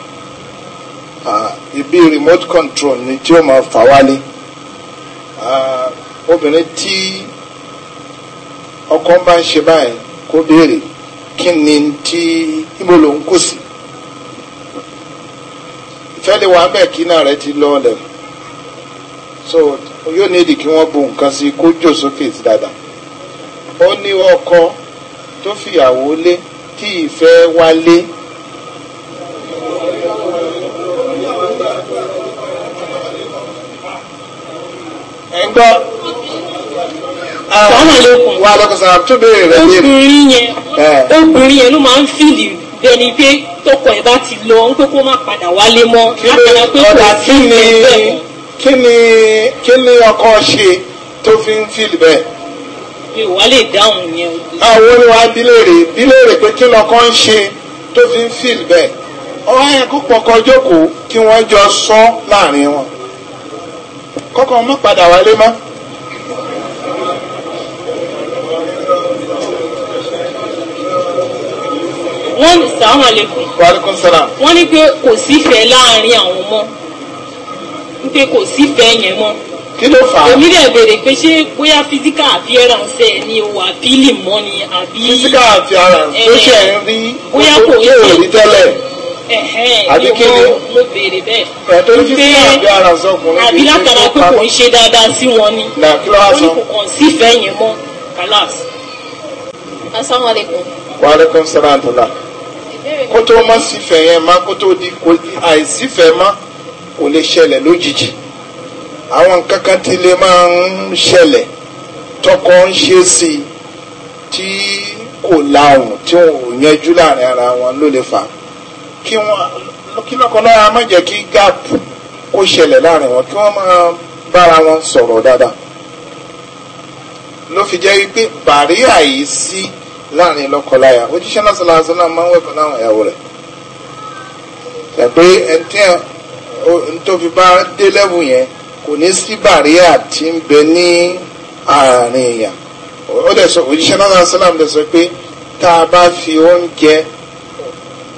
ibi remote control ni tí ó máa fà wálé obìnrin tí ọkọ bá ń ṣe báyìí kó béèrè kí ni tí ibo ló ń kó sí ìfẹ́ lè wà bẹ́ẹ̀ kí náà rẹ ti lọ́ọ̀lẹ̀ so yóò ní ìdí kí wọ́n bu nǹkan sí kó jò sókè dáadáa ó ní ọkọ tó fìyàwó lé tí ìfẹ́ wálé. ẹ̀ ń gbọ́. Ah, sọ́nà ló kùn. wà á lọ́kọ̀ sọ̀rọ̀ tó béèrè rẹ̀ ní. obìnrin yẹn obìnrin yẹn ló máa ń fìlì bẹni pé tọkọ ẹ̀ bá ti lọ ń pé kó má padà wálé mọ́ látara pé kò sí ìfẹ́ bẹ́ẹ̀. kí ni kí ni ọkọ ṣe tó fi ń fìlì bẹ́ẹ̀ mi ò wá lè dáhùn yẹn. àwọn ah, olùwà bílèrè bílèrè pé kí lọkọ ń ṣe tó fi ń fìl bẹ́ẹ̀ ọ̀rọ̀ yẹn kó pọkọ jókòó kí wọ́n jọ sọ láàrin wọn kọ́kọ́ ọmọ padà wálé mọ́. wọ́n ní sàmà lẹ́kùn. wàlúkún sàlám. wọ́n ní pé kò sífẹ̀ẹ́ láàrin àwọn mọ́ ń pé kò sífẹ̀ẹ́ yẹn mọ́. kí ló fà á. èmi dẹ̀ béèrè pé ṣé bóyá physical appearance ẹ̀ ni o àbí lè mọ́ ni àbí. physical appearance tó ṣe ń rí kó tó rí tẹ́lẹ̀ àbí kí ni mo béèrè bẹ́ẹ̀. ẹ̀tọ́ ní fífi àbí ara sọkùnrin. àbí látara kò ń ṣe dáadáa sí wọn ni. nà kí ló wá kò kàn sí ìfẹ́ yẹn mọ́ kalas. asalaamualeykum. wa aleykum salaam tó la. kó tó má sífẹ̀ yẹn má kó tó di àìsífẹ̀ má kò lè ṣẹlẹ̀ lójijì àwọn nǹkan kan tí lè máa ń ṣẹlẹ̀ tọkọ ń ṣe sí i tí kò láwùn tí wọn ò yanjú láàrin ara wọn ló lè fà á kí wọ́n kí lọ́kọ láya má jẹ́ kí gap kó ṣẹlẹ̀ láàrin wọn kí wọ́n máa bára wọn sọ̀rọ̀ dáadáa ló fi jẹ́ pé bàríà yìí sí láàrin lọ́kọ láya ojúṣe náà sọlá sọlá máa ń wẹ̀kọ̀ láwọn ìyàwó rẹ̀ tẹ̀pẹ́ ẹ̀ńtẹ́ ntòfi bá dé lẹ́wù yẹn kò ní sí bàríà tí ń bẹ ní àárín èèyàn ó dẹ̀ sọ ojúṣe náà sọlá sọlá dẹ̀ sọ pé tá a bá fi oúnjẹ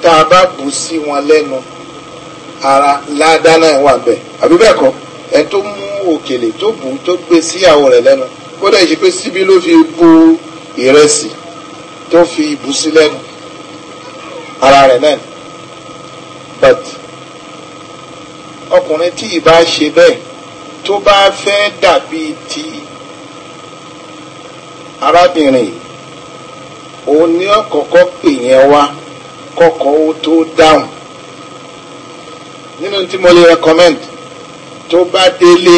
tá a bá bù sí wọn lẹ́nu ara ládá náà wà bẹ́ẹ̀ àbí bẹ́ẹ̀ kọ́ ẹ tó mú òkèlè tó bù tó gbé síyàwó rẹ̀ lẹ́nu kódà ìṣe pé síbi ló fi bu ìrẹsì tó fi bù sí lẹ́nu ara rẹ̀ náà but ọkùnrin tí ìbá ṣe bẹ́ẹ̀ tó bá fẹ́ dàbí ti arábìnrin òun ni ọkọ̀ọ̀kọ̀ pè yẹn wá kọ́kọ́ ó tó dáhùn nínú tí mo lè recommend tó bá délé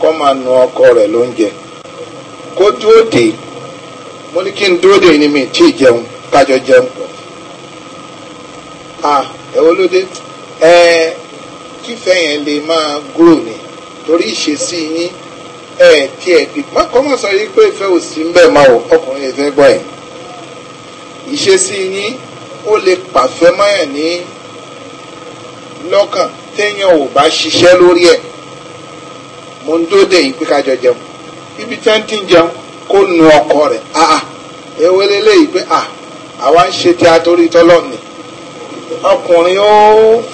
kó máa nu ọkọ rẹ̀ lóúnjẹ kó dúró dé mo ní kí n dúró dé ni mi tí ì jẹun kájọ jẹun pọ̀ ah ẹ̀wọ́ ló dé ẹ kífẹ́ yẹn lè máa grow ni torí ìṣesí yín ẹ tiẹ̀ bí má kọ́ mọ̀ sọ yìí pé ìfẹ́ òsì ń bẹ̀ máa wọ ọkùnrin ìfẹ́ gbọ́ ẹ̀ ìṣesí yín ó lè pàfẹ́ mọ́yàn ní lọ́kàn téèyàn ò bá ṣiṣẹ́ lórí ẹ̀ mo ń dóde yìí pé kájọ jẹun ibi tí wọ́n ti ń jẹun kó nu ọkọ rẹ̀ àà ewé lélẹ́yìí pé à àwa ń ṣe tí a torí tọ́lọ́ ni ọkùnrin ó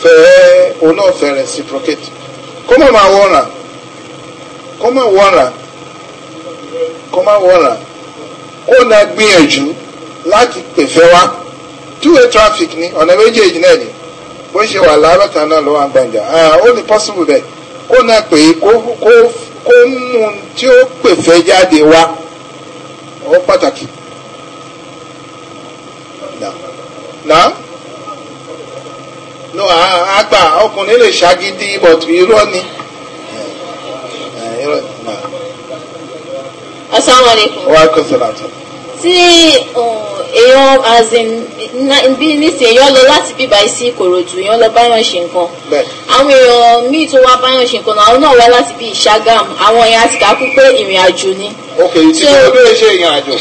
fẹ́ onáfẹ́ reciprocate kó má máa wọ̀ràn kó má wọ̀ràn kó má wọ̀ràn kó na gbìyànjú láti pèfẹ́ wá. two way traffic ni ọ̀nà méjèèjì náà ni bó ṣe wà náà wà ah, ó ní possible bẹ́ẹ̀ kó náà pè é kó mú tí ó pè fẹ́ jáde wá ó pàtàkì. nà no àgbà ọkùnrin lè ṣàgídí but irọ́ ni. Eh, eh, asalaamualeykum. wa tí eh, èèyàn as in bí nísìnyí èèyàn lọ láti bíbá sí ìkòròdú èèyàn lọ báyọ̀ ṣe nǹkan àwọn èèyàn míì tó wá báyọ̀ ṣe nǹkan àwọn náà wá láti bí ìṣàgàm àwọn èèyàn àti kàkú pé ìrìn àjò ni. ok ìtì kí ló bẹ̀rẹ̀ ṣe ìrìn àjò.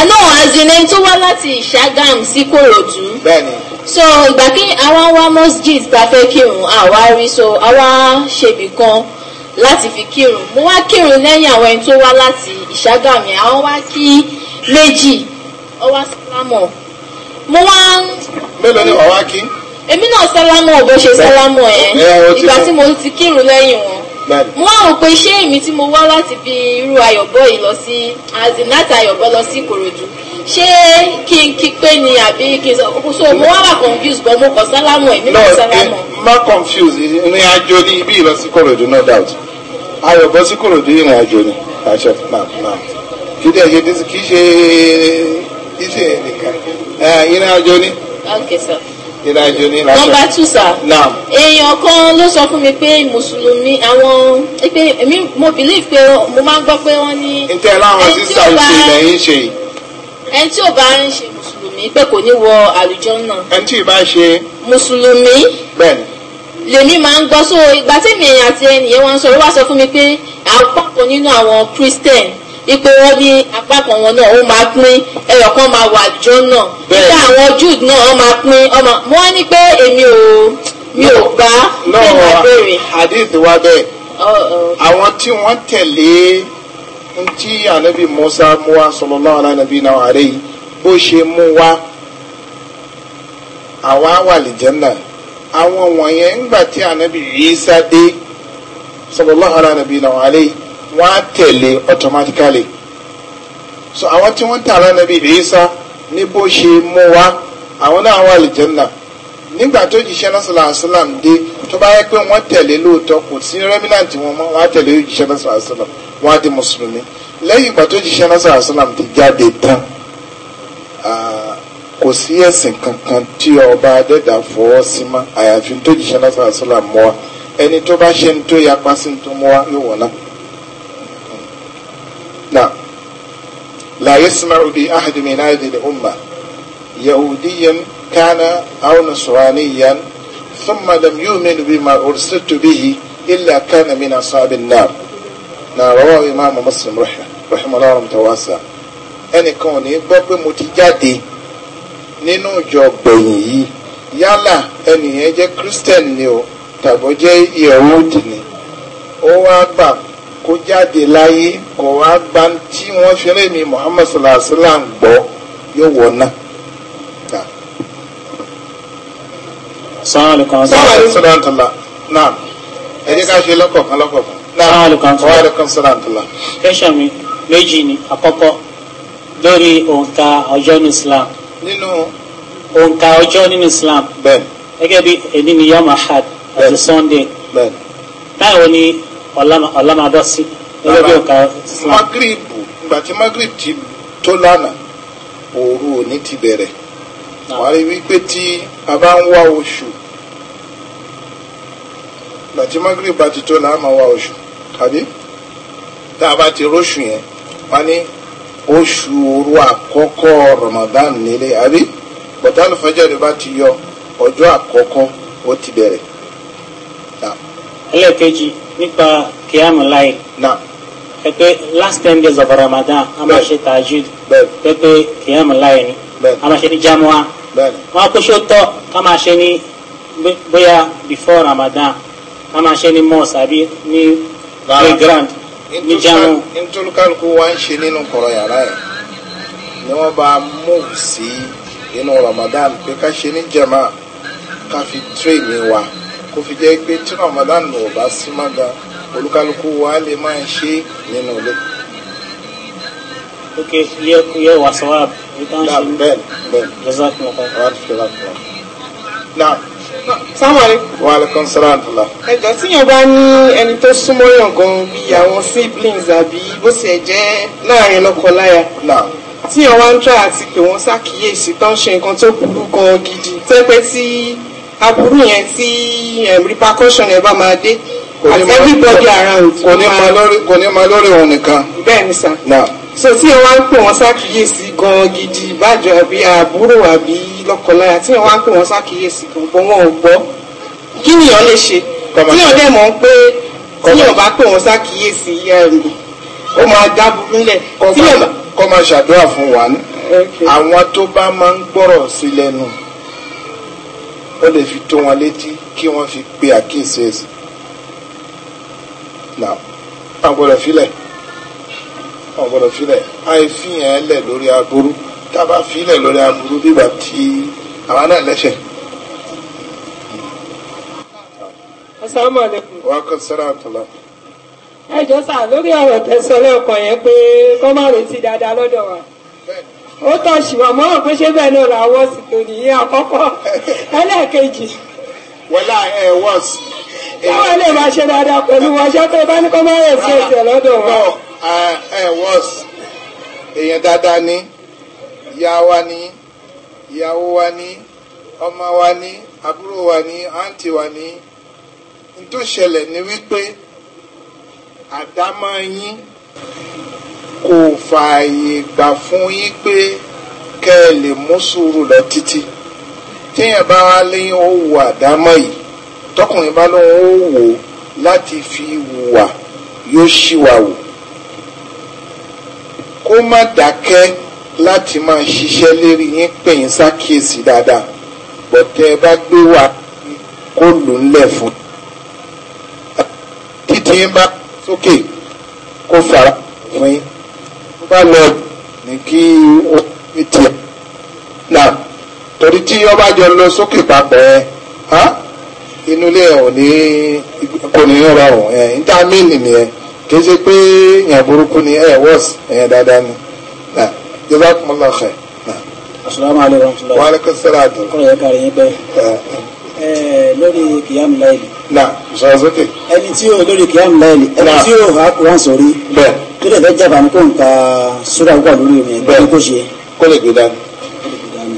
àná àzìnẹ́ tó wá láti ìṣàgàm sí ìkòròdú. bẹ́ẹ̀ni so ìgbà kí àwa wá mosjid ta fẹ́ kírun àwa rí so àwa ṣèbì kan láti fi kírun mo wá kírun lẹ́yìn àwọn ẹni tó wá láti ìṣàgàm yẹn àwọn wá kí méjì ọwọ́ sálámọ̀ mo wá ń. mélòó ni wàá wá kí. èmi náà sálámọ̀ bó ṣe sálámọ̀ yẹn ìgbà tí mo ti kírun lẹ́yìn wọn mo wá rò pé ṣé èmi tí mo wá láti fi irú ayọ̀bọ yìí lọ sí azim láti ayọ̀bọ lọ sí ìkòròdú ṣé kí n kí pé ni àbí kí n sọ so mo wá wà confused but mo kàn sálámọ̀ èmi náà eh, sálámọ̀. má confused ìrìn àjò ní ibi ìlọsíkòròdú no doubt ayọ̀bọ síkòròdú ìrìn àjò ni àṣẹ náà náà kì ṣe dísì ṣe nìkan iná ajo ni. okay sir. iná ajo ni lásán. nọ́mbà two sir. èèyàn kan ló sọ fún mi pé mùsùlùmí àwọn pé èmi mo believe pé mo máa ń gbọ́ pé wọ́n ní. n tẹ́ láwọn sísá ìṣe lẹ́yìn ṣe ẹni tí ò bá ń ṣe mùsùlùmí pé kò ní wọ àlùjọ náà. ẹni tí ì bá ṣe. mùsùlùmí. bẹ́ẹ̀ni lèmi máa ń gbọ́ so ìgbà tí mi àti ẹnìyẹn wọ́n sọ ló wá sọ fún mi pé àwọn nínú àwọn christian ipe wọn ní apá wọn náà ó máa pín ẹyọ kan máa wà jọ náà nígbà àwọn jude náà wọn máa pín ọmọ wọn ní pé èmi ò mi ò gbá pé màá uh, béèrè. wa bẹ́ẹ̀ àwọn tí wọ́n tẹ̀lé ntí ànábì musa mú wa sallallahu alaihi nàbí náà àárẹ yìí bó ṣe mú wa àwa wà lìjẹ́nà àwọn wọ̀nyẹn ńgbà tí ànábì Isa dé sallallahu alaihi nàbí náà àárẹ yìí. wọ́n á tẹ̀lé automatically so àwọn tí wọ́n tààrà nàbí Ìsá ní bó ṣe mú wa àwọn náà wà lè jẹ́nà nígbà tó jíṣẹ́ náà sọ̀rọ̀ àṣàlám dé tó bá yẹ pé wọ́n tẹ̀lé lóòótọ́ kò sí remnant wọn mọ́ wọ́n á tẹ̀lé jíṣẹ́ náà sọ̀rọ̀ àṣàlám wọ́n á di mùsùlùmí lẹ́yìn ìgbà tó jíṣẹ́ náà sọ̀rọ̀ àṣàlám ti jáde tán kò sí ẹ̀sìn kankan tí ọba adẹ́dà fọwọ́ sí mọ́ àyàfi tó jíṣẹ́ náà sọ̀rọ̀ àṣàlám mọ́ wa ẹni tó bá ṣe ń tó yapa sí ń tó mọ́ wa yóò wọ̀ náà. لا يسمع بي أحد من هذه الأمة يهوديا كان أو نصرانيا ثم لم يؤمن بما أرسلت به إلا كان من أصحاب النار رواه إمام مسلم رحمه رحم الله رحمه تواسع أني كوني بابي متجادي نينو جوبيني يالا أني يجي كريستيان نيو تابو جي يهودني أوه أبا kó jáde láyé kó wá gba tí wọ́n fi rẹ́ mi muhammad sallallahu alayhi wa sallam gbọ́ yóò wọ̀ náà. sáàlù kan sọ̀rọ̀ ntọ́lá náà ẹ jẹ́ ká ṣe lọ́kọ̀ọ̀kan lọ́kọ̀ọ̀kan sáàlù kan sọ̀rọ̀ ntọ́lá. kẹ́sàn mi méjì ni àkọ́kọ́ lórí òǹkà ọjọ́ ní islam. nínú. òǹkà ọjọ́ nínú islam. bẹ́ẹ̀. gẹ́gẹ́ bí èmi ni yom ahad àti sunday. bẹ́ẹ̀. báwo ni ọlámàdásí ọlọ́jọ́ ọ̀ka. magrib ìgbà tí magrib ti tó lánàá òru òní ti bẹ̀rẹ̀ wàá rí wípé tí a bá ń wá oṣù ìgbà tí bá ti tó máa a bá ti róṣù yẹn wá ní oṣù òru àkọ́kọ́ Ramadan nílé àbí yọ ọjọ́ àkọ́kọ́ ó ti bẹ̀rẹ̀. ẹlẹ́ẹ̀kejì nípa kíámù láì. náà ẹ pé last ten days of Ramadan a máa ṣe tajud ẹ pé kíámù láì ni a máa ṣe ní jamua wọn á pé ṣé ó tọ́ ká máa ṣe ní bóyá before Ramadan a máa ṣe ní mosque àbí ní playground ní jamu. ntolukaluku wa ń ṣe nínú kọ̀rọ̀ yàrá ẹ̀ ni wọ́n bá move sí inú Ramadan pé ká ṣe ní jama ká fi train wa kó fi jẹ́ pé tí Ramadan ò bá sí má ga olúkálukú wa lè máa ṣe nínú ilé. ok yẹ yẹ wà sọ́wọ́ bẹ́ẹ̀ bẹ́ẹ̀ na sáwọn. wàhálà kan sọ́ra àdúrà. ẹ̀jọ̀ tíyẹn bá ní ẹni tó súnmọ́ yàn gan bí àwọn siblings àbí bó ṣe jẹ́ láàrin lọ́kọ-láya. na tíyẹn wá ń tọ́ àti pé wọ́n ṣàkíyèsí tó ṣe nǹkan tó burú gan gidi. tẹ́pẹ́ tí aburú yẹn tí eh, repercussion ẹ̀ bá máa dé as everybody around. kò ní máa lórí kò ní máa lórí òun nìkan. bẹ́ẹ̀ ni sà. so tí ẹ wá ń pè wọ́n ṣàkíyèsí gan gidi ìbàjọ́ àbí àbúrò àbí lọ́kọ̀láyà tí ẹ wá ń pè wọ́n ṣàkíyèsí gan bọ́ wọn ò gbọ́ kí nìyàn lè ṣe tíyàn dẹ̀ mọ̀ pé tíyàn bá pè wọ́n ṣàkíyèsí ó máa dábùkún lẹ̀ tíyàn bá. kọ́ máa ṣàdúrà fún wa àwọn tó bá máa ń gbọ́rọ̀ sí lẹ́nu ó lè fi tó wọn létí kí wọ́n fi pe àkíyèsí ẹ̀sìn nà á gbọ́dọ̀ filẹ̀ á gbọ́dọ̀ filẹ̀ àìfihàn ẹlẹ̀ lórí aburú tá a bá filẹ̀ lórí aburú bíbà tí àwa náà lẹ́sẹ̀. asalaamualeykum. wa akọ sara àtàlà. ẹ jọ sá lórí ọ̀rọ̀ tẹ̀sán lẹ́ọ̀kan yẹn pé kọ́ máa retí dáadáa lọ́dọ̀ wa. ó tọ̀ ṣùgbọ́n mọ́ òun ṣé bẹ́ẹ̀ náà làwọ̀ sí tó nìyẹn àkọ́kọ́ ẹlẹ́ẹ̀kejì. wọlá ẹ wọ́ọ̀sì. lè máa ṣe dáadáa pẹ̀lú wọn ṣé pé ní yẹ sí wọn. ẹ ìyàwó wa ọmọ wa àbúrò wa àǹtí wa tó ṣẹlẹ̀ ni wípé kò fààyè gbà fún yín pé kẹ́ ẹ lè mú sùúrù lọ títí téèyàn bá wá léyìn ó wù àdámọ́ yìí tọkùnrin bá lóun ó wò ó láti fi wùwà yóò ṣìwà wò kó má dákẹ́ láti máa ṣiṣẹ́ lérí yín pè yín dáadáa bọ̀tẹ́ bá gbé wà kó lù ú lẹ̀ fún títí yín bá sókè kó fara fún yín bá lọ ní kí ó fi tiẹ̀ nà torí tí ọba jọ lọ sókè papọ̀ ẹ ha inú ilé ọ̀ ní kò ní rọra ọ̀ ẹ̀ ń tá mílì nìyẹn kì í ṣe pé èèyàn burúkú ni ẹ̀ wọ́ọ̀sì èèyàn dáadáa ni nà jọba kún lọ xẹ. asalaamu aleykum salaam. wa aleykum salaam. kọ́lá yẹn kárí yín bẹ́ẹ̀. lórí kìyàmù láìlì. nà sọ̀rọ̀ sókè. ẹni tí yóò lórí kìyàmù láìlì ẹni tí yóò hà kúrán sórí. bẹ́ẹ̀ tó dẹ̀ bẹ́ jàbá ní kó nǹka sódà wà lórí omi ẹgbẹ́ ní kó ṣe. kó lè gbé dání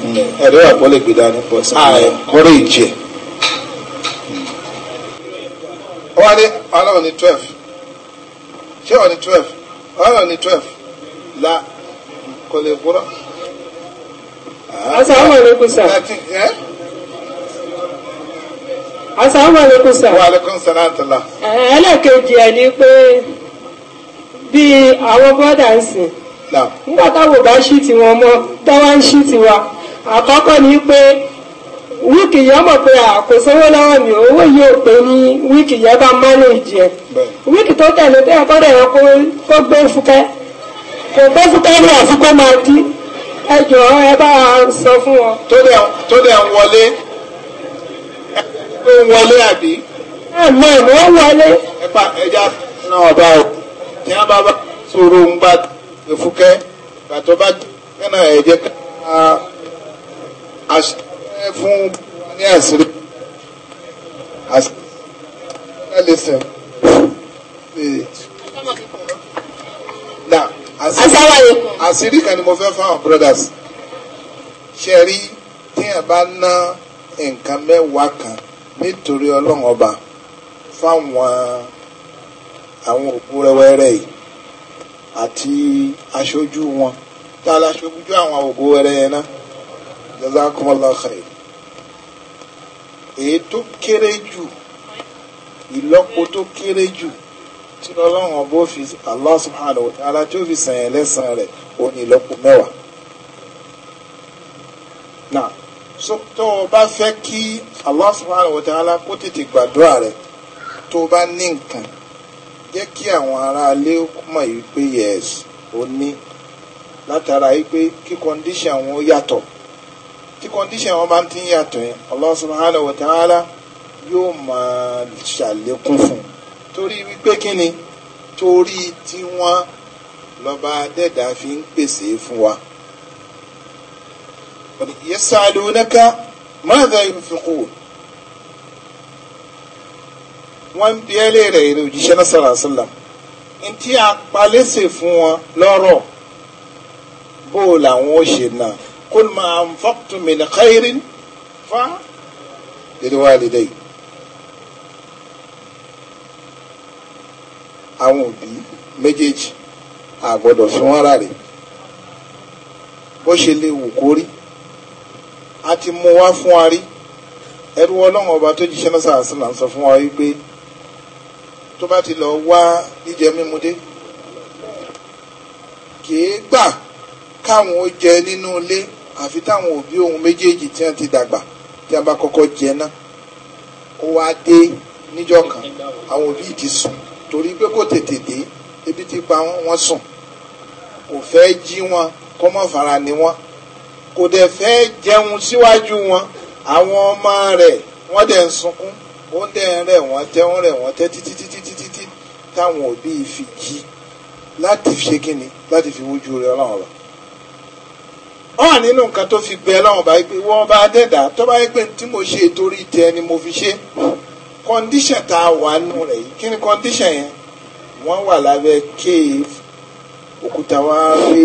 hmm. ẹ̀rọ àpọ̀ lè gbé dání pọ̀ sí i ah, kọ́rọ̀ ìjì ẹ̀. wọ́n ní ọlọ́run ní twelve ṣé wọ́n ní twelve ọlọ́run ní twelve la kò lè gbúrọ̀. asalaamualeykum ah. sir. asalaamualeykum sir. wa aleykum salaam tala. Eh, ẹlẹ́kejì ẹ̀ ni pé. bíi àwọn bọ́dà ń sìn nígbà táwọn bá ṣí tiwọn mọ́ ń ṣí tiwa ni pé wíìkì yẹn mọ̀ pé kò sówó lọ́wọ́ mi owó pé ní wíìkì yẹn bá wíìkì tó tẹ̀lé kó gbé fúkẹ́ kò gbé fúkẹ́ ní ẹ jọ̀ọ́ ẹ bá sọ fún wọn. tó dẹ̀ ń wọlé ń wọlé àbí. ẹ mọ̀ ẹ̀ mọ̀ ń wọlé. ní ababa sòrò ń bá efukẹ́ gbàtọ́ bá kẹ́nà ẹ̀jẹ̀ ká àṣẹ fún ní àṣírí àṣírí lè sẹ̀. àṣírí kan ni mo fẹ́ fáwọn brothers ṣe rí téèyàn bá ná nǹkan mẹ́wàá kan nítorí ọlọ́run ọba fáwọn àwọn òkú rẹwẹrẹ yìí àti aṣojú wọn tá a láṣojú àwọn òkú rẹwẹrẹ yẹn náà jazakumullahu khair èyí tó kéré jù ìlọ́po tó kéré jù tí ọlọ́run ọba fi Allah subhanahu wa ta'ala tí ó fi sàn yẹn lẹ́sàn rẹ̀ ó ní ìlọ́po mẹ́wàá. náà tó o bá fẹ́ kí Allah subhanahu wa ta'ala kó tètè gbàdúrà rẹ̀ tó o bá ní nǹkan jẹ́ kí àwọn aráalé mọ̀ wípé yes ó ní látara wípé kí condition wọn ó yàtọ̀ tí condition wọn bá ti ń yàtọ̀ yẹn Allah subhanahu wa ta'ala yóò máa ṣàlékún fún un torí wípé kí ni torí tí wọ́n lọ́ba dẹ́dà fi ń pèsè fún wa. yasalunaka madha yunfiqun wọ́n ń bí ẹlẹ́rẹ̀ èrè òjíṣẹ́ náà sọ̀rọ̀ àṣìlá ní tí a palẹ́sẹ̀ fún wọn lọ́rọ̀ bó làwọn ó ṣe náà kul ma anfaqtum min khairin fa lil walidayn. àwọn òbí méjèèjì àgbọ̀dọ̀ fún wọn rárẹ̀ bó ṣe lè wù kó rí a ti mú wá fún wa rí ẹrú ọlọ́run ọba tó jíṣẹ́ náà sàásìlà ń sọ fún wa wípé tó bá ti lọ wá jíjẹ mímu dé kìí gbà káwọn ó jẹ nínú ilé àfi táwọn òbí òun méjèèjì tí wọ́n ti dàgbà tí wọ́n bá kọ́kọ́ jẹ náà ó wá dé níjọ́ kan àwọn òbí ti sùn torí pé kò tètè dé ebi ti pa wọ́n wọ́n sùn kò fẹ́ jí wọn kọ́mọ ni wọn kò dẹ̀ fẹ́ jẹun síwájú wọn àwọn ọmọ rẹ̀ wọ́n dẹ̀ ń sunkún ó ń dẹ̀ ń rẹ̀ wọ́n tẹ́ ń rẹ̀ wọ́n tẹ́ títí táwọn òbí fi jí láti ṣe kíni láti fi wójú rẹ ọlọ́run ọba hàn nínú nǹkan tó fi bẹ ọlọ́run ọba pé wọ́n bá dẹ́dà tó bá yẹ pé tí mo ṣe torí tẹ ni mo fi ṣe kọ́ndíṣàn tá a wà nù rẹ̀ yìí kí ni kọ́ndíṣàn yẹn wọ́n wà lábẹ́ cave òkúta wọn á rí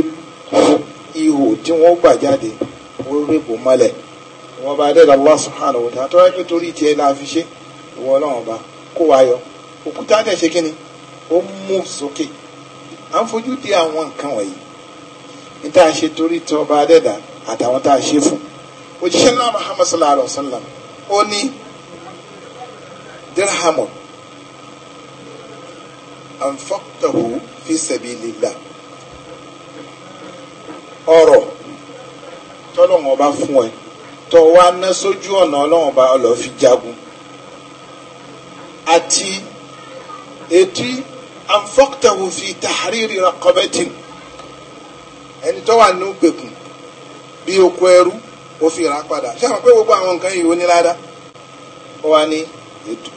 ihò tí wọ́n gbà jáde wọ́n rí bò mọ́lẹ̀ wọ́n bá dẹ́dà Allah subhanahu wa ta'ala tó bá yẹ pé torí tẹ la fi ṣe ìwọ ọlọ́run ọba kó wa yọ òkúta tẹ̀ ṣe kí ó mú sókè à ń fojú di àwọn nǹkan wọ̀nyí ní tá a ṣe torí tí ọba adẹ́dà àtàwọn tá a ṣe fún òjíṣẹ́ náà Muhammad sallallahu alayhi wa sallam ó ní dirhamun anfaqtahu fi sabilillah ọrọ̀ tọ́lọ́run ọba fún ẹ tọ́ wa ná sójú ọ̀nà ọlọ́run ọba ọlọ́ fi jagun àti etí anfaqtahu fi tahriri raqabatin ẹni tó wà ní ògbèkùn bí okó ẹrú ó fi rà padà ṣé àwọn pé gbogbo àwọn nǹkan yìí ó ní ládàá ó wá ní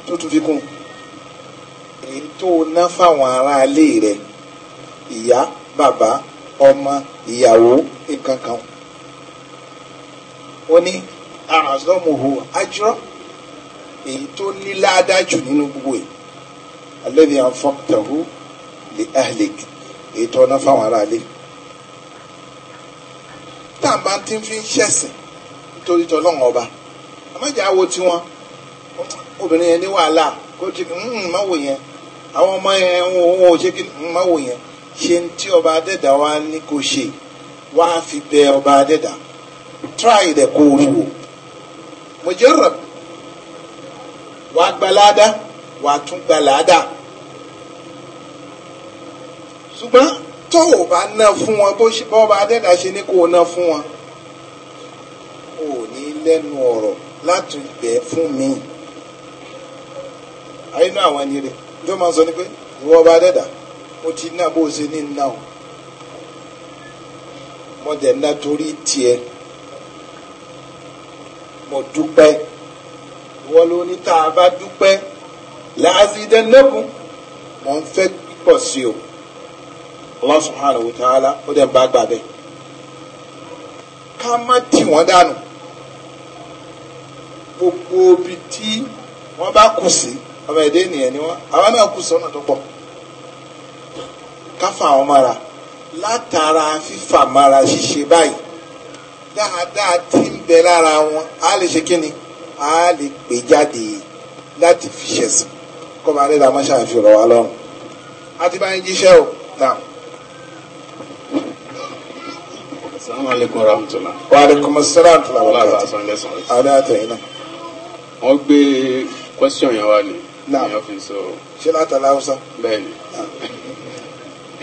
tó tún fi kún èyí tó ná fáwọn aráalé alladhi anfaqtahu li ahlik ètò ọ̀nà fáwọn aráalé tá a bá ti fi ń ṣẹ̀sìn nítorí tọ́lọ́run ọba àmọ́jà wo tiwọn obìnrin yẹn ní wàhálà kó ti má wò yẹn àwọn ọmọ yẹn wọn ò ṣe kí má wò yẹn ṣe ń tí ọba adẹ́dà wa ní kò ṣe wá fi bẹ ọba adẹ́dà tíráì rẹ̀ kó o wò mujarrab wàá gbalada wàá tún gbalada ṣùgbọ́n tó o bá ná fún wọn bó bá dẹ́dà ṣe ní kó o ná fún wọn ò ní lẹ́nu ọ̀rọ̀ láti bẹ̀ fún mi àyínú àwọn ẹni rẹ̀ tó máa sọ ni pé ìwọ bá dẹ́dà mo ti ná bó o ṣe ní ná o mo dẹ̀ ná torí tiẹ̀ mo dúpẹ́ ìwọ ló ní tá a bá dúpẹ́ láàzì dẹ́nẹ́kùn mo ń fẹ́ pọ̀ sí o. Allah subhanahu wa ta'ala ó dẹ̀ ń bá gbà bẹ́ẹ̀ ká má tì wọ́n dànù gbogbo ibi tí wọ́n bá kù sí ọmọ ẹ̀dẹ́ ènìyàn ni wọ́n àwọn náà kù sọ́nà tó pọ̀ ká fà wọ́n mara látara fífà mara ṣíṣe báyìí dáadáa tí ń bẹ lára wọn á lè ṣe kíni á lè pè jáde láti fi ṣẹ̀sìn kọ́ba adédàmọ́ṣáà fi rọ̀ wá lọ́rùn àti báyìí jíṣẹ́ o dáhùn. Assalamu alaikum warahmatullah. Wa Wọ́n gbé yẹn wá Ní ọ́fíìsì o. Ṣé látàlá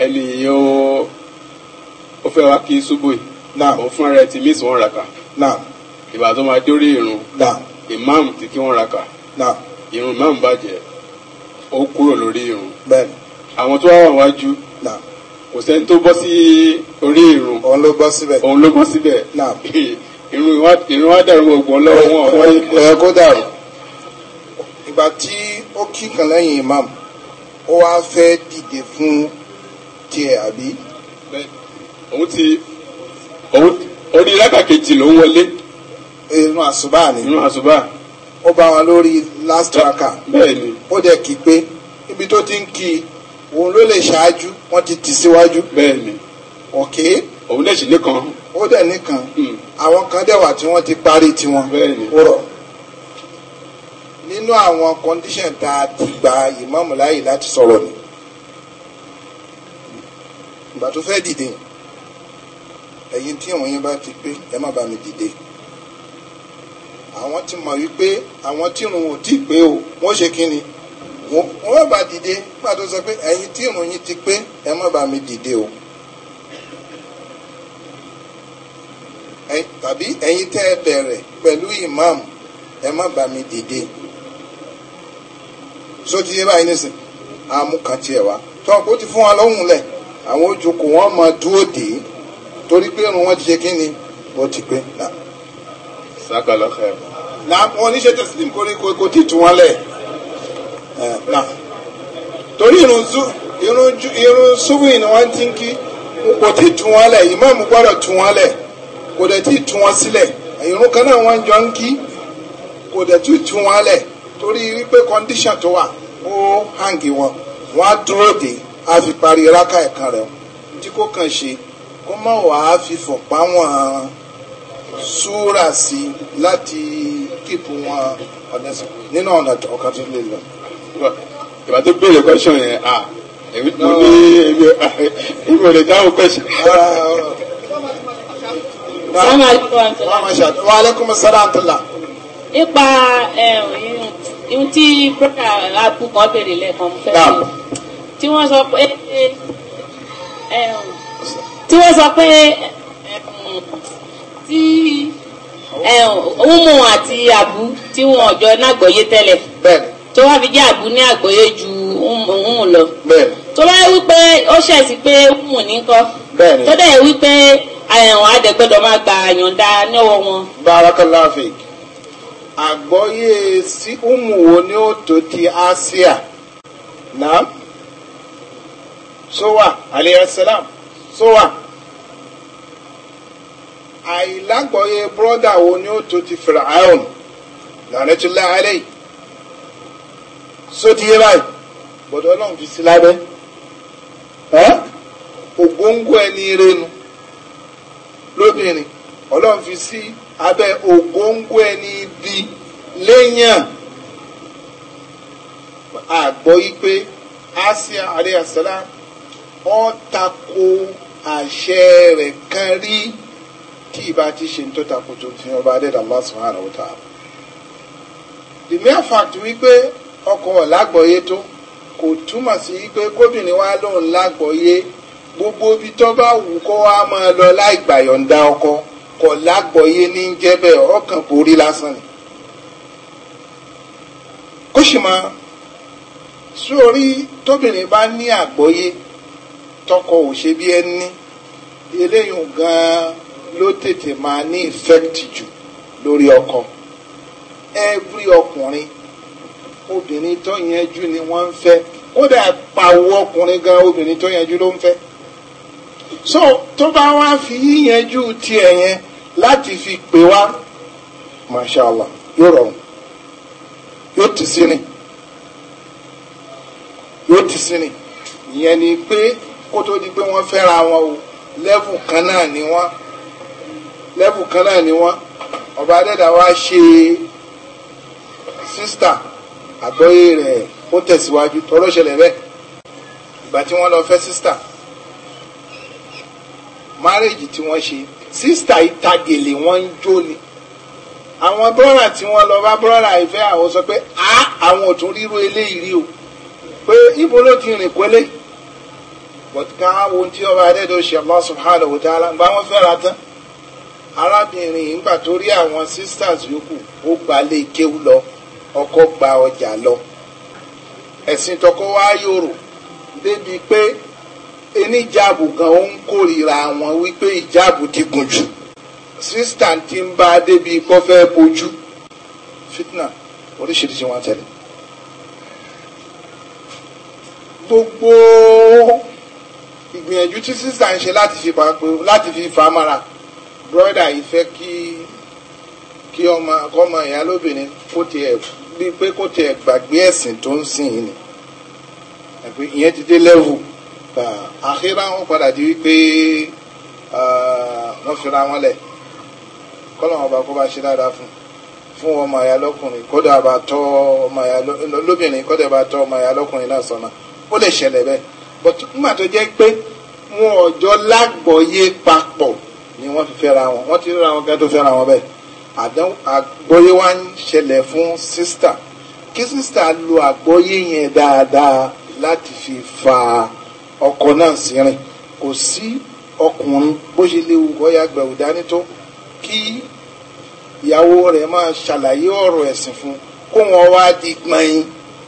Ẹni yóò ó fẹ́ wá kí ṣubú yìí. ti miss wọn raka. tó irun. Ìmáàmù ti kí wọn raka. Irun ìmáàmù bàjẹ́. Ó kúrò lórí irun. Àwọn tó wà kò sẹ́ni tó bọ́ sí orí irun. òun ló bọ́ síbẹ̀. òun ló bọ́ síbẹ̀. irun wa dàrú gbogbo lọ́wọ́ wọn. ó kó dàrú. ìgbà tí ó kí kan lẹ́yìn imam ó wáá fẹ́ dìde fún tiẹ̀ àbí. òun ti orí rákà kejì ló ń wọlé. irun àṣùbà ni. irun àṣùbà. ó bá wọn lórí last raka. bẹ́ẹ̀ ni. ó dẹ̀ kí pé ibi tó ti ń kí i òun ló lè ṣáájú wọ́n ti tì síwájú. bẹ́ẹ̀ni. ọ̀kẹ́. òun dẹ̀ sì nìkan. ó dẹ̀ nìkan. Hmm. àwọn kan dẹ̀ wà tí wọ́n ti parí tiwọn. bẹ́ẹ̀ni. ó rọ̀ nínú àwọn condition tá a ti gba ìmáàmù láàyè láti sọ̀rọ̀ ni ìgbà tó fẹ́ dìde ẹ̀yin tí òun yín bá ti pé ẹ má bá mi dìde àwọn ti mọ̀ wípé àwọn tí òun ò tí ì pé o wọ́n ṣe kí ni wọ́n bá dìde nígbà tó sọ pé ẹ̀yin tí ìrun yín ti pé ẹ má bá mi dìde o. tàbí ẹ̀yin tẹ́ ẹ bẹ̀rẹ̀ pẹ̀lú imam ẹ má bá mi dìde. so ti yé báyìí nísìn àmúkàtì ẹ̀ wá tọ́ kó ti fún wa lọ́hùn lẹ̀ àwọn ojúkò wọn máa dúró dè é torí pé irun wọn ti ṣe kíni wọ́n ti pé. sákàlọ́ xẹ́ẹ̀. làwọn oníṣẹ́ tẹ̀sílímù kò tí tún wọn lẹ̀ torí irun súwì ni wọ́n ti ń kí kò tí tún wọn lẹ̀ ìmáàmù gbọ́dọ̀ tún wọn lẹ̀ kò dẹ̀ tí tún wọn sílẹ̀ irun kan náà wọ́n jọ ń kí kò dẹ̀ tí tún wọn lẹ̀ torí wípé kọ́ndíṣàn tó wà ó hàǹgì wọn wọ́n á dúró dé a fi parí rákà ẹ̀kan rẹ̀ tí kò kàn ṣe kó mọ̀ wá fi fọ̀pá wọn súra sí láti kíkù wọn ọ̀dẹ́sìn nínú ọ̀nà ọ̀kan lè lọ ìgbà tó béèrè question yẹn à ah, èmi mo ní èmi ah, èmi ò lè dáhùn question. wa aleykum salaam tula. nípa ihun eh, tí brọ́dà abu kan béèrè lẹ́ẹ̀kan mo fẹ́ ṣe tí wọ́n sọ pé eh, um, tí wọ́n sọ pé eh, um, tí òun mú àti àbú tí wọ́n jọ nágbọ̀yé tẹ́lẹ̀ tó wá fi jẹ́ àbú ní àgbọ́yé ju òun lọ. tó bá yẹ wípé ó ṣẹ̀sí pé òun ní kọ́ tó dẹ̀ yẹ wípé àyẹ̀wò àdẹ̀gbọ́dọ̀ máa gba àyànda níwọ̀ wọn. barakallahu fik àgbọ́yé sí umu wo ni ó tó di asia náà sowa aleyhi salam sowa àìlágbọ́yé bọ́dà wo ni ó tó di fìràhàn lànà tó láàárẹ̀ yìí sóti yé báyìí bọ̀dọ̀ ọlọ́run fi sí lábẹ́ ògóńgó ẹni renu lóbìnrin ọlọ́run fi sí abẹ́ ògóńgó ẹni bí léyàn àgbọ̀ yí asia aleyasala ó tako àṣẹ rẹ̀ kan rí tí ìbá ti ṣe ń tó tako tó fi ọba adéda Allah subhanahu wa the mere fact wípé ọkọ lágbọ̀ọ́yé tó kò túmọ̀ sí pé kóbìnrin wa lóun lágbọ̀ọ́yé gbogbo ibi tó bá wù kó wa máa lọ láì gbàyọ̀ǹda ọkọ kò lágbọ̀ọ́yé ní jẹ́ bẹ́ẹ̀ ọkàn kò lásán ni. kó sì máa sórí tóbìnrin bá ní àgbọ́yé tọkọ ò ṣe bí ẹni eléyìí gan-an ló tètè máa ní effect jù lórí ọkọ every ọkùnrin obìnrin tó yanjú ni wọ́n ń fẹ́ kódà pàwọ́ ọkùnrin gan obìnrin tó yanjú ló ń fẹ́ so tó bá wá fi yíyanjú tiẹ̀ yẹn láti fi pè wá mashallah yóò rọrùn yóò tì sí yóò tì sí ìyẹn ni pé kó tó di pé wọ́n fẹ́ra wọn o lẹ́fù kan náà ni wọ́n lẹ́fù kan náà ni wọ́n ọba adẹ́dàá wa ṣe sísítà àgbọ́yé rẹ̀ ó tẹ̀síwájú tọ́rọ́ ṣẹlẹ̀ bẹ́ẹ̀ ìgbà tí wọ́n lọ fẹ́ sísítà márèjì tí wọ́n ṣe sísítà ìtagèlè wọ́n ń jó ni àwọn bọ́rà tí wọ́n lọ bá bọ́rà ìfẹ́ àwọn sọ pé á àwọn ò tún ríro eléyìí rí o pé ibo ló ti rìn kólé bọ̀tùká ohun tí ọba adédọ̀ ṣe Allah subhanahu wa ta'ala ń bá wọn fẹ́ra tán arábìnrin ìgbà tó rí àwọn sisters yòókù ó gbalé kéwú lọ ọkọ gba ọjà lọ ẹ̀sìn tọkọ wá yòrò débi pé ẹni ìjáàbù gan ó ń kórìíra wọn wípé ìjáàbù ti gùn jù sísítà ti ń bá débi kọ́ fẹ́ bojú fitna oríṣiríṣi wọn tẹ̀lé gbogbo ìgbìyànjú tí sísà ń ṣe láti fi pa pé láti fi fà á mara broda yìí fẹ́ kí kí ọmọ kọ́mọ ìyá kó tiẹ̀ bíi pé kó tiẹ̀ gbàgbé ẹ̀sìn tó ń sìn yìí ni àgbẹ̀ ìyẹn ti dé lẹ́wù gbà àhírà wọn padà di wípé wọ́n fira wọn lẹ̀ kọ́lọ̀ wọn bá kó bá ṣe dáadáa fún fún ọmọ àyà lọ́kùnrin kódà bá tọ́ ọmọ àyà lóbìnrin kódà bá tọ́ ọmọ àyà lọ́kùnrin náà sọ̀nà ó lè ṣẹlẹ̀ bẹ́ẹ̀ but nígbà tó jẹ́ pé wọn ọjọ́ lágbọ̀ọ́yé papọ̀ ni wọ́n fi fẹ́ra wọn wọ́n ti ríra wọn gẹ́gẹ́ tó fẹ́ra wọn bẹ́ẹ̀ àgbọ́yé wa ń ṣẹlẹ̀ fún sísítà kí sísítà lo àgbọ́yé yẹn dáadáa láti fi fa ọkọ náà sí rìn kò sí ọkùnrin bó ṣe léwu kọ́yà gbẹ̀wò dání tó kí ìyàwó rẹ̀ máa ṣàlàyé ọ̀rọ̀ ẹ̀sìn fún kó wọn wá di gbọ̀nyin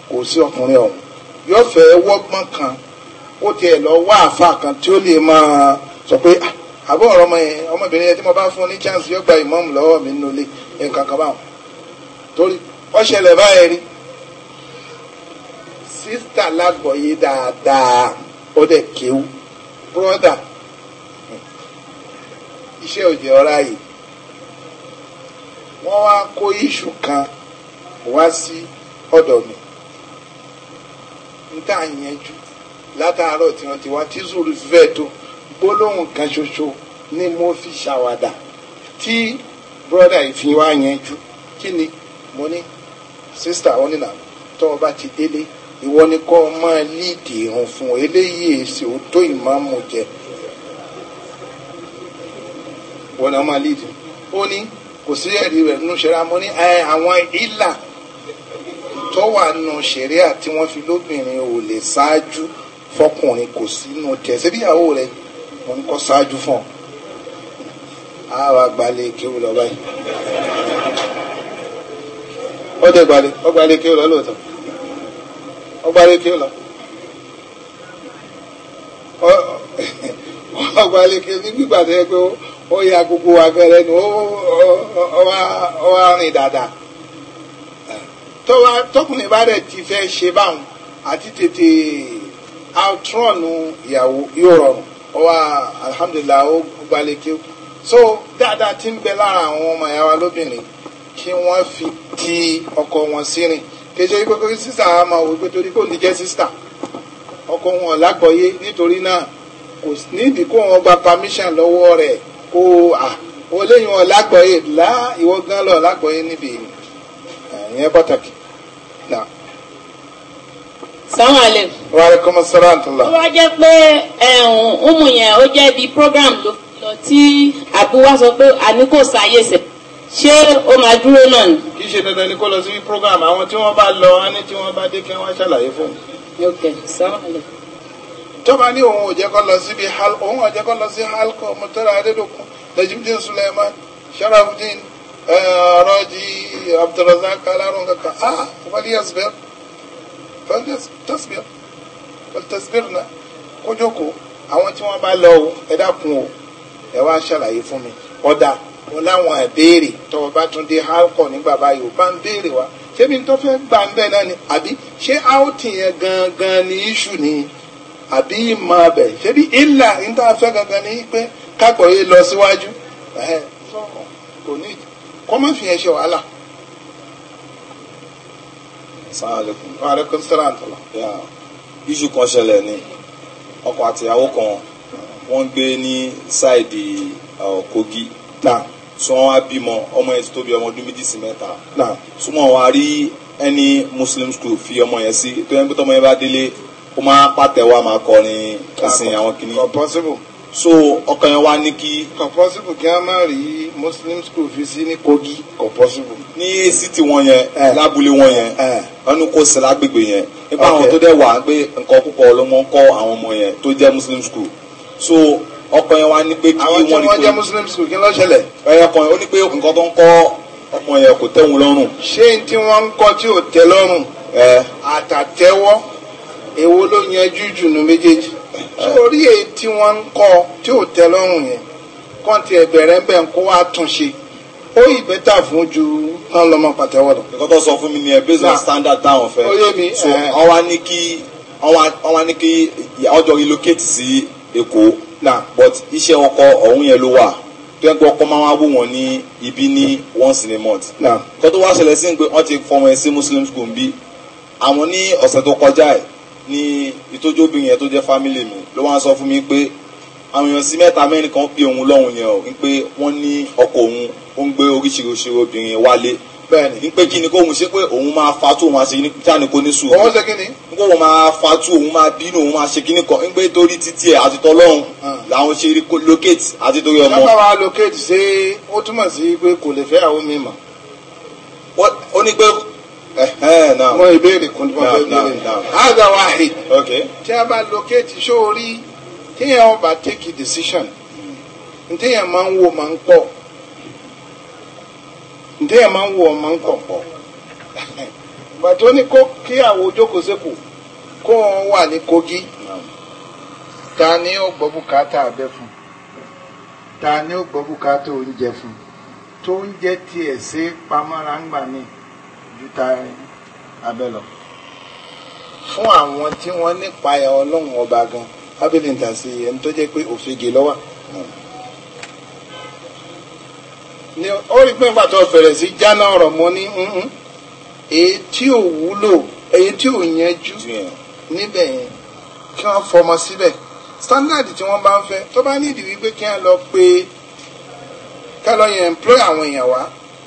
kò sí ọkùnrin ọ̀hún yóò wọ́gbọ́n kan ó tiẹ̀ lọ wá àfa kan tí ó lè máa sọ pé ah àbọ̀ ọ̀rọ̀ ọmọ yẹn ọmọbìnrin yẹn fún ní chance yóò gba ìmọ̀mù lọ́wọ́ mi nínú ilé torí ó ṣẹlẹ̀ báyẹn rí sísítà lágbọ̀ọ́yé dáadáa ó dẹ̀ kéwú iṣẹ́ òjò ọ̀rá yìí wọ́n wá kó iṣu kan wá sí ọ̀dọ̀ mi níta yẹn jù látàárọ̀ tí wọ́n ti wá tí zuru gbólóhùn kan ṣoṣo ni mo fi ṣàwàdà tí brọ́dà ìfin wa yanjú kí ni mo ní sísítà onílà tó o bá ti délé ìwọ ni kọ́ ọ máa líìdì irun fún eléyìí èsì ò tó ìmáàmù jẹ wọn náà máa líìdì ó ní kò sí ẹ̀rí rẹ̀ nínú ṣẹ̀ríà mo ní àwọn ìlà tó wà nù ṣẹ̀ríà tí wọ́n fi lóbìnrin ò lè ṣáájú fọkùnrin kò sínú tẹ̀ síbíyàwó rẹ̀ ni òun kọ́ ṣáájú fún ọ á wà gbalẹ̀ kéwù lọ báyìí ó dé gbalẹ̀ ó gbalẹ̀ kéwù lọ lóòótọ́ ó gbalẹ̀ kéwù lọ ó gbalẹ̀ kéwù ní gbígbà tó yẹ pé ó ya gbogbo agbẹ́rẹ́ nu ó wá rìn dáadáa tọkùnrin bá rẹ̀ ti fẹ́ ṣe báwọn àti tètè outrun ìyàwó yóò rọrùn ó wà alhamdulillah ó so dáadáa ti ń bẹ lára àwọn ọmọ ìyá wa lóbìnrin kí wọ́n fi ti ọkọ wọn sírìn kéṣe wípé kí sísà á máa wò pé torí kò ní jẹ́ sísà ọkọ wọn lágbọ́yé nítorí náà kò gba permission lọ́wọ́ rẹ̀ kó à olóyún wọn lágbọ́yé la iwo gan lọ lágbọ́yé níbi ìyẹn pàtàkì náà sàmú alẹ. wàlẹ́kùn sàlám tó la. ó wá jẹ́ pé ọmọ yẹn ó jẹ́ ibi program ló lọ tí àbúwá sọ pé àní kò sáyé sẹ̀ ṣé ó máa dúró náà ni. kì í ṣe dandan ni kó lọ sí program àwọn tí wọ́n bá lọ á ní tí wọ́n bá dé kí wọ́n ṣàlàyé fún un. ok sàmú alẹ. tọ́ba ní òun ò jẹ́ kó lọ síbi halkọ òun ò jẹ́ kó lọ sí halkọ mọ́tàlá adédọ́kun lẹ́jìmdín suleiman sharafdin ọ̀rọ̀jì eh, abdulrasaq alárùn kankan ah wọ́n ní yẹn fẹ́ntẹ́sibíà fẹ́ntẹ́sibírìnà kó jókòó àwọn tí wọ́n bá lọ o ẹ dákun o ẹ wá ṣàlàyé fún mi ọ̀dà wọn láwọn ìbéèrè tọwọ́ bá tún dé halkọ nígbà báyìí o bá ń béèrè wa ṣé mi tó fẹ́ gbà ń bẹ̀ náà ni àbí ṣé áùtì yẹn gangan ni iṣu ni àbí ìmọ̀ abẹ̀ ṣé bí ìlà ń tá a fẹ́ gangan ni pé kágbọ̀ yìí lọ síwájú kò ní kọ́mọ̀fìyẹn ṣe wàhálà sàlẹkùn alẹkùn sàlẹkùn tọlà. iṣu kan ṣẹlẹ̀ ni ọkọ àtìyàwó kan wọ́n ń gbé ní sáìdì uh, Kogi tí wọ́n wá bímọ ọmọ yẹn ti tóbi ọmọ ọdún méjì sí mẹ́ta súnmọ́ wa rí ẹni muslim school fi ọmọ yẹn sí tó yẹn pé tọmọ yẹn bá délé ó máa pàtẹ́wọ́ àmà kọrin ẹ̀sìn àwọn kìnnìún so ọkàn yẹn wá ní kí. kò possible kí a máa rí muslim school fi sí ní kogi kò possible. ní city wọn yẹn eh. lábúlé wọn yẹn ọdún kò sí lágbègbè yẹn nípa àwọn tó dẹ̀ wà pé nǹkan púpọ̀ ló kọ́ àwọn ọmọ yẹn tó jẹ́ muslim school so ọkàn yẹn wá ní pé àwọn tí wọ́n jẹ́ muslim school kí ló ṣẹlẹ̀. ẹyẹ kan ó ní pé nǹkan tó ń kọ́ ọmọ yẹn kò tẹ́ wọn eh. ló yẹn jújù nù méjèèjì sórí èyí tí wọ́n ń kọ́ tí ò tẹ́ lọ́rùn yẹn kàn ti ẹ̀bẹ̀rẹ̀ bẹ́ẹ̀ kó wá tún ṣe ó yìí bẹ́tà fún ju kán lọ́mọ pàtẹ́wọ́ lọ. nǹkan tó sọ fún mi ni ẹ based on standard táwọn fẹ́ so eh. wọ́n wá ní kí wọ́n wá ní kí ọjọ́ relocate sí Èkó but iṣẹ́ ọkọ ọ̀hún yẹn ló wà tó ń gbọ́ ọkọ máa wá wò wọ́n ní ibi ní once in a month. kó tó wá ṣẹlẹ̀ sí pé wọ́n ti fọmọ ẹ̀ sí muslim school bí àwọn ní ọ̀sẹ̀ tó kọjá ẹ̀ ni ìtójóbìnrin yẹn tó jẹ́ fámìlì mi ló wá ń sọ fún mi pé àwọn èèyàn sí mẹ́ta mẹ́rin kan pé òun lọ́hùn yẹn o pé wọ́n ní ọkọ òun ó ń gbé oríṣiríṣi obìnrin wálé bẹ́ẹ̀ ni ń pé kí ni kóhun ṣe pé òun máa fa tó òun àṣekí táni kò ní sùn. òun ṣe kí ni. ń pé òun máa fa tó òun máa bínú òun máa ṣe kí ni kan ń pé torí títí ẹ̀ àti tọ́lọ́hún hmm. làwọn ṣe rí locate àti torí ọmọ. nígbà wa locate ṣé ó túmọ̀ sí pé kò lè fẹ́ àwọn mi mọ̀. ó ní pé wọn ìbéèrè kan tó fẹ́ béèrè ága wahid tí a bá locate sórí téèyàn ó bá take a decision téèyàn máa ń wò máa ń pọ̀ téèyàn máa ń wò máa ń pọ̀ pọ̀ bàtọ́ ni kó kí àwọn ojókòó sépò kó wọn wà ní kogi ta ni ó gbọ́ bùkátà abẹ́ fún ta ni ó gbọ́ bùkátà oúnjẹ ju ta abẹ lọ fún àwọn tí wọ́n nípa ẹ̀ ọlọ́run ọba gan ábílẹ̀ ń tà sí ẹni tó jẹ́ pé òfegè lọ́wà ni ó rí pé pàtó fẹ̀rẹ̀ sí jáná ọ̀rọ̀ mọ́ ní nǹkan èyí tí ò wúlò èyí tí ò yanjú níbẹ̀ yẹn kí wọ́n fọmọ síbẹ̀ standard tí wọ́n bá ń fẹ́ tó bá nídìí wípé kí wọ́n lọ pé kí wọ́n lọ yẹn employ àwọn èèyàn wá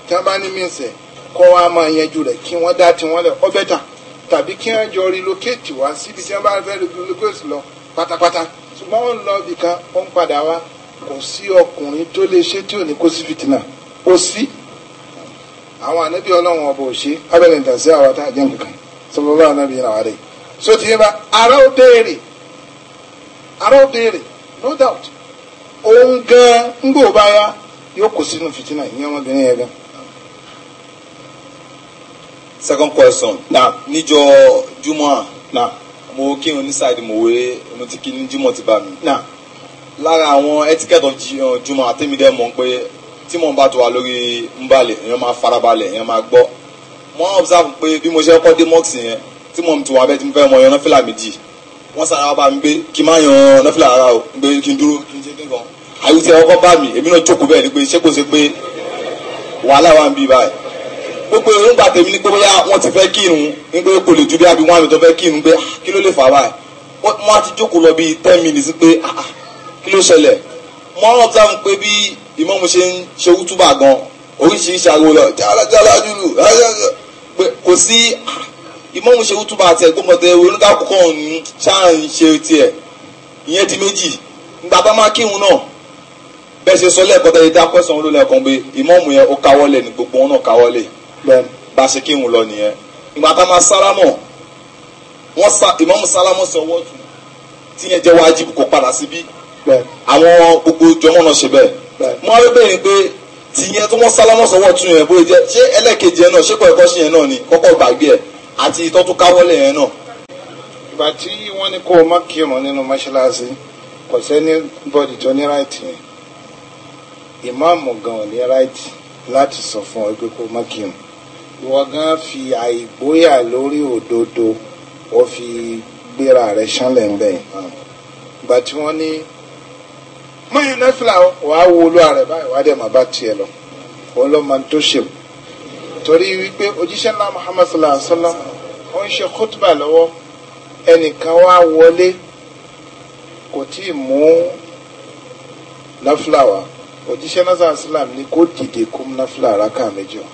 kí wọ́n bá ní mí sẹ́ẹ̀. kọ́ wa máa yanjú rẹ̀ kí wọ́n dá tiwọn lẹ̀ ọbẹ̀ tàbí kí wọ́n jọ relocate wá síbi tí wọ́n bá fẹ́ relocate lọ pátápátá ṣùgbọ́n wọ́n lọ ibì kan wọ́n ń padà wá kò sí ọkùnrin tó lè ṣe tí ò ní kó sí fìtínà ó sí àwọn ànábì ọlọ́run ọba ò ṣe abẹ́rẹ́ ìtàsí àwọn tá a jẹ́ nǹkan sọlọ́lá ànábì no doubt òun gan ń yóò kó sínú ìyẹn second question na níjọ júmọ́ na mo kírun ní side mo wé mo ti kí ní júmọ́ ti bá mi na lára àwọn etiquette of júmọ́ uh, àtẹ́mídẹ́ mọ̀ pé tí mò ń bá tó wa lórí ń balẹ̀ èèyàn máa farabalẹ̀ èèyàn máa gbọ́ mo á observe pé bí mo ṣe kọ́ dé mọ́ọ̀sì yẹn tí mò ń tó wa bẹ́ẹ̀ tí mo fẹ́ mọ yan nọ́fìlà méjì wọ́n sára wa bá mi gbé kí n má yan nọ́fìlà ara o gbé kí n dúró kí n ṣe kí n kàn àyùtí ọkọ bá mi èmi náà jókòó bẹ́ẹ̀ ni pé ṣé kò ṣe pé wàhálà wà ń bí báyìí gbogbo ìrún gbà tèmi ni pé bóyá wọ́n ti fẹ́ kírun ní pé kò lè ju bí abi wọ́n àmì tó fẹ́ kírun pé ah, kí ló lè fà wá ẹ̀ wọ́n á jókòó lọ bíi ten minutes pé ah, ah, kí ló ṣẹlẹ̀ mọ́ ọ́n tá à ń pé bí ìmáàmù ṣe ń ṣe wútúbà gan oríṣiríṣi ariwo lọ jálajàla jùlù pé kò sí ìmáàmù ṣe wútúbà àti ẹ̀gbọ́mọdé oníkàkùkọ ọ̀hún ṣáà ń ṣe tiẹ̀ ìyẹn di méjì ìgbà bá máa kírun náà bẹ́ẹ̀ ṣe sọ lẹ́ẹ̀kọ́ tẹ́lẹ̀ dá pẹ́sàn olólẹ́ẹ̀kan pé ìmáàmù yẹn ó káwọ́lẹ̀ ní gbogbo wọn náà káwọ́lẹ̀ bá a ṣe kírun lọ nìyẹn ìgbà tá a máa sálámọ̀ wọ́n sa ìmáàmù sálámọ̀ sí ọwọ́ tù tíyẹn jẹ́ wájibù kó padà síbí àwọn gbogbo jọmọ́ náà ṣe bẹ́ẹ̀ mo á rí bẹ́ẹ̀ ni pé tìyẹn tó wọ́n sálámọ̀ sọ́wọ́ tún yẹn bóyá jẹ́ ṣé ẹlẹ́ẹ̀kejì yẹn náà ṣé kọ̀ọ̀kan ṣe yẹn náà ni kọ́kọ́ gbàgbé ẹ̀ àti ìtọ́jú káwọ́lẹ̀ yẹn náà. ìgbà tí wọ́n ní kó o má kírun nínú mọ́ṣáláṣí kò sẹ́ni bọ́dì tó ní ráìtì yẹn ìmáàmù gan-an ní ráìtì láti sọ fún ọ pé kó o má kírun ìwọ gan fi àìgbóyà lórí òdodo ó fi gbéra rẹ̀ ṣánlẹ̀ ń bẹ̀ ìgbà tí wọ́n ní mọ́yìn nẹ́fìlà wàá wo olú ààrẹ báyìí wàá dẹ̀ má bá tiẹ̀ lọ ọlọ́mọ tó ṣe torí wípé òjíṣẹ́ ńlá Muhammad sallallahu alaihi wa sallam ó ń ṣe khutba lọ́wọ́ ẹnìkan wá wọlé kò tí ì mú náfìlà wá òjíṣẹ́ náà sallallahu alaihi wa sallam ní kó dìde kó náfìlà rákà méjì wá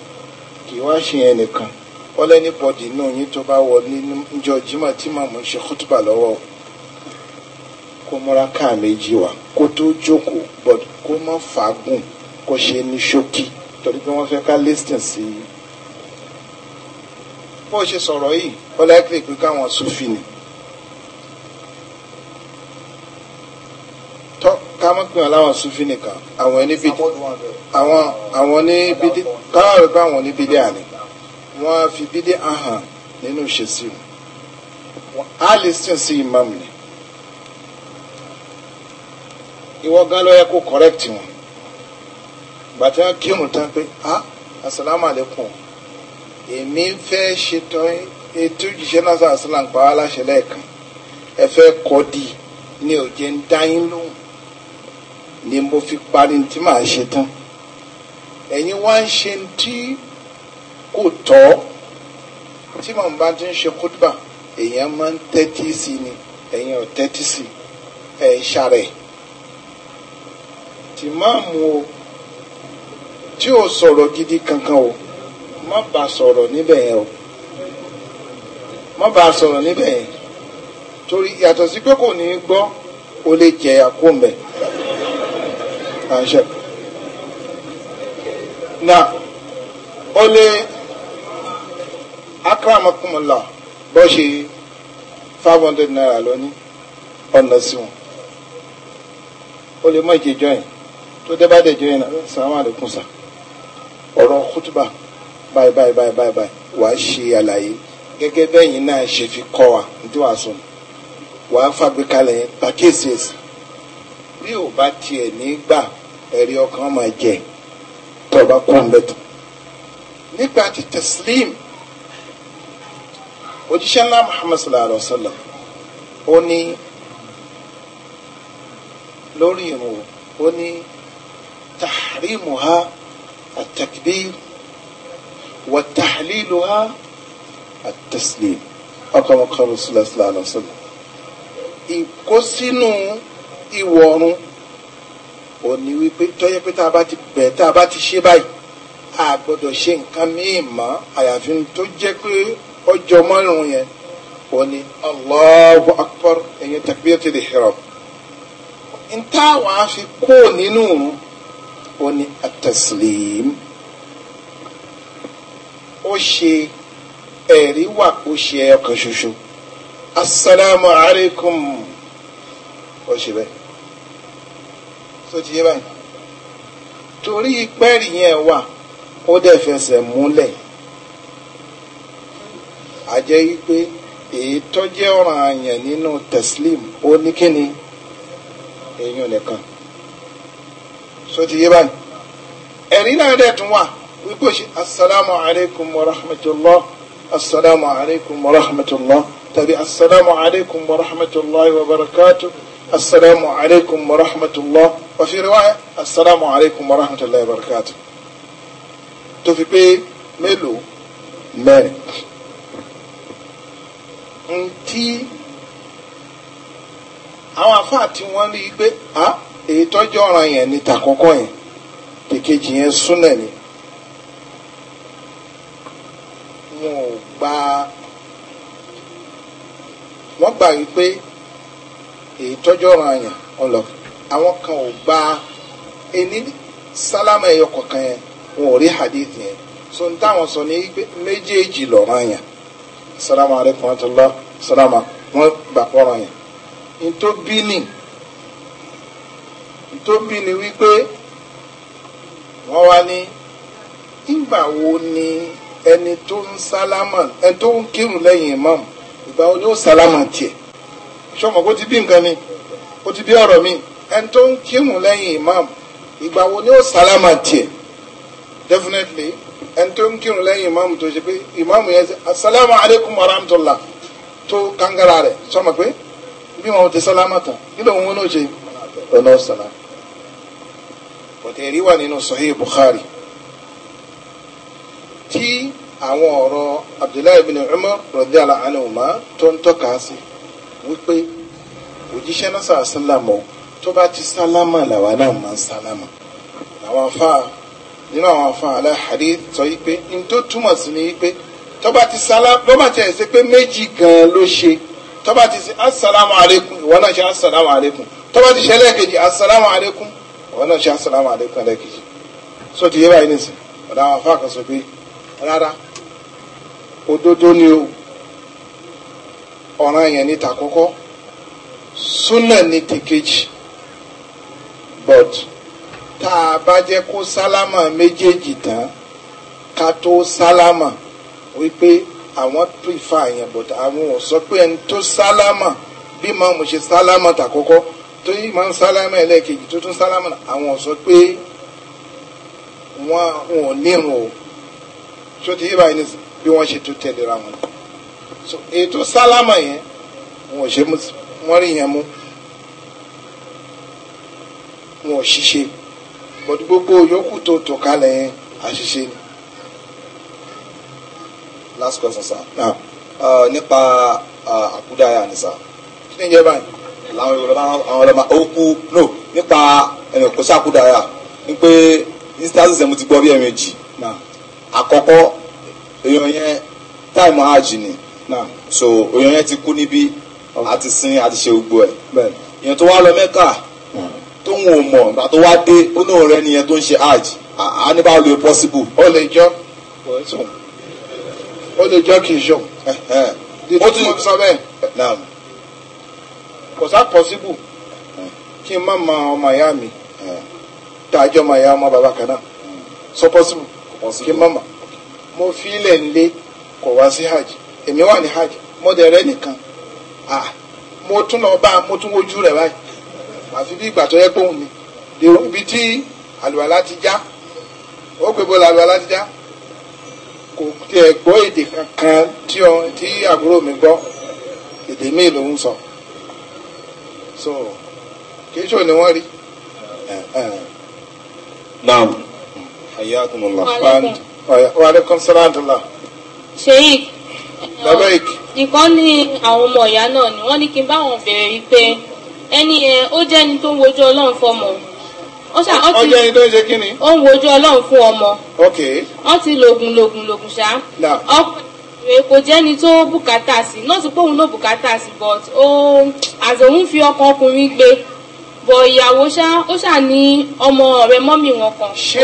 kì í wá ṣe yẹn nìkan wọ́n lẹ́ni bọ́dì náà yín tó bá wọ níjọ́ jimá tí màmú ṣe kútùbà lọ́wọ́ kó múra káà méjì wá kó tó jókòó bọ́d kó má fàágùn kó ṣe ní ṣókí torí pé wọ́n fẹ́ ká lẹ́sìn sí i. bó ṣe sọ̀rọ̀ yìí ó láìpẹ́ pé káwọn sùn fi ni. ká mọ̀ pé aláwọ̀ sufi nìkan àwọn oníbi àwọn àwọn oníbidí káwọ̀ rẹ̀ pé àwọn oníbidí àní wọ́n fi bídí ahàn nínú ìṣesí wọn á lè sìn sí imam ni ìwọ gan ló yẹ kó correct wọn gbàtí wọn kírun tán pé ah asalaamu alaykum èmi fẹ́ ṣètò ètò ìjíṣẹ́ náà sọ àṣìlá ń pa á láṣẹ lẹ́ẹ̀kan ẹ fẹ́ kọ́ di ni ò jẹ́ ń dá yín lóhùn ni mo fi parí tí màá ṣe tán ẹ̀yin wá ń ṣe tí kò tọ́ tí màá bá ti ń ṣe kútùbà èèyàn máa ń tẹ́tí sí ni ẹ̀yin ò tẹ́tí sí ẹ̀ ṣàrẹ̀ tí máa mú o tí ò sọ̀rọ̀ gidi kankan o má bá sọ̀rọ̀ níbẹ̀ yẹn o má bá sọ̀rọ̀ níbẹ̀ yẹn torí yàtọ̀ sí pé kò ní í gbọ́ o lè jẹ̀yà kó àṣẹ. na ó lé akramakumula bó ṣe five hundred naira lóní ọ̀nà sí wọn ó lè mọ ìjẹ join tó dé bá dé join náà sàmà lè kùn sà ọ̀rọ̀ bye bye bye bye báyìí báyìí wàá ṣe àlàyé gẹ́gẹ́ bẹ́yìn náà ṣe fi kọ́ wa ní tí wàá sọ wàá fàgbékalẹ̀ pàkíyèsí ẹ̀sìn bí ò bá tiẹ̀ ní gbà ẹ̀rí ọkàn máa jẹ tó o bá kú ọ̀n bẹ́tọ̀. nípa ti tẹ̀sílìm òjíṣẹ́ ńlá muhammad sallallahu alayhi wa sallam ó ní lórí ìrùn ó ní tahrimuha at-takbir wa tahliluha at-taslim ọkọ̀ ọkọ̀ rasulullah sallallahu alayhi wa sallam ìkó sínú ìwọ ọ̀run ò ní wípé tọ́jẹ́ pé tá a bá ti bẹ̀ tá a bá ti ṣe báyìí a gbọ́dọ̀ ṣe nǹkan míì mọ́ àyàfi tó jẹ́ pé ọjọ́ márùn-ún yẹn ò ní Allahu akbar ẹ̀yìn takbiratul ihram n táwọn á fi kó nínú òun ò ní at-taslim ó ṣe ẹ̀rí wà kó ṣe ọkàn ṣoṣo asalaamualeykum ó ṣe bẹ́ẹ̀ tó ti yé báyìí torí pẹ́ẹ́rì yẹn wà ó dẹ̀ fẹsẹ̀ múlẹ̀ àjẹ́ wípé èyí tó jẹ́ ọ̀ràn àyàn nínú tẹ̀slim ó ní kíni èèyàn nìkan so ti yé báyìí ẹ̀rí náà dẹ̀ tún wà wípé ṣe asalaamu wa rahmatulah asalaamu wa rahmatulah tàbí asalaamu wa rahmatulah wa barakatuh. السلام عليكم ورحمة الله وفي رواية السلام عليكم ورحمة الله وبركاته tó fi pé melo. mẹ́rin ntí àwọn afáà tí wọ́n rí i pé a èyí tọ́jú ọ̀ràn yẹn ní tàkọ́kọ́ yẹn tèkejì yẹn súnà ni gba èyí tọ́jú anya àyàn ọ̀lọ́ àwọn kan ò gba ẹni sálámà ẹ̀yọ kọ̀ọ̀kan yẹn wọn ò rí hadith yẹn so n táwọn sọ ní méjèèjì lọ́ràn àyàn sálámà alaykum salama sálámà wọn gbà pọ̀ràn yẹn ntòbí ni ntòbí ni wípé wọ́n wá ní ìgbà wo ni ẹni tó ń sálámà ẹni tó ń kírun ni ó sálámà tiẹ̀. sọmọ kó ti bí nǹkan mi ó ti bí ọ̀rọ̀ mi ẹni tó ń kírun lẹ́yìn imam ìgbà wo ni ó sálámà tiẹ̀ definitely ẹni tó ń kírun lẹ́yìn imam tó ṣe pé imam yẹn ṣe asalaamu aleykum wa rahmatulah tó kangara rẹ̀ sọmọ pé bí wọn ti sálámà tán kí ló ń wọn náà ṣe ọ̀nà ọ̀sálà òtẹ̀rí wà nínú sahih bukhari tí àwọn ọ̀rọ̀ abdullahi bin umar radiyallahu anhu tó ń tọ́ka sí wípé òjíṣẹ́ náà sà sálámọ̀ tó bá ti sálámà làwa náà máa ń sálámà làwọn afá nínú àwọn afá aláhàdé sọ wípé n tó túmọ̀ sí ni wípé tó bá ti sálámà ló bá tiẹ̀ ṣe pé méjì gan-an ló ṣe tó bá ti ṣe asalaamu aleykum ìwọ náà ṣe asalaamu aleykum tó bá ti ṣe ẹlẹ́ẹ̀kejì asalaamu aleykum ìwọ náà ṣe asalaamu aleykum ẹlẹ́ẹ̀kejì so ti yé báyìí nìsín ọ̀dà àwọn afá kan sọ pé rárá òdodo ni o ọ̀ràn yẹn ní tàkọ́kọ́ súnà ní tìkejì but tá a bá jẹ́ kó sálámà méjèèjì tán ká tó sálámà wípé àwọn prefer yẹn but àwọn ò sọ pé ẹni tó sálámà bí màá mo ṣe sálámà tàkọ́kọ́ tó yí máa sálámà ẹlẹ́ẹ̀kejì tó tún sálámà àwọn ò sọ pé wọn ò nírun o ṣó ti yí báyìí bí wọ́n ṣe tún tẹ̀léra wọn ètò sálámà yẹn wọn ò ṣe wọn rí yẹn mú wọn ò ṣiṣe bọ́dú gbogbo yòókù tó tò kalẹ̀ yẹn àṣìṣe ni. last question sir. now uh, nípa uh, àkúdáyà ni sir. kí ni ń jẹ́ báyìí. làwọn yorùbá àwọn ọlọ́mọ òkú no nípa ẹ̀yìn kò sàkúdáyà ni pé instances ẹ̀ mo ti gbọ́ bí ẹ̀mejì. àkọ́kọ́ èèyàn yẹn táìmù àjì ni so oyún yẹn ti kú níbí àti sin àti ṣe gbogbo ẹ̀ ìyẹn tó wá lọ mẹ́kà tó ń wò mọ̀ nígbà tó wá dé ó náà rẹ nìyẹn tó ń ṣe hajj a ní báwo lè possible. ó lè jọ ó lè jọ kì í jọ ó tún sọ bẹ́ẹ̀ kò sá possible kí n má ma ọmọ ìyá mi tààjọ ọmọ ìyá ọmọ bàbá kan náà hmm. sọ possible kí n má ma mo fi ilẹ̀ ń lé kò wá sí hajj èmi wà ní hajj mo dẹ̀ rẹ́ nìkan ah mo tún lọ bá mo tún wojú rẹ̀ báyìí àfi bí ìgbà tó yẹ pé òun ni dèrò ibi tí àlùwàlá ti já ó pè bó la àlùwàlá ti já kò tiẹ̀ gbọ́ èdè kankan tí ọ tí àbúrò mi gbọ́ èdè míì ló ń sọ so kìí ṣò ni wọ́n rí. naam ayakumullah wa alaikum salaam. sheikh bàbá èkì. ìkan ní àwọn ọmọ ìyá náà ni wọ́n ní kí n bá wọn bẹ̀rẹ̀ yìí pé ẹni ẹ ó jẹ́ ẹni tó ń wojú ọlọ́run fọmọ. ó jẹ́ ẹni tó ń ṣe kí ni. ó ń wojú ọlọ́run fún ọmọ. ok. wọ́n ti lògùn lògùn lògùn ṣá. ọkùnrin rẹ̀ kò jẹ́ ẹni tó bùkátà sí náà ti póun ló bùkátà sí but ó àzòun fi ọkàn ọkùnrin gbé bọ̀ ìyàwó ṣá ó ṣà ní ọmọ ọ̀rẹ́ mọ́mì wọn kan. ṣé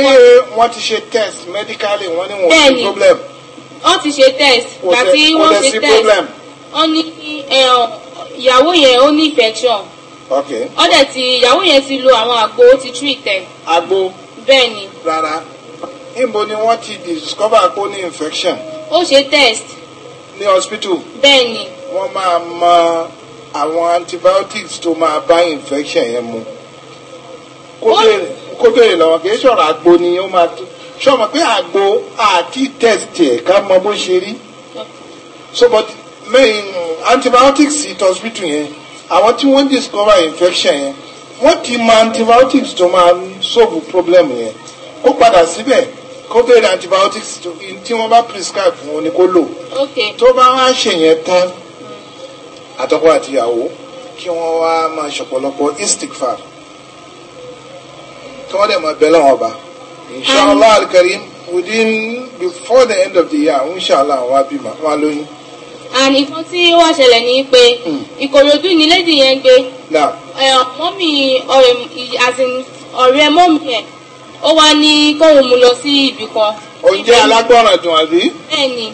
wọ́n ti ṣe test medically wọ́n ní wọn ò ní problem wọ́n ti ṣe test gbàtí wọ́n ṣe test wọ́n ní eh, ìyàwó yẹn ó ní infection ó dẹ̀ ti ìyàwó yẹn ti lo àwọn àgbo ó ti treat ẹ̀. àgbo bẹ́ẹ̀ ni. rárá níbo ni wọ́n ti discover kó ní infection. ó ṣe test. ní hospital. bẹ́ẹ̀ ni. wọ́n máa mọ àwọn antibiotics tó máa bá infection yẹn mu. kó bèrè lọ́wọ́ kì í ṣọ̀rọ̀ àgbo ni ó máa tó sọmọ pé àgbo àti tẹ̀sítì ẹ̀ ká mọ bó ṣe rí so but main antibiotics ti hospital yẹn àwọn tí wọ́n discover infection yẹn wọ́n ti mọ antibiotics tó máa solve problem yẹn kó padà síbẹ̀ kó béèrè antibiotics tí wọ́n bá prescribe fún un ni kó lò tó bá wá ṣèyẹn tán àtọkọ àtìyàwó kí wọ́n wá máa ṣọ̀pọ̀lọpọ̀ istikfar tí wọ́n dẹ̀ máa bẹ lọ́wọ́ ọba inshallah al-karim within before the end of the year inshallah wa bímọ wa lóyún. and ìfún tí wọ́n ṣẹlẹ̀ ní pé hmm. ìkòròdú ni lady yẹn gbé mọ́mì ọ̀rẹ́ mọ́mì yẹn ó wá ní kóhùn mu lọ sí ibì kan. oúnjẹ alágbọràn dùn àbí. bẹ́ẹ̀ni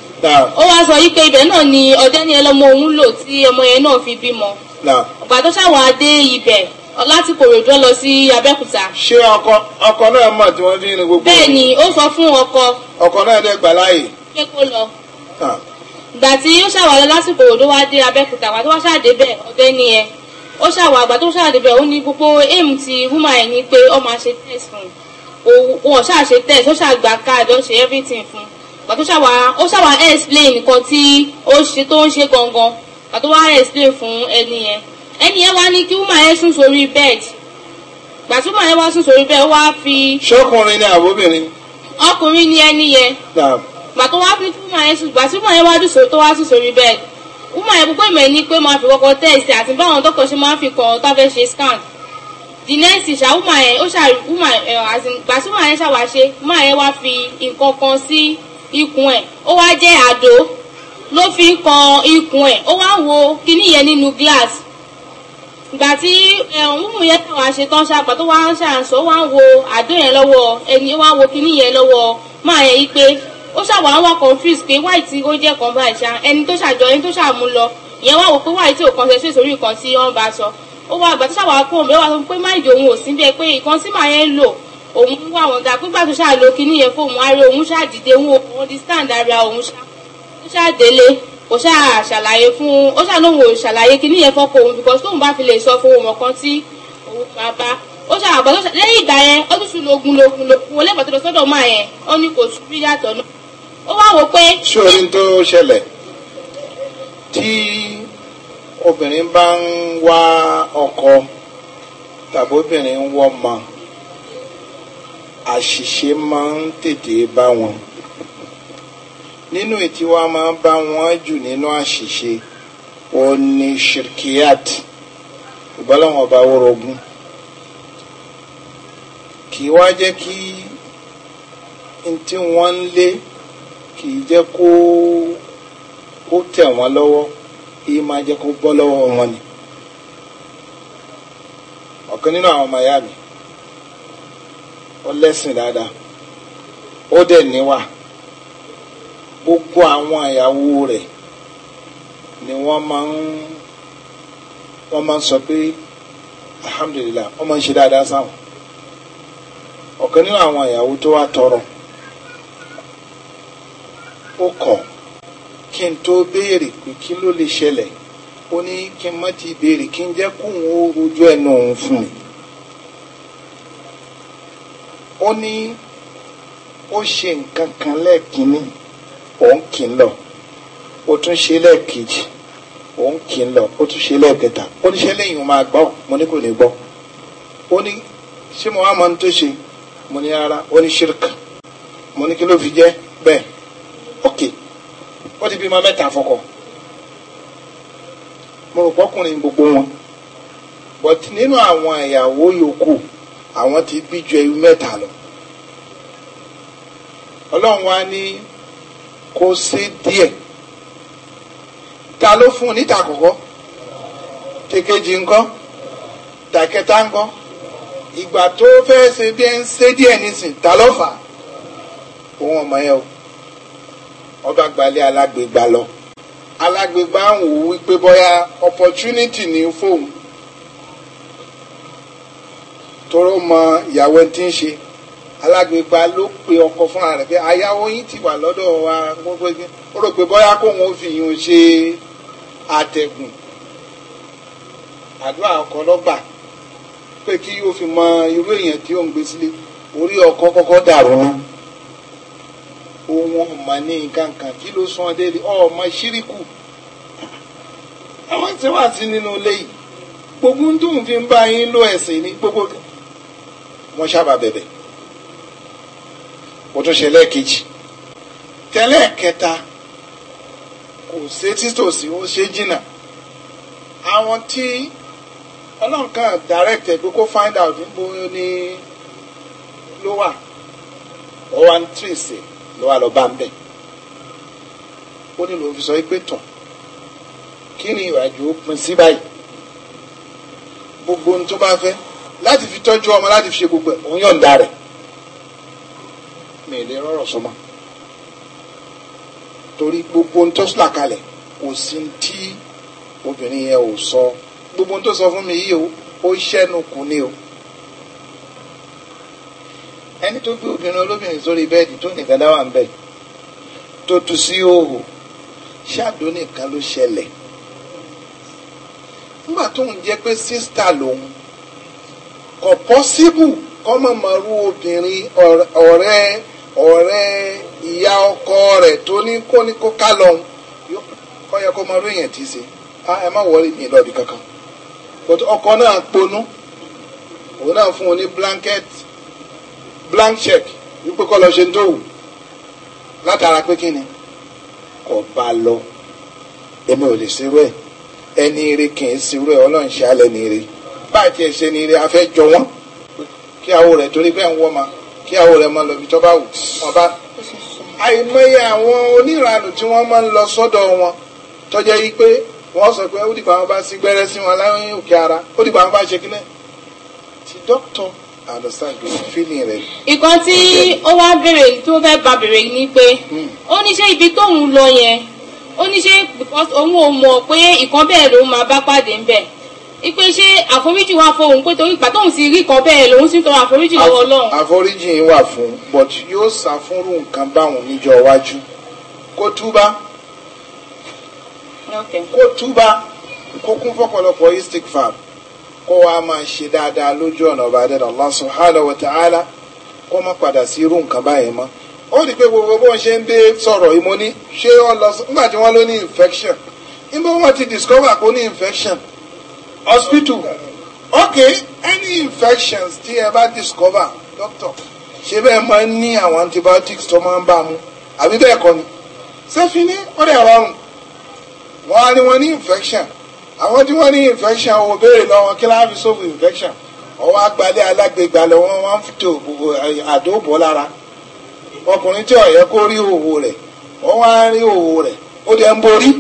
ó wá sọ yí pé ibẹ̀ náà ni ọdẹ ni ẹlọmọ òun lò tí ọmọ yẹn náà fi bímọ. ìgbà tó ṣàwọn adé ibẹ̀ láti kòròdú lọ sí abẹ́òkúta. ṣé ọkọ ọkọ náà mọ̀ tí wọ́n fi ń gbogbo. bẹ́ẹ̀ ni ó sọ fún ọkọ. ọkọ náà dẹ̀ gbà láàyè. pé kó lọ. Ah. ìgbà tí ó ṣàwàlọ lásìkò òdó wá dé abẹ́òkúta àgbà tó wá ṣàdé bẹ́ẹ̀ ọ̀dẹ́ ni ẹ ó ṣàwà àgbà tó ṣàdé bẹ́ẹ̀ ó ní gbogbo aim ti woman ẹ̀ ní pé ó máa ṣe test fún un ó ṣàṣe test ó ṣàgbà káàdì ó ṣe everything fún un pàtó ṣàwà ó ṣàwà explain nǹkan tí ó ṣe tó ń ṣe gangan pàtó wá explain fún ẹni yẹn wá ní kí wúmà yẹn sùn sórí bed gbà tí wúmà yẹn wá sùn sórí bed ó wá fi. ṣọkùnrin ni àbóbìnrin. ọkùnrin ni ẹni yẹn. gbà tó wá fi wúmà yẹn sùn gbà tí wúmà yẹn wá dùn tó wá sùn sórí bed wúmà yẹn púpọ̀ ìmọ̀ ẹni pé máa fi kọ́kọ́ test àti báwọn dọ́kọ̀ ṣe máa fi kọ́ tó fẹ́ ṣe scan the next ṣá wúmà yẹn ó ṣà wúmà gbà tí wúmà yẹn ṣàwá ṣe wúmà yẹn wá fi nǹkan kan sí ikùn ẹ̀ ó wá jẹ́ àdó ló fi ń kan ikùn ẹ̀ ó wá wo kinní yẹn nínú glass ìgbà tí ọ̀húnmù yẹn náà wàá ṣe tán ṣàgbà tó wàá ṣàǹsọ́ wàá wo àdó yẹn lọ́wọ́ ẹni wàá wo kinní yẹn lọ́wọ́ máa yẹ yí pé ó ṣàwà wá confuse pé wáì tí ó jẹ́ kan báyìí ṣá ẹni tó ṣàjọ ẹni tó ṣàmú lọ ìyẹn wá wò pé wáì tí ò concentrate sórí nǹkan tí wọ́n bá sọ ó wá àgbà tó ṣàwà kó òun bẹ́ẹ̀ sọ pé má ìdí òun ò sí bẹ́ẹ̀ pé nǹkan tí màá yẹn lò òun wà wọ́n dà pé gbàtò ṣàlò kinní yẹn fóun á òun ṣàdìde òun ò understand ara òun ṣàdélé kò ṣáà ṣàlàyé fún ó ṣáà lóun ò ṣàlàyé kíní yẹn fọ́kọ òun because tóun bá fi lè sọ fún òun ọ̀kan tí òun pa bá ó ṣáà bọ́ lẹ́yìn ìgbà yẹn ó tún sùn lógun lógun lógun ó lẹ́gbàá tó lọ sọ́dọ̀ máa yẹn ó ní kò sùn bí yàtọ̀ náà ó wá wò pé. ṣé orin tó ṣẹlẹ̀ tí obìnrin bá ń wá ọkọ tàbí obìnrin ń wọ́ mọ àṣìṣe máa ń tètè bá wọn nínú ètí wa máa ń bá wọn jù nínú àṣìṣe òun ni shirkiyat ìbálòwọ̀n ọba wọ́rọ̀gùn kì í wá jẹ́ kí n tí wọ́n ń lé kì í jẹ́ kó ó tẹ̀ wọ́n lọ́wọ́ èyí máa jẹ́ kó bọ́ lọ́wọ́ wọn ni ọ̀kan nínú àwọn ọmọ ìyá mi ó lẹ́sìn dáadáa ó dẹ̀ níwà. gbogbo àwọn ayawu re ni wọ́n máa ń wọ́n máa ń sọ pé alhamdulilah wọ́n máa ń ṣe dáadáa sáwọn ọ̀kan nínú àwọn ìyàwó tó wá tọrọ ó kọ̀ kí n tó béèrè pé kí ló lè ṣẹlẹ̀ ó ní kí n má ti béèrè kí n jẹ́ kóun ó rojú ẹnu òun fún mi ó ní ó òun kì í lọ ó tún ṣe lẹ́ẹ̀kejì òun kì í lọ ó tún ṣe lẹ́ẹ̀kẹta ó ní ṣe lẹ́yìn máa gbọ́ mo ní kò ní gbọ́ ó ní ṣé mo wá mọ ní tó ṣe mo ní ara ó ní ṣírkà mo ní kí ló fi jẹ́ bẹ́ẹ̀ ok ó ti bímọ mẹ́ta fọkọ mo rò pọ́kùnrin gbogbo wọn but nínú àwọn ìyàwó yòókù àwọn ti bí ju ẹyú mẹ́ta lọ ọlọ́run wa ní kó sí díẹ̀ ta ló fún un níta àkọ́kọ́ kékejì ńkọ́ tàkẹ́tà ńkọ́ ìgbà tó fẹ́ ṣe bí ẹ ń ṣe díẹ̀ nísìn ta ló fà á òun ọmọ yẹn o ọba gbalẹ̀ alágbègbà lọ alágbègbà ń wò wípé bóyá opportunity ní fóun tóró mọ ìyàwó ẹ ti ń ṣe alágbègbà ló pe ọkọ fúnra rẹ̀ pé ayáwó yín ti wà lọ́dọ̀ wa ó rò pé bóyá kóun ó fi yun ṣe àtẹ̀gùn àdúrà ọkọ lọ́gbà pé kí ó fi mọ irú èèyàn tí ó ń gbé sílé orí ọkọ kọ́kọ́ dàrú ná ohun ọmọ ní nǹkan kí ló sún ọdẹ lé ọmọ ṣíríkù àwọn tí wà sí nínú ilé yìí gbogbo ń dùn fi ń bá yín lọ ẹ̀sìn ní gbogbo wọn sábà bẹ̀bẹ̀ kó tó ṣe lẹ́ẹ̀kejì tẹ́lẹ̀ kẹta kò ṣe títòsí ó ṣe jìnnà àwọn tí ọlọ́run kan pé kó find out níbo ni ló wà ó wá ń tírèsè ló wà lọ bá ń bẹ̀ ó ní ló fi sọ pé tàn kí ni ìwàjú ó pin sí báyìí gbogbo ohun tó bá fẹ́ láti fi tọ́jú ọmọ láti fi ṣe gbogbo ẹ̀ òun yọ̀ǹda rẹ̀ mi lè rọrọ̀ sọmọ torí gbogbo ohun tó sílà kalẹ̀ kò sí tí obìnrin yẹn ò sọ gbogbo ohun tó sọ fún mi yìí o ó ṣẹ́nu kù ni o ẹni tó gbé obìnrin olóbìnrin sórí bẹ́ẹ̀dì tó nìkan dá wà ń bẹ̀ tó tu sí òhò ṣáàdó nìkan ló ṣẹlẹ̀ nígbà tó ń jẹ́ pé sísítà lòun kò pọ́síbù kọ́mọ̀mọ́rú obìnrin ọ̀rẹ́ ọ̀rẹ́ ìyá ọkọ rẹ̀ tó ní kó ní kó ká lọ́hùn kọ́ yẹ kó mọ orí èèyàn tí í ṣe ẹ má wọlé mi lọ́ọ̀dì kankan but ọkọ náà ponú òun náà fún un ní blanket blank check wípé kọ́ lọ ṣe ń dòwù látara pé kí ni kò bá lọ èmi ò lè ṣerú ẹ ẹni ire kì í ṣerú ẹ ọlọ́run ṣe alẹ́ ni ire báyìí tiẹ̀ ṣe ni ire afẹ́ jọ wọ́n kí àwọn rẹ̀ torí bẹ́ẹ̀ ń wọ́ ma kí àwọn rẹ̀ máa lọ ibi tó bá wù bá àìmọye àwọn oníranù tí wọ́n máa ń lọ sọ́dọ̀ wọn tó jẹ́ pé wọ́n sọ pé ó dìgbà wọn bá sí gbẹ́rẹ́ sí wọn láwọn òkè ara ó dìgbà wọn bá ṣe kílẹ̀ ti dókítọ̀ understand the feeling rẹ. ìkan tí ó wá béèrè tí ó fẹ́ bá béèrè ni pé hmm. ó ní ṣé ibi tóun lọ yẹn ó ní ṣé òun ò mọ̀ pé ìkan bẹ́ẹ̀ ló máa bá pàdé ń ipe ṣé àforíjì wà fún òun pé torí ìgbà tóun sì rí kan bẹ́ẹ̀ lòun sì ń tọrọ àforíjì lọ́wọ́ Ọlọ́run. àforíjì wà fún but yóò sá fúnrú nǹkan báwọn níjọ iwájú kó túbá kó túbá kó kún fọ́pọ̀lọpọ̀ istikfar kó wa máa ṣe dáadáa lójú ọ̀nà ọba Adẹ́dàá Allah subhanahu wa ta'ala kó má padà sí irú nǹkan báyìí mọ́ ó rí i pé gbogbo bó ń ṣe ń dé sọ̀rọ̀ ìmọ̀ ní ṣé ọ lọ nígbà tí wọ́n ló ní infection nígbà wọ́n ti discover kó ní infection hospital okay any infections tí ẹ bá discover doctor ṣé bẹ́ẹ̀ máa ń ní àwọn antibiotics tó máa ń bá a mú àbí bẹ́ẹ̀ kọ́ ni ṣẹ́fin ní ọ̀rẹ́ ọ̀rọ̀rùn wọ́n á ní wọ́n ní infection àwọn tí wọ́n ní infection ò béèrè lọ́wọ́ kí láàbí sóògùn infection ọwọ́ agbálẹ̀ alágbègbè alẹ́ wọn wọ́n fi tó àdó bọ́ lára ọkùnrin tí ó kó rí òwò rẹ̀ wọ́n wá rí òwò rẹ̀ ó dẹ̀ ń borí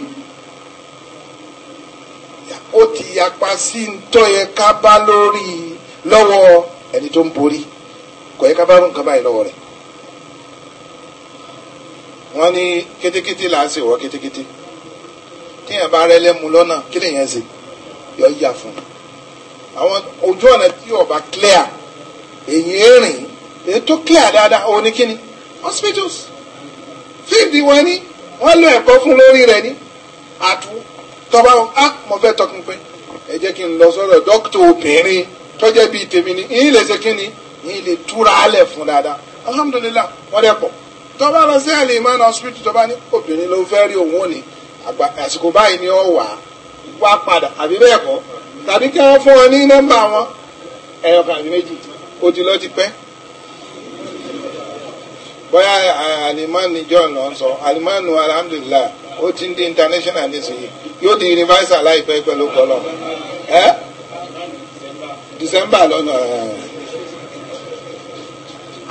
ó ti yapa sí ntọ́ yẹ ká bá lórí lọ́wọ́ ẹni tó ń borí kò yẹ ká bá rún kaba lọ́wọ́ rẹ̀ wọ́n ní kétékété là á ṣe kétékété téèyàn bá rẹ́ lẹ́mu lọ́nà kí lèèyàn ṣe yọ yà fún un àwọn ojú ọ̀nà tí ọba clear èyí rìn èyí tó clear dáadáa òun ni kíni hospitals fíìdì wọn ni wọ́n lo ẹ̀kọ́ fún lórí rẹ̀ ni àtúwọ́ tọba á ah, mo fẹ́ pé ẹ kí n lọ sọ́dọ̀ dókítà obìnrin tọ́jẹ́ bíi tèmi ni ìyìn lè ṣe kí ni ìyìn lè túra alẹ̀ fún dáadáa alhamdulilah wọ́n dẹ̀ pọ̀ tọba lọ sí àlè ìmọ̀ náà hospital tọ́ba ní obìnrin ló fẹ́ rí òun òní àsìkò báyìí ni wà wá padà àbí bẹ́ẹ̀ kọ́ tàbí kí wọ́n fún ọ ní yóò di universal láìpẹ́ eh, pẹ̀lú kọlọ ẹ eh? december lọ́nà eh.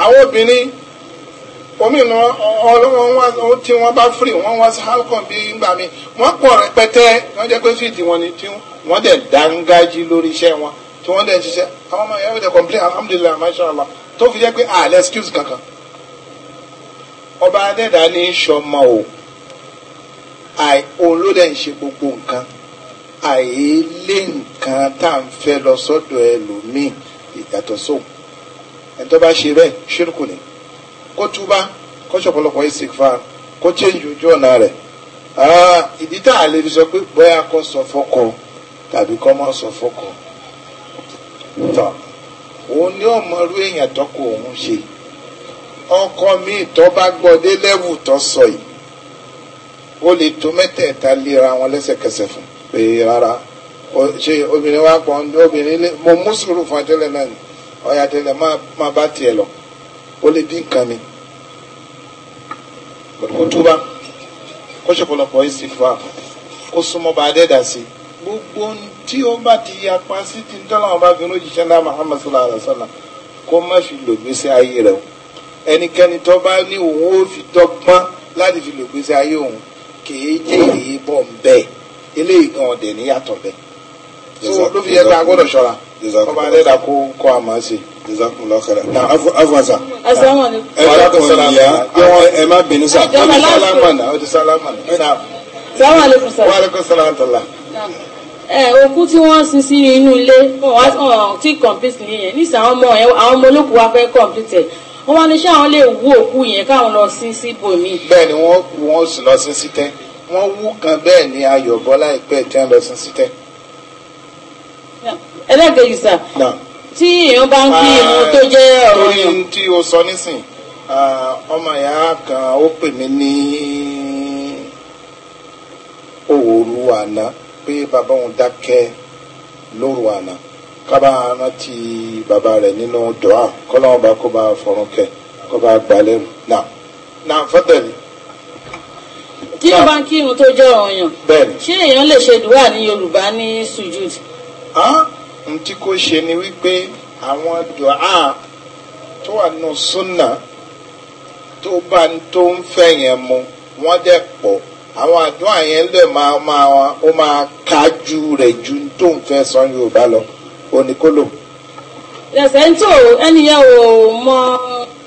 àwọn obìnrin omi na o tí wọn bá free wọn wá sí halcon bí gbà mí wọ́n pọ̀ rẹpẹtẹ wọ́n jẹ́ pé fíìtì wọn ni tí wọ́n dẹ̀ dángájí lórí wọn tí wọ́n dẹ ń ṣiṣẹ́ àwọn ọmọ ìyá yóò dẹ̀ complain alhamdulilayi mashallah tó fi jẹ́ pé excuse kankan ọba adẹ́dá ní í o. àì òun ló dẹ̀ ń ṣe gbogbo nǹkan àì lé nǹkan tá à ń fẹ́ lọ sọ́dọ̀ ẹlòmíì ìyàtọ̀ sóun ẹni tó bá ṣe bẹ́ẹ̀ ṣírkù ni kó túbá kó ṣọ̀pọ̀lọpọ̀ ìsìnkfà kó chéńjì ojú ọ̀nà rẹ̀ ah, ìdí tá a lè fi sọ pé bóyá kó sọ fọ́kọ tàbí kó má sọ fọ́kọ tán òun ni ọmọrú èèyàn tọkọ òun ṣe ọkọ mi tó bá gbọ́dé lẹ́wù tó sọ yìí ó lè tó mẹ́tẹ̀ẹ̀ta lera wọn lẹ́sẹ̀kẹsẹ̀ fún pé rárá ṣe obìnrin wa pọ̀ obìnrin lé mo mú sùúrù fún atẹ́lẹ̀ náà ni ọ̀yà tẹ́lẹ̀ máa bá tiẹ̀ lọ ó lè dín nǹkan mi kó túbá kó ṣọ̀pọ̀lọpọ̀ ìsìnfà kó súnmọ́ bá dẹ́dà sí gbogbo tí ó bá ti yapa sí ti ń wọn bá fi ló jíṣẹ́ náà Muhammad sallallahu alaihi wa sallam kó má fi lògbèsè ayé rẹ̀ o ẹnikẹ́ni tó bá ní òun ó fi dọ́gbọ́n láti fi lògbèsè ayé òun kèé jèrè bọ̀ ń bẹ́ẹ̀ eléyìí gan ọ̀dẹ̀ níyàtọ̀ bẹ́ẹ̀. so ló fi yẹ ká gbọ́dọ̀ ṣọ́ra ọba adẹ́dà kó kọ́ àmọ́ sí. jazakumullahu khaira na afuwasa. asalaamualeykum. ẹ wà láti sọ̀rọ̀ àyà ẹ má bínú sá. ọmọ sálámà náà ọdún sálámà náà. salaamualeykum sir. wa aleykum salaam tala. ẹ òkú tí wọ́n sin sí inú ilé tí complete nìyẹn nísìnyí àwọn ọmọ olókùú wa fẹ́ complete wọ́n wá ní ṣé àwọn lè wú òkú yẹn káwọn lọ sí síbò mi. bẹ́ẹ̀ ni wọ́n wọ́n sì lọ sí sítẹ́ wọ́n wú kan bẹ́ẹ̀ ni ayọ̀ bọ́ láìpẹ́ tí wọ́n lọ sí sítẹ́. ẹlẹ́gbẹ̀ẹ́ sà tí èèyàn bá ń kí ah, irun tó jẹ́ ọ̀rọ̀ yẹn. torí tí o sọ nísìn ah, ọmọ ìyá kan ó pè mí ní òwòrú àná pé bàbá òun dákẹ́ lóru àná kábà rántí baba rẹ̀ nínú dùá kọ́láwọn bá kó bá fọ̀rùn kẹ kó bá gbà lẹ́rù náà náà fọ́tẹ̀lì. tí o bá ń kírun tó jẹ́ ọ̀yàn ṣé èèyàn lè ṣe dùá ní yorùbá ní sujud. n tí kò ṣe ni wípé àwọn dùá tó wà nù súnà tó bá ń tó ń fẹ́ yẹn mu wọ́n dẹ̀ pọ̀ àwọn àdúrà yẹn lè máa máa ó máa kájú rẹ̀ ju tó ń fẹ́ sọ yorùbá lọ kọ́ ni kó lò. ẹsẹ̀ ń tò ẹni yẹn ò mọ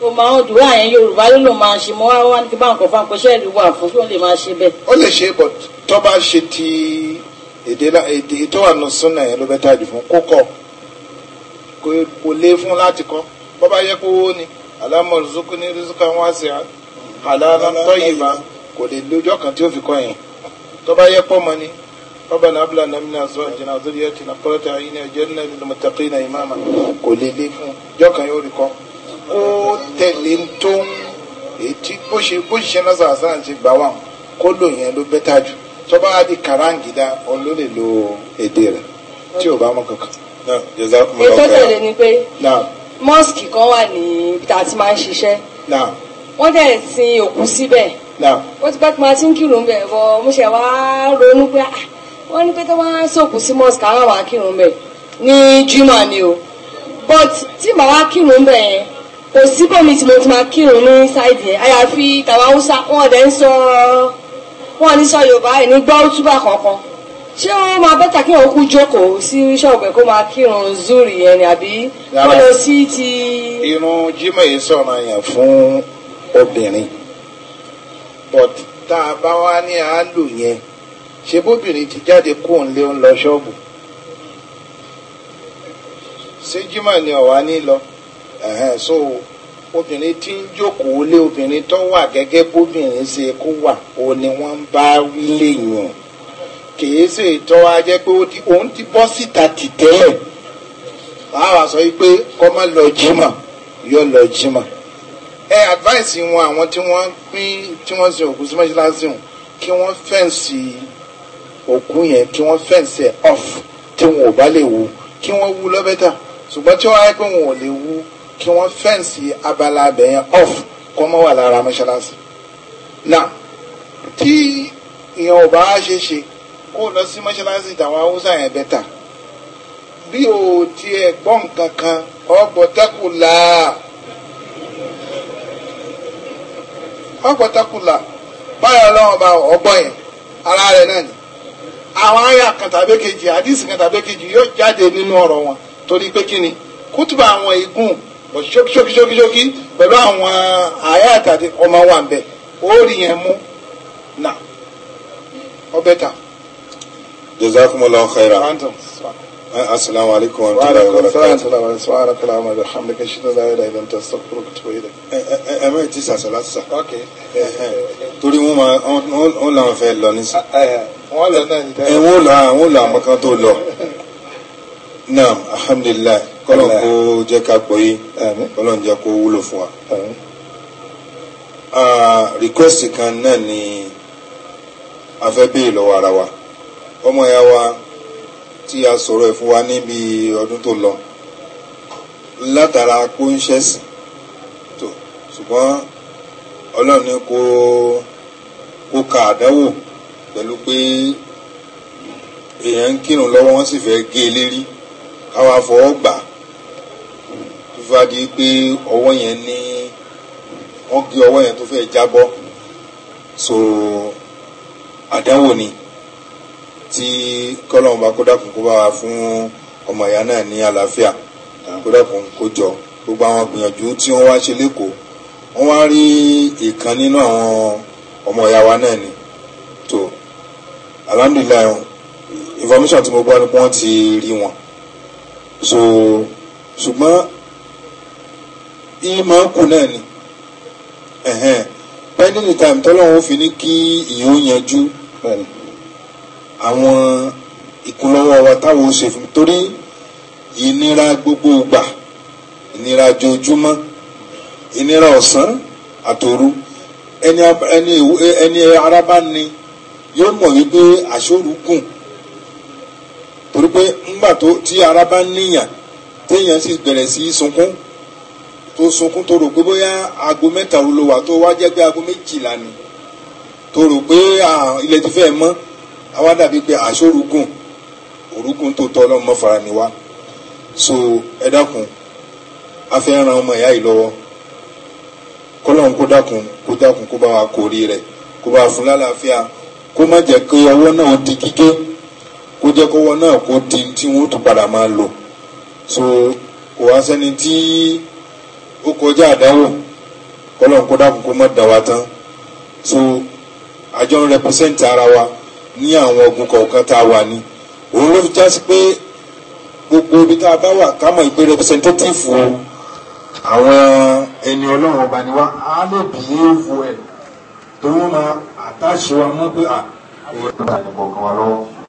o máa ń dùwà yẹn yorùbá ló lò máa ń ṣe mọ́ wá wá ní kí báwọn kan fáwọn pé ṣé ìlú wà fún kí wọ́n lè máa ṣe bẹ́ẹ̀. ó lè ṣe but tó bá ṣe ti èdè èdè tó wà nù súnà yẹn ló bẹ́ tàjù fún kó kọ́ kò lè fún láti kọ́ bó bá yẹ kó wó ni alámọ̀ rìzúkú ní rìzúkú àwọn àṣẹ àlànà tọ́yìnbá kò lè lójọ́ kan tí ó fi kọ́ yẹn tó bá yẹ pọ́ mọ́ ni ربنا هب لنا من ازواجنا وذريتنا قرة اعين واجعلنا للمتقين اماما kò lè le fún jọkàn yóò rí kọ ó tẹ̀lé ń tó ètí bó ṣe bó ṣiṣẹ́ náà sàásà ń ṣe gbà wà kó lò yẹn ló bẹ́tà jù tọ́ba á ni pé mọ́sìkì kan wà ní tá a ti máa ń ṣiṣẹ́ wọ́n dẹ̀ sin òkú síbẹ̀ wọ́n ti pẹ́ pẹ́ máa ti ń kírun bẹ̀ bọ́ mo ṣẹ̀ wá ronú pé ah, wọ́n ní pé tó wá sòkù sí mosque àwọn àwọn akírun bẹ̀ ní juma ni o but tí màá wá kírun bẹ̀ yẹn kò sí bòmí tí mo ti máa kírun ní ṣáìdì yẹn àyàfi tàwa hausa wọn dẹ̀ ń sọ wọn ní sọ yorùbá ẹ̀ ní gbọ́ túbà kankan ṣé ó máa bẹ́tà kí òun kú jókòó sí ṣọ́ọ̀bù kó máa kírun zuri yẹn ni àbí kó lọ sí ti. irun jimoh yìí sọ̀rọ̀ yẹn fún obìnrin but tá a bá wá ní àálò yẹn ṣe bóbìnrin ti jáde kó ń lé ń lọ ṣọ́ọ̀bù ṣé ni ọ̀wá ní lọ ẹ̀hẹ́n so obìnrin tí ń jókòó lé obìnrin tó wà gẹ́gẹ́ bóbìnrin ṣe kó wà ó ní wọ́n ń bá wílé yàn kìí ṣe ìtọ́ wa jẹ́ pé òun ti bọ́ síta tì tẹ́lẹ̀ wàá wà sọ wípé kọ́ má lọ jimá yọ lọ jimá ẹ advice wọn àwọn tí wọ́n pín tí wọ́n sin òkú sí mọ́ṣáláṣí wọn kí wọ́n fẹ́ǹsì òkun yẹn kí wọ́n fẹ́ǹsì ẹ̀ off tí wọn ò bá lè wú kí wọ́n wú lọ́bẹ̀tà ṣùgbọ́n tí wọ́n á pé wọn ò lè wú kí wọ́n fẹ́ǹsì abala abẹ yẹn off kó mọ́ wà lára mọ́ṣáláṣí. nà tí ìyẹn ò bá ṣe ṣe kó lọ sí mọ́ṣáláṣí tàwọn haúsá yẹn bẹ́tà bí o tiẹ̀ gbọ́ nǹkan kan ọgbọ̀tẹ́kùlà ọgbọ̀tẹ́kùlà báyọ̀ lọ́wọ́ bá ọgbọ́n yẹn ara rẹ̀ náà ni àwọn àyà kan tàbí kejì àdìsí kan tàbí kejì yóò jáde nínú ọ̀rọ̀ wọn torí pé kí ni kútùbà àwọn igun ṣókíṣókíṣókí pẹ̀lú àwọn àyà àtàdé ọmọ wa ń bẹ̀ ó rí yẹn mú nà ọbẹ̀ tà. jazakumullahu khairan assalamu alaikum wa rahmatullahi wa barakatuh wa ala kala ma bihamdika shida la ilaha illa anta astaghfiruka wa atubu ilayk ẹ mẹ ti sàṣà lásà torí wọn máa wọn làwọn fẹ́ lọ ní sàn ah, ah, ah, wọn lọ náà ní dáhùn ẹ wọn lọ àwọn lọ àwọn kan tó lọ náà alhamdulilayi kọlọ kó jẹ ká gbọ́ yìí kọlọ jẹ kó wúlò fún wa request kan náà ni a fẹ́ béèrè lọ́wọ́ ara ọmọ ya wa tí a sọ̀rọ̀ ẹ̀ fún wa níbi ọdún tó lọ látara kó ń ṣẹ̀sìn tó ṣùgbọ́n ọlọ́run ní kó kó ka àdánwò pẹ̀lú pé èèyàn ń kírun lọ́wọ́ wọ́n sì fẹ́ gé e lérí káwa fọwọ́ gbà tó fà di pé ọwọ́ yẹn ní wọ́n gé ọwọ́ yẹn tó fẹ́ jábọ́ so àdánwò ni tí kọ́lọ́hún bá kó dákun kó bá wa fún ọmọ ìyá náà ní àlàáfíà kó dákun kó jọ gbogbo àwọn gbìyànjú tí wọ́n wá ṣe lẹ́kọ̀ọ́ wọ́n wá rí ìkan nínú àwọn ọmọ ìyá wa náà ni tó alhamdulilayi information tí mo gbọ́ ni wọ́n ti rí wọn so ṣùgbọ́n ìyẹn máa ń kú náà ni pending the time tọ́lọ́run ó fi ní kí ìyẹn ó yanjú àwọn ìkúnlọ́wọ́ wa táwọn ń ṣe fún torí ìnira gbogbo ìgbà ìnira jojúmọ́ ìnira ọ̀sán àtòru ẹni ẹni ẹni araba ni yóò mọ̀ wípé àṣọrù gùn torí pé ńgbà tó tí araba níyàn téèyàn sì bẹ̀rẹ̀ sí sunkún tó sunkún tó rò pé bóyá aago mẹ́ta ló wà tó wá jẹ́ pé aago méjìlá ni tó rò pé ilẹ̀ ti fẹ́ mọ́ àwa dàbí pé àṣọrùgùn òrùgùn tó tọ́ ọlọ́run mọ́fara ni wá so ẹ dákun a fẹ́ ran ọmọ ìyá yìí lọ́wọ́ kọ́lọ́run kó dákun kó dákun kó bá wa kórìí rẹ̀ kó bá fún lálàáfíà kó má jẹ́ pé ọwọ́ náà di kíké kó jẹ́ kọ́wọ́ náà kó di tí wọ́n tún padà máa lò so kò wá sẹ́ni tí ó kọjá àdánwò kọ́lọ́run kó dákun kó má dá wa tán so àjọ ń rẹpẹsẹ́ǹtì ara wa. ní àwọn ogun kọ̀ọ̀kan tá a wà ní òun ló fi gbogbo ibi tá a bá wà ká mọ̀ ìpè representative àwọn ẹni ọlọ́run ọba ni wá á lè bí éwu ẹ̀ tó wọ́n máa àtàṣe